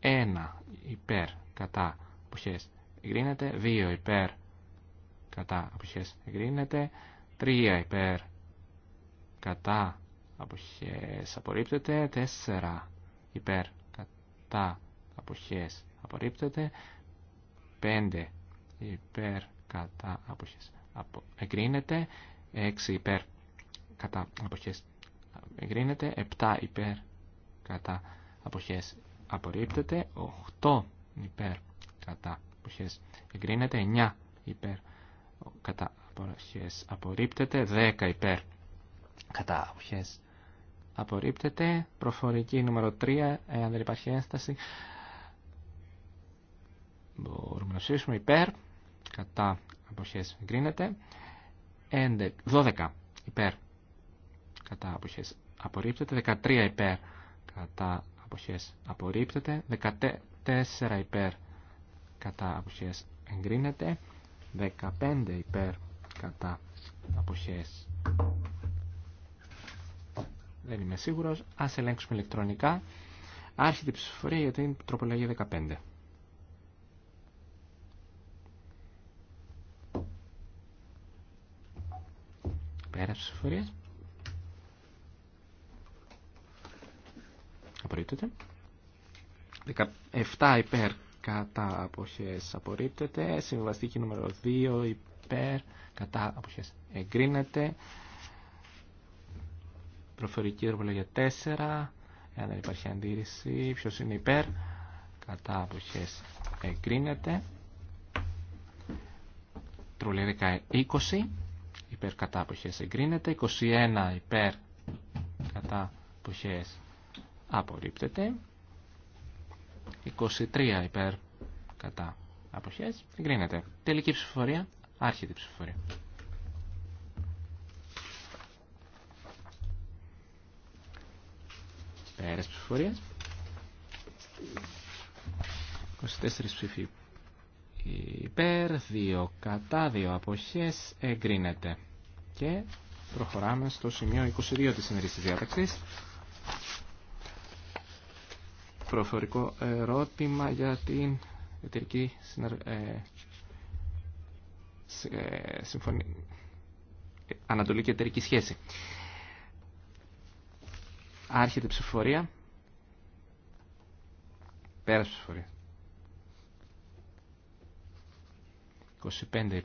1 υπέρ, κατά, αποχές, εγκρίνεται, 2 υπέρ, κατά, αποχές, εγκρίνεται, 3 υπέρ, κατά, αποχές, απορρίπτεται, 4 υπέρ, κατά, αποχές, απορρίπτεται, 5 υπέρ, κατά, αποχές, εγκρίνεται, 6 υπέρ κατά αποχές εγκρίνεται, 7 υπέρ κατά αποχές απορρίπτεται, 8 υπέρ κατά αποχές εγκρίνεται, 9 υπέρ κατά αποχές απορρίπτεται, 10 υπέρ κατά αποχές απορρίπτεται, προφορική νούμερο 3, εάν δεν υπάρχει ένσταση, μπορούμε να ψήσουμε υπέρ, κατά αποχές εγκρίνεται. 12 υπέρ κατά αποχές απορρίπτεται. 13 υπέρ κατά αποχές απορρίπτεται. 14 υπέρ κατά αποχές εγκρίνεται. 15 υπέρ κατά αποχές δεν είμαι σίγουρος ας ελέγξουμε ηλεκτρονικά άρχεται η ψηφοφορία για την τροπολογία 15 Πέρα Απορρίπτεται. 17 υπέρ κατά αποχές απορρίπτεται. Συμβαστική νούμερο 2 υπέρ κατά αποχές εγκρίνεται. Προφορική δρομολογία 4. Εάν δεν υπάρχει αντίρρηση, ποιο είναι υπέρ. Κατά αποχές εγκρίνεται. Τρουλή 20 υπέρ κατά αποχές εγκρίνεται, 21 υπέρ κατά αποχές απορρίπτεται, 23 υπέρ κατά αποχές εγκρίνεται. Τελική ψηφοφορία, άρχιτη ψηφοφορία. Πέρας ψηφοφορίας. 24 ψηφί υπέρ, δύο, κατά, δύο αποχές, εγκρίνεται. Και προχωράμε στο σημείο 22 της συνεργής διάταξης. Προφορικό ερώτημα για την εταιρική ε... ε συμφωνία. Ανατολική εταιρική σχέση. Άρχεται ψηφορία. Πέρασε Πέρας 25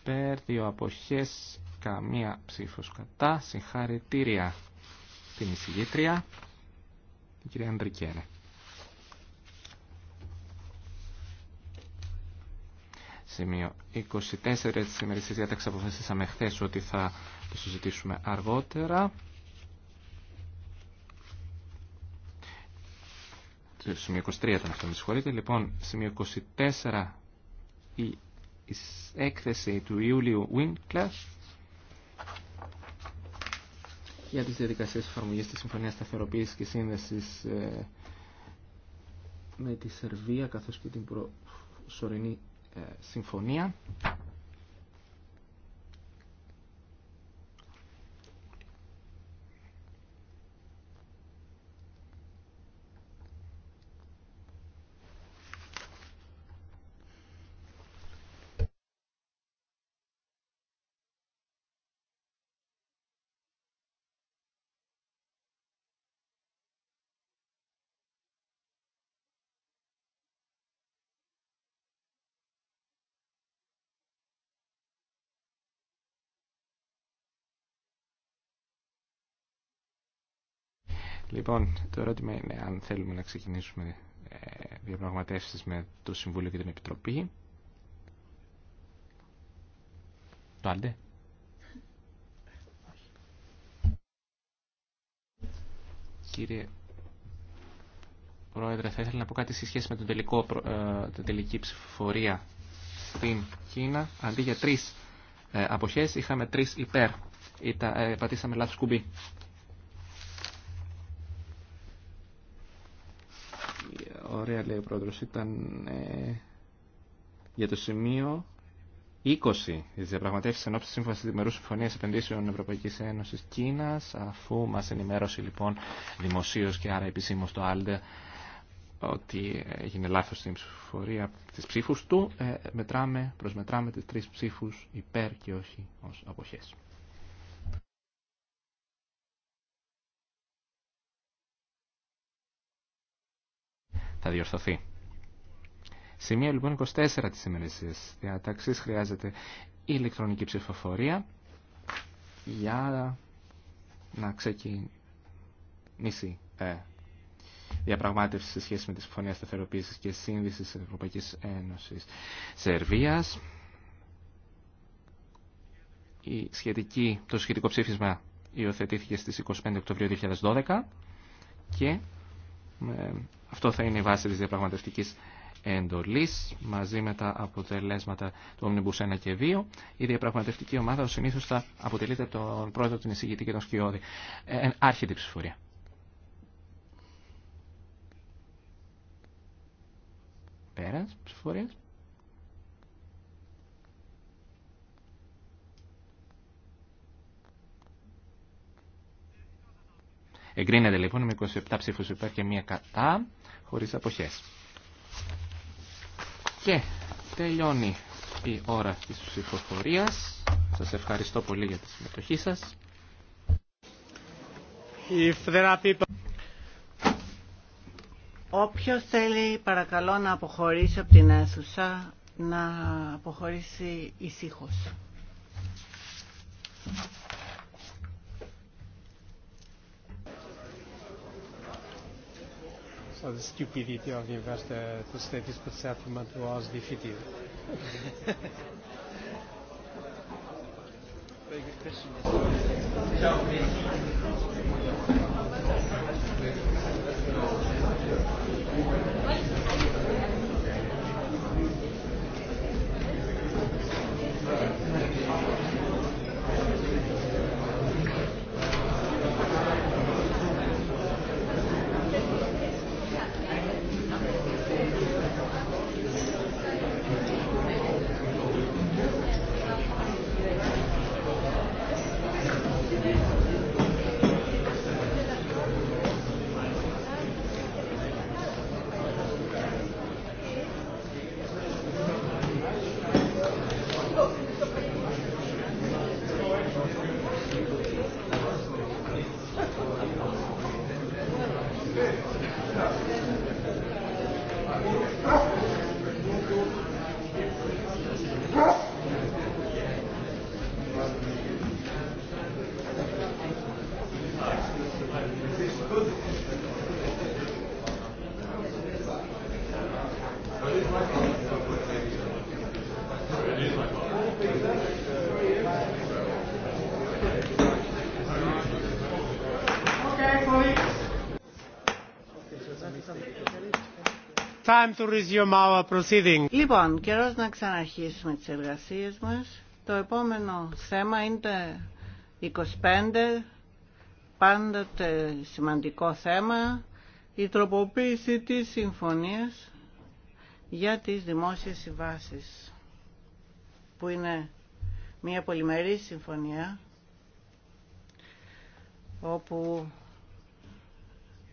υπέρ, 2 αποχές, καμία ψήφος κατά. Συγχαρητήρια την εισηγήτρια, την κυρία Αντρικέρα. Σημείο 24 της ημερησίας διάταξης αποφασίσαμε χθε ότι θα το συζητήσουμε αργότερα. Σημείο 23 ήταν αυτό, με συγχωρείτε. Λοιπόν, σημείο 24 η της έκθεση του Ιούλιου Winclaff για τις διαδικασίες εφαρμογής της Συμφωνίας Σταθεροποίησης και Σύνδεσης ε, με τη Σερβία καθώς και την προσωρινή ε, συμφωνία. Λοιπόν, το ερώτημα είναι αν θέλουμε να ξεκινήσουμε ε, διαπραγματεύσεις με το Συμβούλιο και την Επιτροπή. Το άντε. Κύριε Πρόεδρε, θα ήθελα να πω κάτι σε σχέση με τον τελικό, ε, την τελική ψηφοφορία στην Κίνα. Αντί για τρεις ε, αποχές, είχαμε τρεις υπέρ. ε, πατήσαμε λάθος κουμπί. Ωραία λέει ο πρόεδρος. Ήταν ε, για το σημείο 20 τη διαπραγματεύσεις ενώπιση σύμφωνα της Δημερούς Συμφωνίας Επενδύσεων Ευρωπαϊκής Ένωσης Κίνας αφού μας ενημέρωσε λοιπόν δημοσίως και άρα επισήμω το Άλντε ότι έγινε λάθος στην ψηφοφορία της ψήφους του, ε, μετράμε, προσμετράμε τις τρεις ψήφους υπέρ και όχι ως αποχές. θα διορθωθεί. Σημείο λοιπόν 24 της ημερησίας διατάξης χρειάζεται η ηλεκτρονική ψηφοφορία για να ξεκινήσει ε, διαπραγμάτευση σε σχέση με τη Συμφωνία Σταθεροποίησης και Σύνδεσης της Ευρωπαϊκής Ένωσης Σερβίας. Η σχετική, το σχετικό ψήφισμα υιοθετήθηκε στις 25 Οκτωβρίου 2012 και αυτό θα είναι η βάση της διαπραγματευτικής εντολής μαζί με τα αποτελέσματα του Omnibus 1 και 2. Η διαπραγματευτική ομάδα συνήθω θα αποτελείται τον πρόεδρο, την εισηγητή και τον σκιώδη. Ε, άρχεται η ψηφορία. Πέρας ψηφορίας. Εγκρίνεται λοιπόν με 27 ψήφους υπέρ και μία κατά χωρίς αποχές. Και τελειώνει η ώρα της ψηφοφορίας. Σας ευχαριστώ πολύ για τη συμμετοχή σας. Όποιος θέλει παρακαλώ να αποχωρήσει από την αίθουσα, να αποχωρήσει ησύχως. or the stupidity of the investor to say this good settlement was defeated? Very good question. Λοιπόν, καιρό να ξαναρχίσουμε τις εργασίε μας. Το επόμενο θέμα είναι το 25, πάντοτε σημαντικό θέμα, η τροποποίηση της συμφωνίας για τις δημόσιες συμβάσει που είναι μια πολυμερή συμφωνία, όπου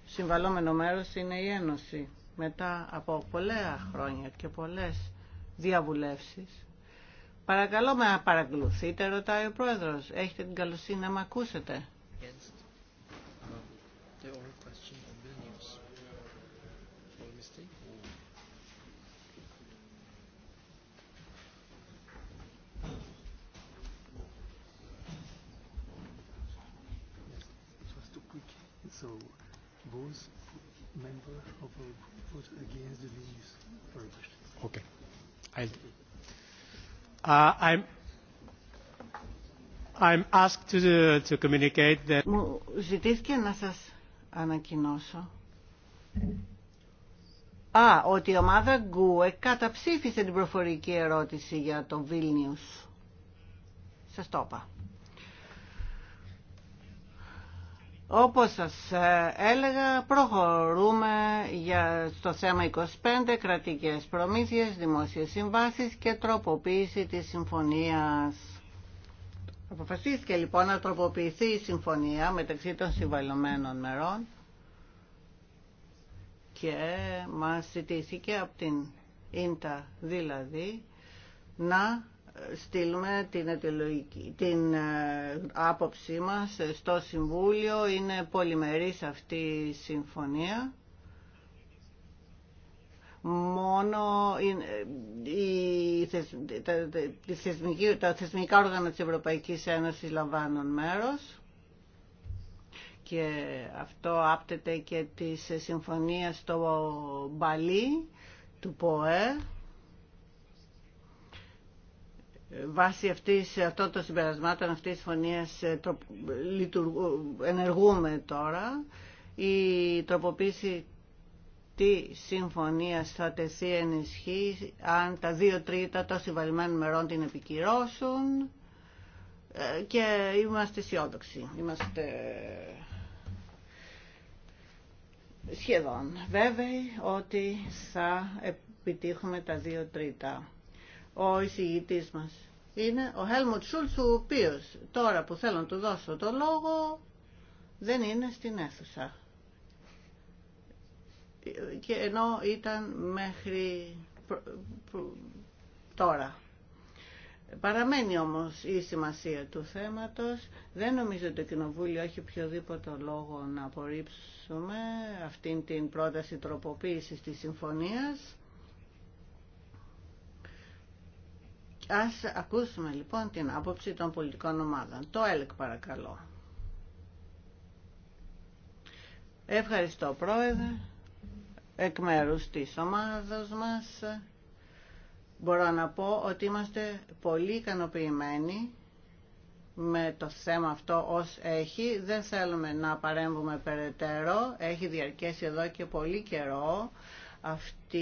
συμβαλόμενο μέρος είναι η Ένωση μετά από πολλά χρόνια και πολλές διαβουλεύσεις. Παρακαλώ με παρακολουθείτε, ρωτάει ο Πρόεδρος. Έχετε την καλοσύνη να με ακούσετε. Uh, Okay. I'll do. Uh, I'm I'm asked to to communicate that. Μου ζητήθηκε να σας ανακοινώσω. Α, ότι η ομάδα Γκουε καταψήφισε την προφορική ερώτηση για το Βίλνιους. Σας το είπα. Όπως σας ε, έλεγα, προχωρούμε για στο θέμα 25, κρατικές προμήθειες, δημόσιες συμβάσεις και τροποποίηση της συμφωνίας. Αποφασίστηκε λοιπόν να τροποποιηθεί η συμφωνία μεταξύ των συμβαλωμένων μερών και μας ζητήθηκε από την ίντα δηλαδή να στείλουμε την, την ε, άποψή μας στο Συμβούλιο. Είναι πολυμερής αυτή η συμφωνία. Μόνο ε, η, τα, θεσμικά όργανα της Ευρωπαϊκής Ένωσης λαμβάνουν μέρος και αυτό άπτεται και της συμφωνίας στο Μπαλί του ΠΟΕ βάσει αυτής, αυτών των συμπερασμάτων αυτής της φωνίας ε, το, ε, ενεργούμε τώρα. Η τροποποίηση τη συμφωνία θα τεθεί ενισχύ αν τα δύο τρίτα των συμβαλλημένων μερών την επικυρώσουν ε, και είμαστε αισιόδοξοι. Είμαστε σχεδόν βέβαιοι ότι θα επιτύχουμε τα δύο τρίτα ο εισηγητής μας. Είναι ο Χέλμουτ Σούλτς, ο οποίος τώρα που θέλω να του δώσω το λόγο, δεν είναι στην αίθουσα. Και ενώ ήταν μέχρι τώρα. Παραμένει όμως η σημασία του θέματος. Δεν νομίζω ότι το Κοινοβούλιο έχει οποιοδήποτε λόγο να απορρίψουμε αυτήν την πρόταση τροποποίησης της συμφωνίας. Ας ακούσουμε λοιπόν την άποψη των πολιτικών ομάδων. Το ΕΛΚ παρακαλώ. Ευχαριστώ πρόεδρε. Εκ μέρους της ομάδας μας μπορώ να πω ότι είμαστε πολύ ικανοποιημένοι με το θέμα αυτό ως έχει. Δεν θέλουμε να παρέμβουμε περαιτέρω. Έχει διαρκέσει εδώ και πολύ καιρό αυτή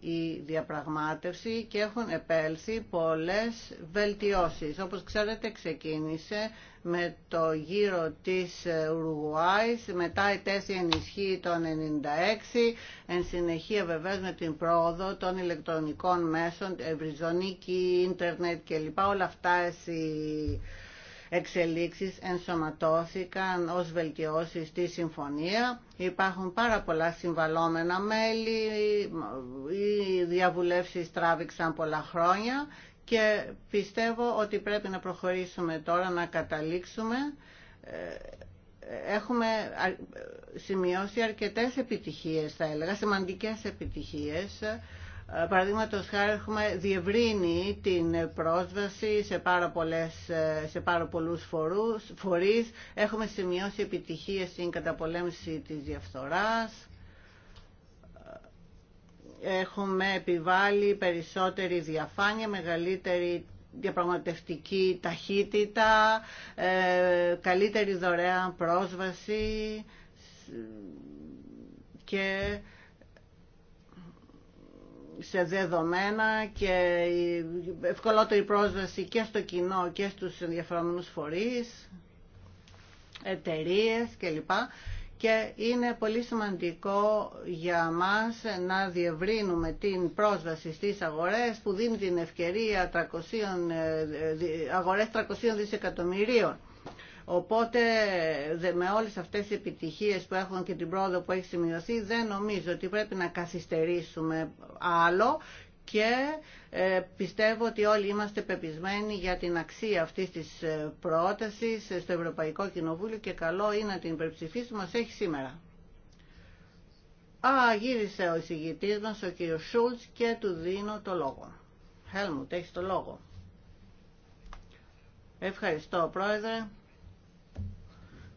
η διαπραγμάτευση και έχουν επέλθει πολλές βελτιώσεις. Όπως ξέρετε ξεκίνησε με το γύρο της Ουρουγουάης, μετά η τέση ενισχύει τον 96, εν συνεχεία βεβαίως με την πρόοδο των ηλεκτρονικών μέσων, ευρυζωνική, ίντερνετ κλπ. Όλα αυτά εσυ εξελίξεις ενσωματώθηκαν ως βελτιώσεις στη συμφωνία. Υπάρχουν πάρα πολλά συμβαλόμενα μέλη, οι διαβουλεύσεις τράβηξαν πολλά χρόνια και πιστεύω ότι πρέπει να προχωρήσουμε τώρα να καταλήξουμε ε, έχουμε σημειώσει αρκετές επιτυχίες θα έλεγα, σημαντικές επιτυχίες ε, Παραδείγματο χάρη έχουμε διευρύνει την πρόσβαση σε πάρα, ε, σε πάρα φορούς, φορείς. Έχουμε σημειώσει επιτυχίες στην καταπολέμηση της διαφθοράς. Ε, έχουμε επιβάλει περισσότερη διαφάνεια, μεγαλύτερη διαπραγματευτική ταχύτητα, καλύτερη δωρεάν πρόσβαση και σε δεδομένα και ευκολότερη πρόσβαση και στο κοινό και στους ενδιαφερόμενους φορείς, εταιρείε κλπ. Και είναι πολύ σημαντικό για μας να διευρύνουμε την πρόσβαση στις αγορές που δίνει την ευκαιρία 300, ε, αγορές 300 δισεκατομμυρίων. Οπότε με όλες αυτές τις επιτυχίες που έχουν και την πρόοδο που έχει σημειωθεί δεν νομίζω ότι πρέπει να καθυστερήσουμε άλλο και ε, πιστεύω ότι όλοι είμαστε πεπισμένοι για την αξία αυτής της ε, πρότασης ε, στο Ευρωπαϊκό Κοινοβούλιο και καλό είναι να την υπερψηφίσουμε όσο έχει σήμερα. Α, γύρισε ο εισηγητής μας, ο κύριος Σούλτς και του δίνω το λόγο. Χέλμουτ, έχεις το λόγο. Ευχαριστώ, Πρόεδρε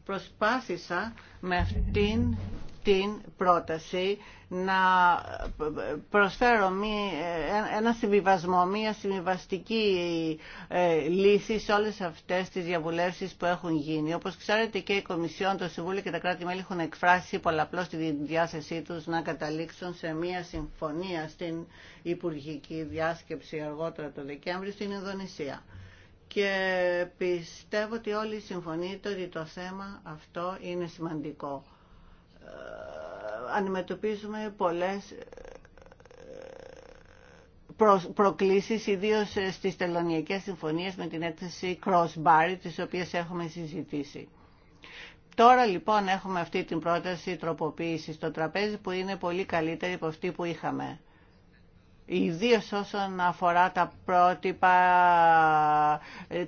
προσπάθησα με αυτήν την πρόταση να προσφέρω ένα συμβιβασμό, μία συμβιβαστική ε, λύση σε όλες αυτές τις διαβουλεύσεις που έχουν γίνει. Όπως ξέρετε και η Κομισιόν, το Συμβούλιο και τα κράτη-μέλη έχουν εκφράσει πολλαπλώς τη διάθεσή τους να καταλήξουν σε μία συμφωνία στην Υπουργική Διάσκεψη αργότερα το Δεκέμβρη στην Ινδονησία και πιστεύω ότι όλοι συμφωνείτε ότι το θέμα αυτό είναι σημαντικό. Ε, αντιμετωπίζουμε πολλές ε, προκλήσεις, ιδίως στις τελωνιακές συμφωνίες με την έκθεση Crossbar, τις οποίες έχουμε συζητήσει. Τώρα λοιπόν έχουμε αυτή την πρόταση τροποποίησης στο τραπέζι που είναι πολύ καλύτερη από αυτή που είχαμε ιδίω όσον αφορά τα πρότυπα,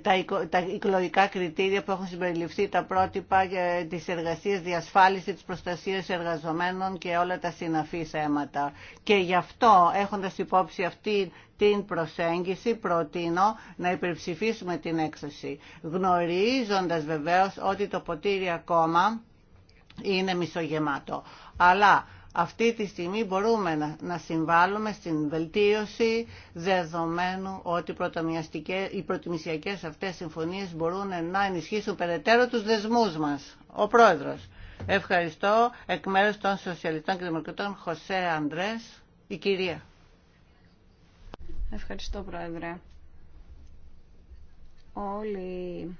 τα, οικο, εκλογικά κριτήρια που έχουν συμπεριληφθεί, τα πρότυπα για τις διασφάλιση της προστασίας εργαζομένων και όλα τα συναφή θέματα. Και γι' αυτό, έχοντα υπόψη αυτή την προσέγγιση, προτείνω να υπερψηφίσουμε την έκθεση, γνωρίζοντας βεβαίως ότι το ποτήρι ακόμα είναι μισογεμάτο. Αλλά αυτή τη στιγμή μπορούμε να, συμβάλλουμε στην βελτίωση δεδομένου ότι οι προτιμησιακές αυτές συμφωνίες μπορούν να ενισχύσουν περαιτέρω τους δεσμούς μας. Ο Πρόεδρος. Ευχαριστώ εκ μέρους των Σοσιαλιστών και Δημοκρατών Χωσέ Αντρές, η κυρία. Ευχαριστώ Πρόεδρε. Όλοι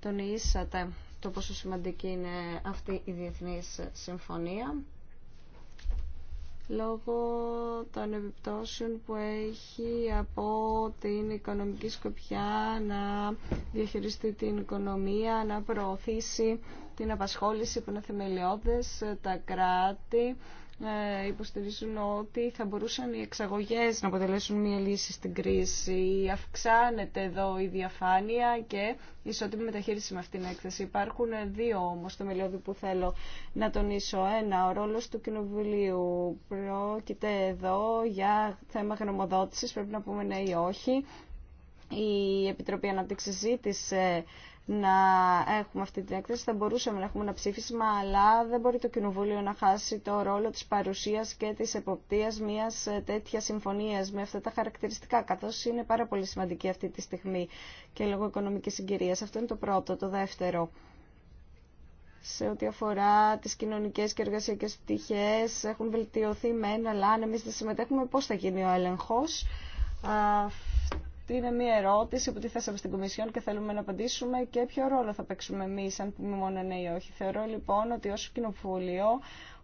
τονίσατε το πόσο σημαντική είναι αυτή η Διεθνής Συμφωνία λόγω των επιπτώσεων που έχει από την οικονομική σκοπιά να διαχειριστεί την οικονομία, να προωθήσει την απασχόληση που είναι θεμελιώδες, ε, τα κράτη ε, υποστηρίζουν ότι θα μπορούσαν οι εξαγωγές να αποτελέσουν μια λύση στην κρίση. Αυξάνεται εδώ η διαφάνεια και ισότιμη μεταχείριση με αυτήν την έκθεση. Υπάρχουν δύο όμως μελιώδη που θέλω να τονίσω. Ένα, ο ρόλος του Κοινοβουλίου πρόκειται εδώ για θέμα γνωμοδότησης, πρέπει να πούμε ναι ή όχι. Η Επιτροπή Ανάπτυξης ζήτησε να έχουμε αυτή την έκθεση. Θα μπορούσαμε να έχουμε ένα ψήφισμα, αλλά δεν μπορεί το Κοινοβούλιο να χάσει το ρόλο της παρουσίας και της εποπτείας μιας ε, τέτοιας συμφωνίας με αυτά τα χαρακτηριστικά, καθώς είναι πάρα πολύ σημαντική αυτή τη στιγμή και λόγω οικονομικής συγκυρίας. Αυτό είναι το πρώτο. Το δεύτερο σε ό,τι αφορά τις κοινωνικές και εργασιακές πτυχές έχουν βελτιωθεί μεν, αλλά αν εμείς δεν συμμετέχουμε πώς θα γίνει ο έλεγχος. Αυτή είναι μια ερώτηση που τη θέσαμε στην Κομισιόν και θέλουμε να απαντήσουμε και ποιο ρόλο θα παίξουμε εμεί, αν πούμε μόνο ναι ή όχι. Θεωρώ λοιπόν ότι ω κοινοβούλιο,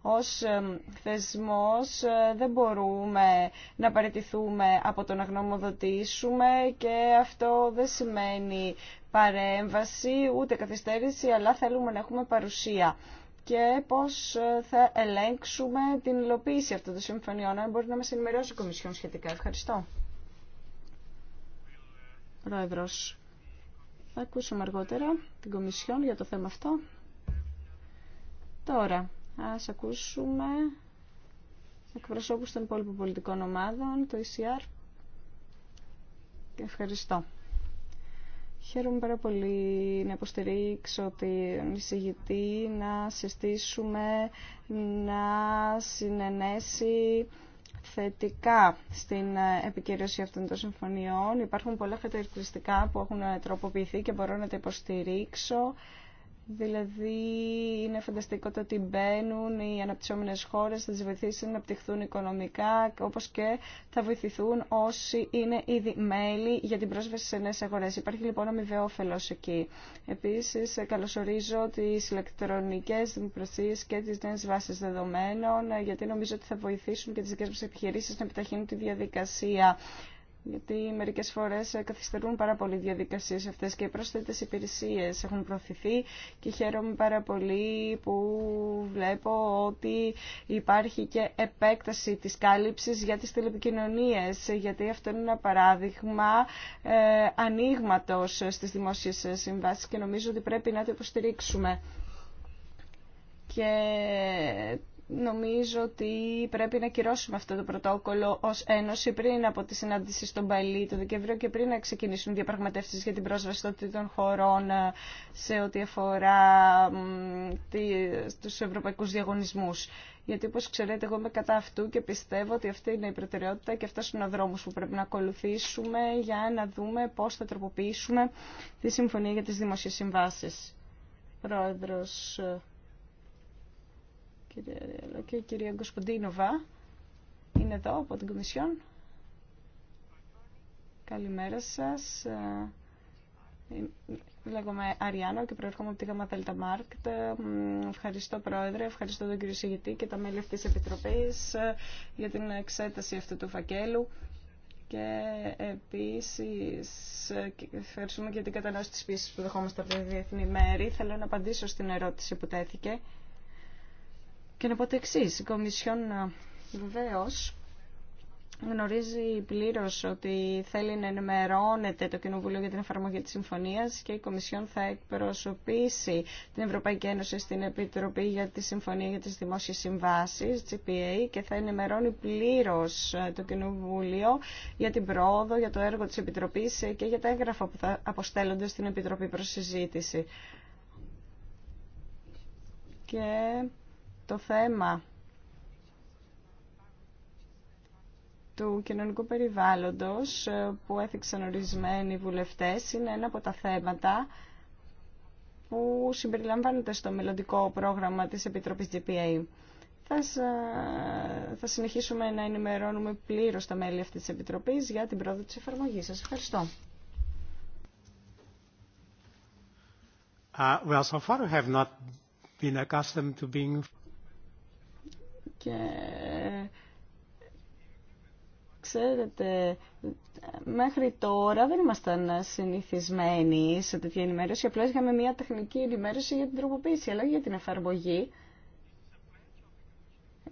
ω θεσμό, ε, δεν μπορούμε να παραιτηθούμε από το να γνωμοδοτήσουμε και αυτό δεν σημαίνει παρέμβαση ούτε καθυστέρηση, αλλά θέλουμε να έχουμε παρουσία και πώς ε, θα ελέγξουμε την υλοποίηση αυτών των συμφωνιών. Αν μπορεί να μας ενημερώσει η Κομισιόν σχετικά. Ευχαριστώ θα ακούσουμε αργότερα την Κομισιόν για το θέμα αυτό. Τώρα, ας ακούσουμε εκπροσώπους των υπόλοιπων πολιτικών ομάδων, το ECR. Ευχαριστώ. Χαίρομαι πάρα πολύ να υποστηρίξω την εισηγητή, να συστήσουμε, να συνενέσει θετικά στην ε, επικύρωση αυτών των συμφωνιών. Υπάρχουν πολλά χαρακτηριστικά που έχουν τροποποιηθεί και μπορώ να τα υποστηρίξω. Δηλαδή είναι φανταστικό το ότι μπαίνουν οι αναπτυσσόμενες χώρες, θα τις βοηθήσουν να πτυχθούν οικονομικά, όπως και θα βοηθηθούν όσοι είναι ήδη μέλη για την πρόσβαση σε νέες αγορές. Υπάρχει λοιπόν αμοιβαίο εκεί. Επίσης καλωσορίζω τις ηλεκτρονικές δημοκρασίες και τις νέες βάσεις δεδομένων, γιατί νομίζω ότι θα βοηθήσουν και τις δικές μας επιχειρήσεις να επιταχύνουν τη διαδικασία γιατί μερικές φορές ε, καθυστερούν πάρα πολύ οι διαδικασίες αυτές και οι πρόσθετες υπηρεσίες έχουν προωθηθεί και χαίρομαι πάρα πολύ που βλέπω ότι υπάρχει και επέκταση της κάλυψης για τις τηλεπικοινωνίες, γιατί αυτό είναι ένα παράδειγμα ε, ανοίγματο στις δημόσιες συμβάσεις και νομίζω ότι πρέπει να το υποστηρίξουμε. Και Νομίζω ότι πρέπει να κυρώσουμε αυτό το πρωτόκολλο ω Ένωση πριν από τη συνάντηση στον Παλί το Δεκέμβριο και πριν να ξεκινήσουν διαπραγματεύσει για την πρόσβαση των χωρών ε, σε ό,τι αφορά του ευρωπαϊκού διαγωνισμού. Γιατί, όπω ξέρετε, εγώ είμαι κατά αυτού και πιστεύω ότι αυτή είναι η προτεραιότητα και αυτό είναι ο δρόμο που πρέπει να ακολουθήσουμε για να δούμε πώ θα τροποποιήσουμε τη Συμφωνία για τι Δημοσίε Συμβάσει και η κυρία Γκοσποντίνοβα είναι εδώ από την Κομισιόν. Καλημέρα σας. Ε, λέγομαι Αριάνο και προέρχομαι από τη Δέλτα Μάρκτ. Ε, ευχαριστώ Πρόεδρε, ευχαριστώ τον κύριο Συγητή και τα μέλη αυτής της Επιτροπής ε, για την εξέταση αυτού του φακέλου και επίσης ευχαριστούμε και την κατανόηση της πίεσης που δεχόμαστε από τη Διεθνή Μέρη. Θέλω να απαντήσω στην ερώτηση που τέθηκε και να πω το εξή, η Κομισιόν ε, βεβαίω γνωρίζει πλήρω ότι θέλει να ενημερώνεται το Κοινοβούλιο για την εφαρμογή τη συμφωνία και η Κομισιόν θα εκπροσωπήσει την Ευρωπαϊκή Ένωση στην Επιτροπή για τη Συμφωνία για τι Δημόσιε Συμβάσει, GPA, και θα ενημερώνει πλήρω ε, το Κοινοβούλιο για την πρόοδο, για το έργο τη Επιτροπή ε, και για τα έγγραφα που θα αποστέλλονται στην Επιτροπή προ συζήτηση το θέμα του κοινωνικού περιβάλλοντος ε, που έθιξαν ορισμένοι βουλευτές είναι ένα από τα θέματα που συμπεριλαμβάνεται στο μελλοντικό πρόγραμμα της Επιτροπής GPA. Θα, ε, θα συνεχίσουμε να ενημερώνουμε πλήρως τα μέλη αυτής της Επιτροπής για την πρόοδο της εφαρμογής. Σας ευχαριστώ. Uh, well, so far we have not been accustomed to being... Και ξέρετε, μέχρι τώρα δεν ήμασταν συνηθισμένοι σε τέτοια ενημέρωση, απλώς είχαμε μια τεχνική ενημέρωση για την τροποποίηση, αλλά για την εφαρμογή.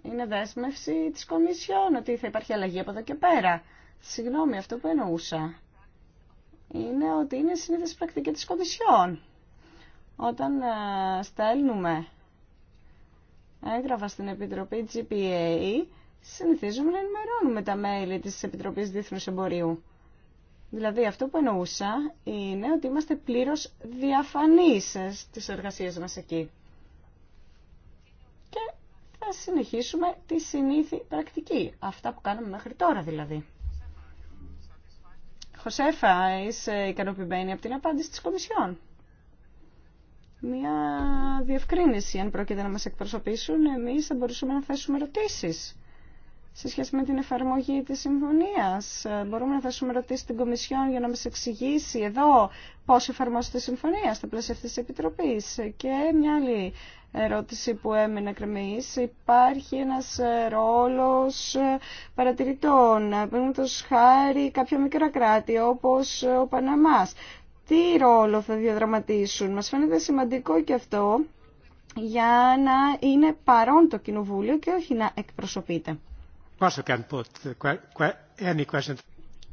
Είναι δέσμευση της Κομισιόν ότι θα υπάρχει αλλαγή από εδώ και πέρα. Συγγνώμη, αυτό που εννοούσα είναι ότι είναι συνήθως πρακτική της Κομισιόν. Όταν ε, στέλνουμε έγραφα στην Επιτροπή GPA, συνηθίζουμε να ενημερώνουμε τα μέλη της Επιτροπής Διεθνούς Εμπορίου. Δηλαδή αυτό που εννοούσα είναι ότι είμαστε πλήρως διαφανείς στις εργασίες μας εκεί. Και θα συνεχίσουμε τη συνήθη πρακτική, αυτά που κάνουμε μέχρι τώρα δηλαδή. Χωσέφα, είσαι ικανοποιημένη από την απάντηση της Κομισιόν μια διευκρίνηση αν πρόκειται να μας εκπροσωπήσουν. Εμείς θα μπορούσαμε να θέσουμε ερωτήσεις σε σχέση με την εφαρμογή της συμφωνίας. Μπορούμε να θέσουμε ερωτήσεις στην Κομισιόν για να μας εξηγήσει εδώ πώς εφαρμόζεται η συμφωνία στα πλαίσια αυτής της Επιτροπής. Και μια άλλη ερώτηση που έμεινε κρεμής. Υπάρχει ένας ρόλος παρατηρητών, παραδείγματος χάρη κάποια μικρά κράτη όπως ο Παναμάς τι ρόλο θα διαδραματίσουν. Μας φαίνεται σημαντικό και αυτό για να είναι παρόν το Κοινοβούλιο και όχι να εκπροσωπείται.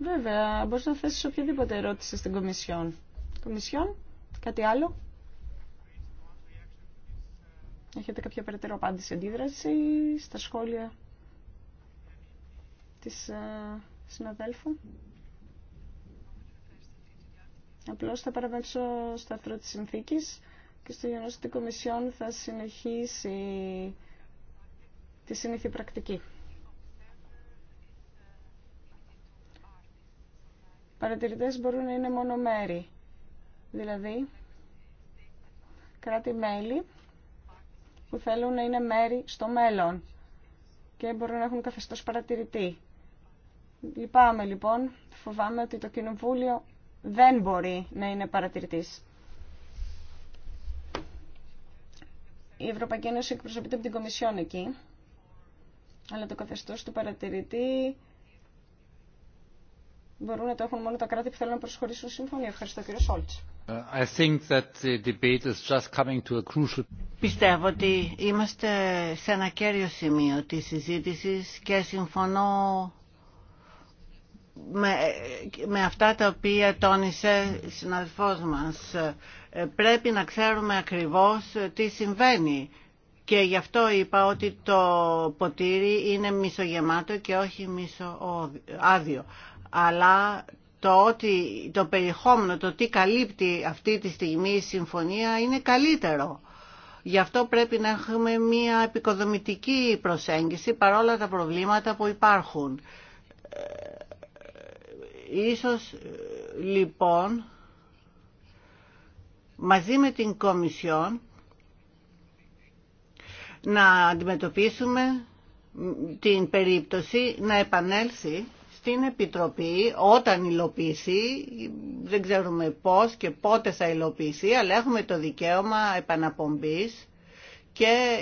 Βέβαια, μπορείς να θέσεις οποιαδήποτε ερώτηση στην Κομισιόν. Κομισιόν, κάτι άλλο. Έχετε κάποια περαιτέρω απάντηση, αντίδραση στα σχόλια της ε, συναδέλφου. Απλώς θα παραμένω στο άρθρο της συνθήκης και στο γεγονό ότι η Κομισιόν θα συνεχίσει τη σύνηθη πρακτική. Παρατηρητές μπορούν να είναι μόνο μέρη, δηλαδή κράτη-μέλη που θέλουν να είναι μέρη στο μέλλον και μπορούν να έχουν καθεστώς παρατηρητή. Λυπάμαι λοιπόν, φοβάμαι ότι το Κοινοβούλιο δεν μπορεί να είναι παρατηρητής. Η Ευρωπαϊκή Ένωση εκπροσωπείται από την Κομισιόν εκεί, αλλά το καθεστώς του παρατηρητή μπορούν να το έχουν μόνο τα κράτη που θέλουν να προσχωρήσουν συμφωνία. Ευχαριστώ κύριο Σόλτς. Uh, I think Πιστεύω ότι είμαστε σε ένα κέριο σημείο της συζήτησης και συμφωνώ με, με αυτά τα οποία τόνισε συναδελφός μας. Ε, πρέπει να ξέρουμε ακριβώς τι συμβαίνει. Και γι' αυτό είπα ότι το ποτήρι είναι μισογεμάτο και όχι μισοάδιο. Αλλά το ότι το περιεχόμενο, το τι καλύπτει αυτή τη στιγμή η συμφωνία είναι καλύτερο. Γι' αυτό πρέπει να έχουμε μια επικοδομητική προσέγγιση παρόλα τα προβλήματα που υπάρχουν. Ε, Ίσως ε, λοιπόν μαζί με την Κομισιόν να αντιμετωπίσουμε την περίπτωση να επανέλθει στην Επιτροπή όταν υλοποιήσει, δεν ξέρουμε πώς και πότε θα υλοποιήσει, αλλά έχουμε το δικαίωμα επαναπομπής και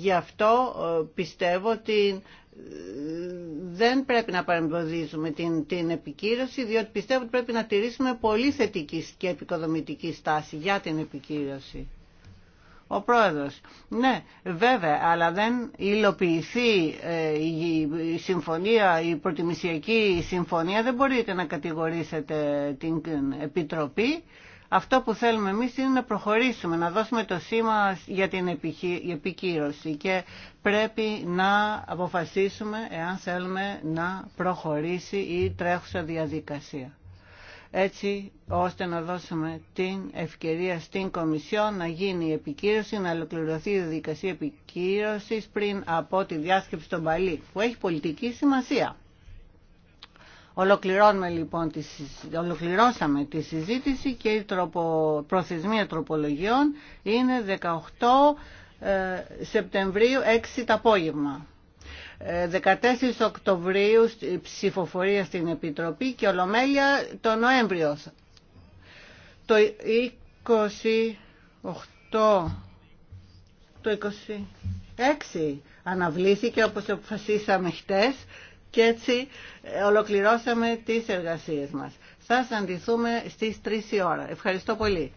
γι' αυτό ε, πιστεύω ότι δεν πρέπει να παρεμποδίζουμε την, την επικύρωση, διότι πιστεύω ότι πρέπει να τηρήσουμε πολύ θετική και επικοδομητική στάση για την επικύρωση. Ο πρόεδρος. Ναι, βέβαια, αλλά δεν υλοποιηθεί ε, η συμφωνία, η προτιμησιακή συμφωνία. Δεν μπορείτε να κατηγορήσετε την Επιτροπή αυτό που θέλουμε εμείς είναι να προχωρήσουμε, να δώσουμε το σήμα για την επικύρωση και πρέπει να αποφασίσουμε εάν θέλουμε να προχωρήσει η τρέχουσα διαδικασία. Έτσι ώστε να δώσουμε την ευκαιρία στην Κομισιόν να γίνει η επικύρωση, να ολοκληρωθεί η διαδικασία επικύρωσης πριν από τη διάσκεψη των Παλί, που έχει πολιτική σημασία λοιπόν, ολοκληρώσαμε τη συζήτηση και η τροπο, προθεσμία τροπολογιών είναι 18 ε, Σεπτεμβρίου 6 το απόγευμα. 14 ε, Οκτωβρίου ψηφοφορία στην Επιτροπή και Ολομέλεια το Νοέμβριο. Το 28, το 26 αναβλήθηκε όπως αποφασίσαμε χτες και έτσι ε, ολοκληρώσαμε τις εργασίες μας. Θα αντιθούμε στις 3 η ώρα. Ευχαριστώ πολύ.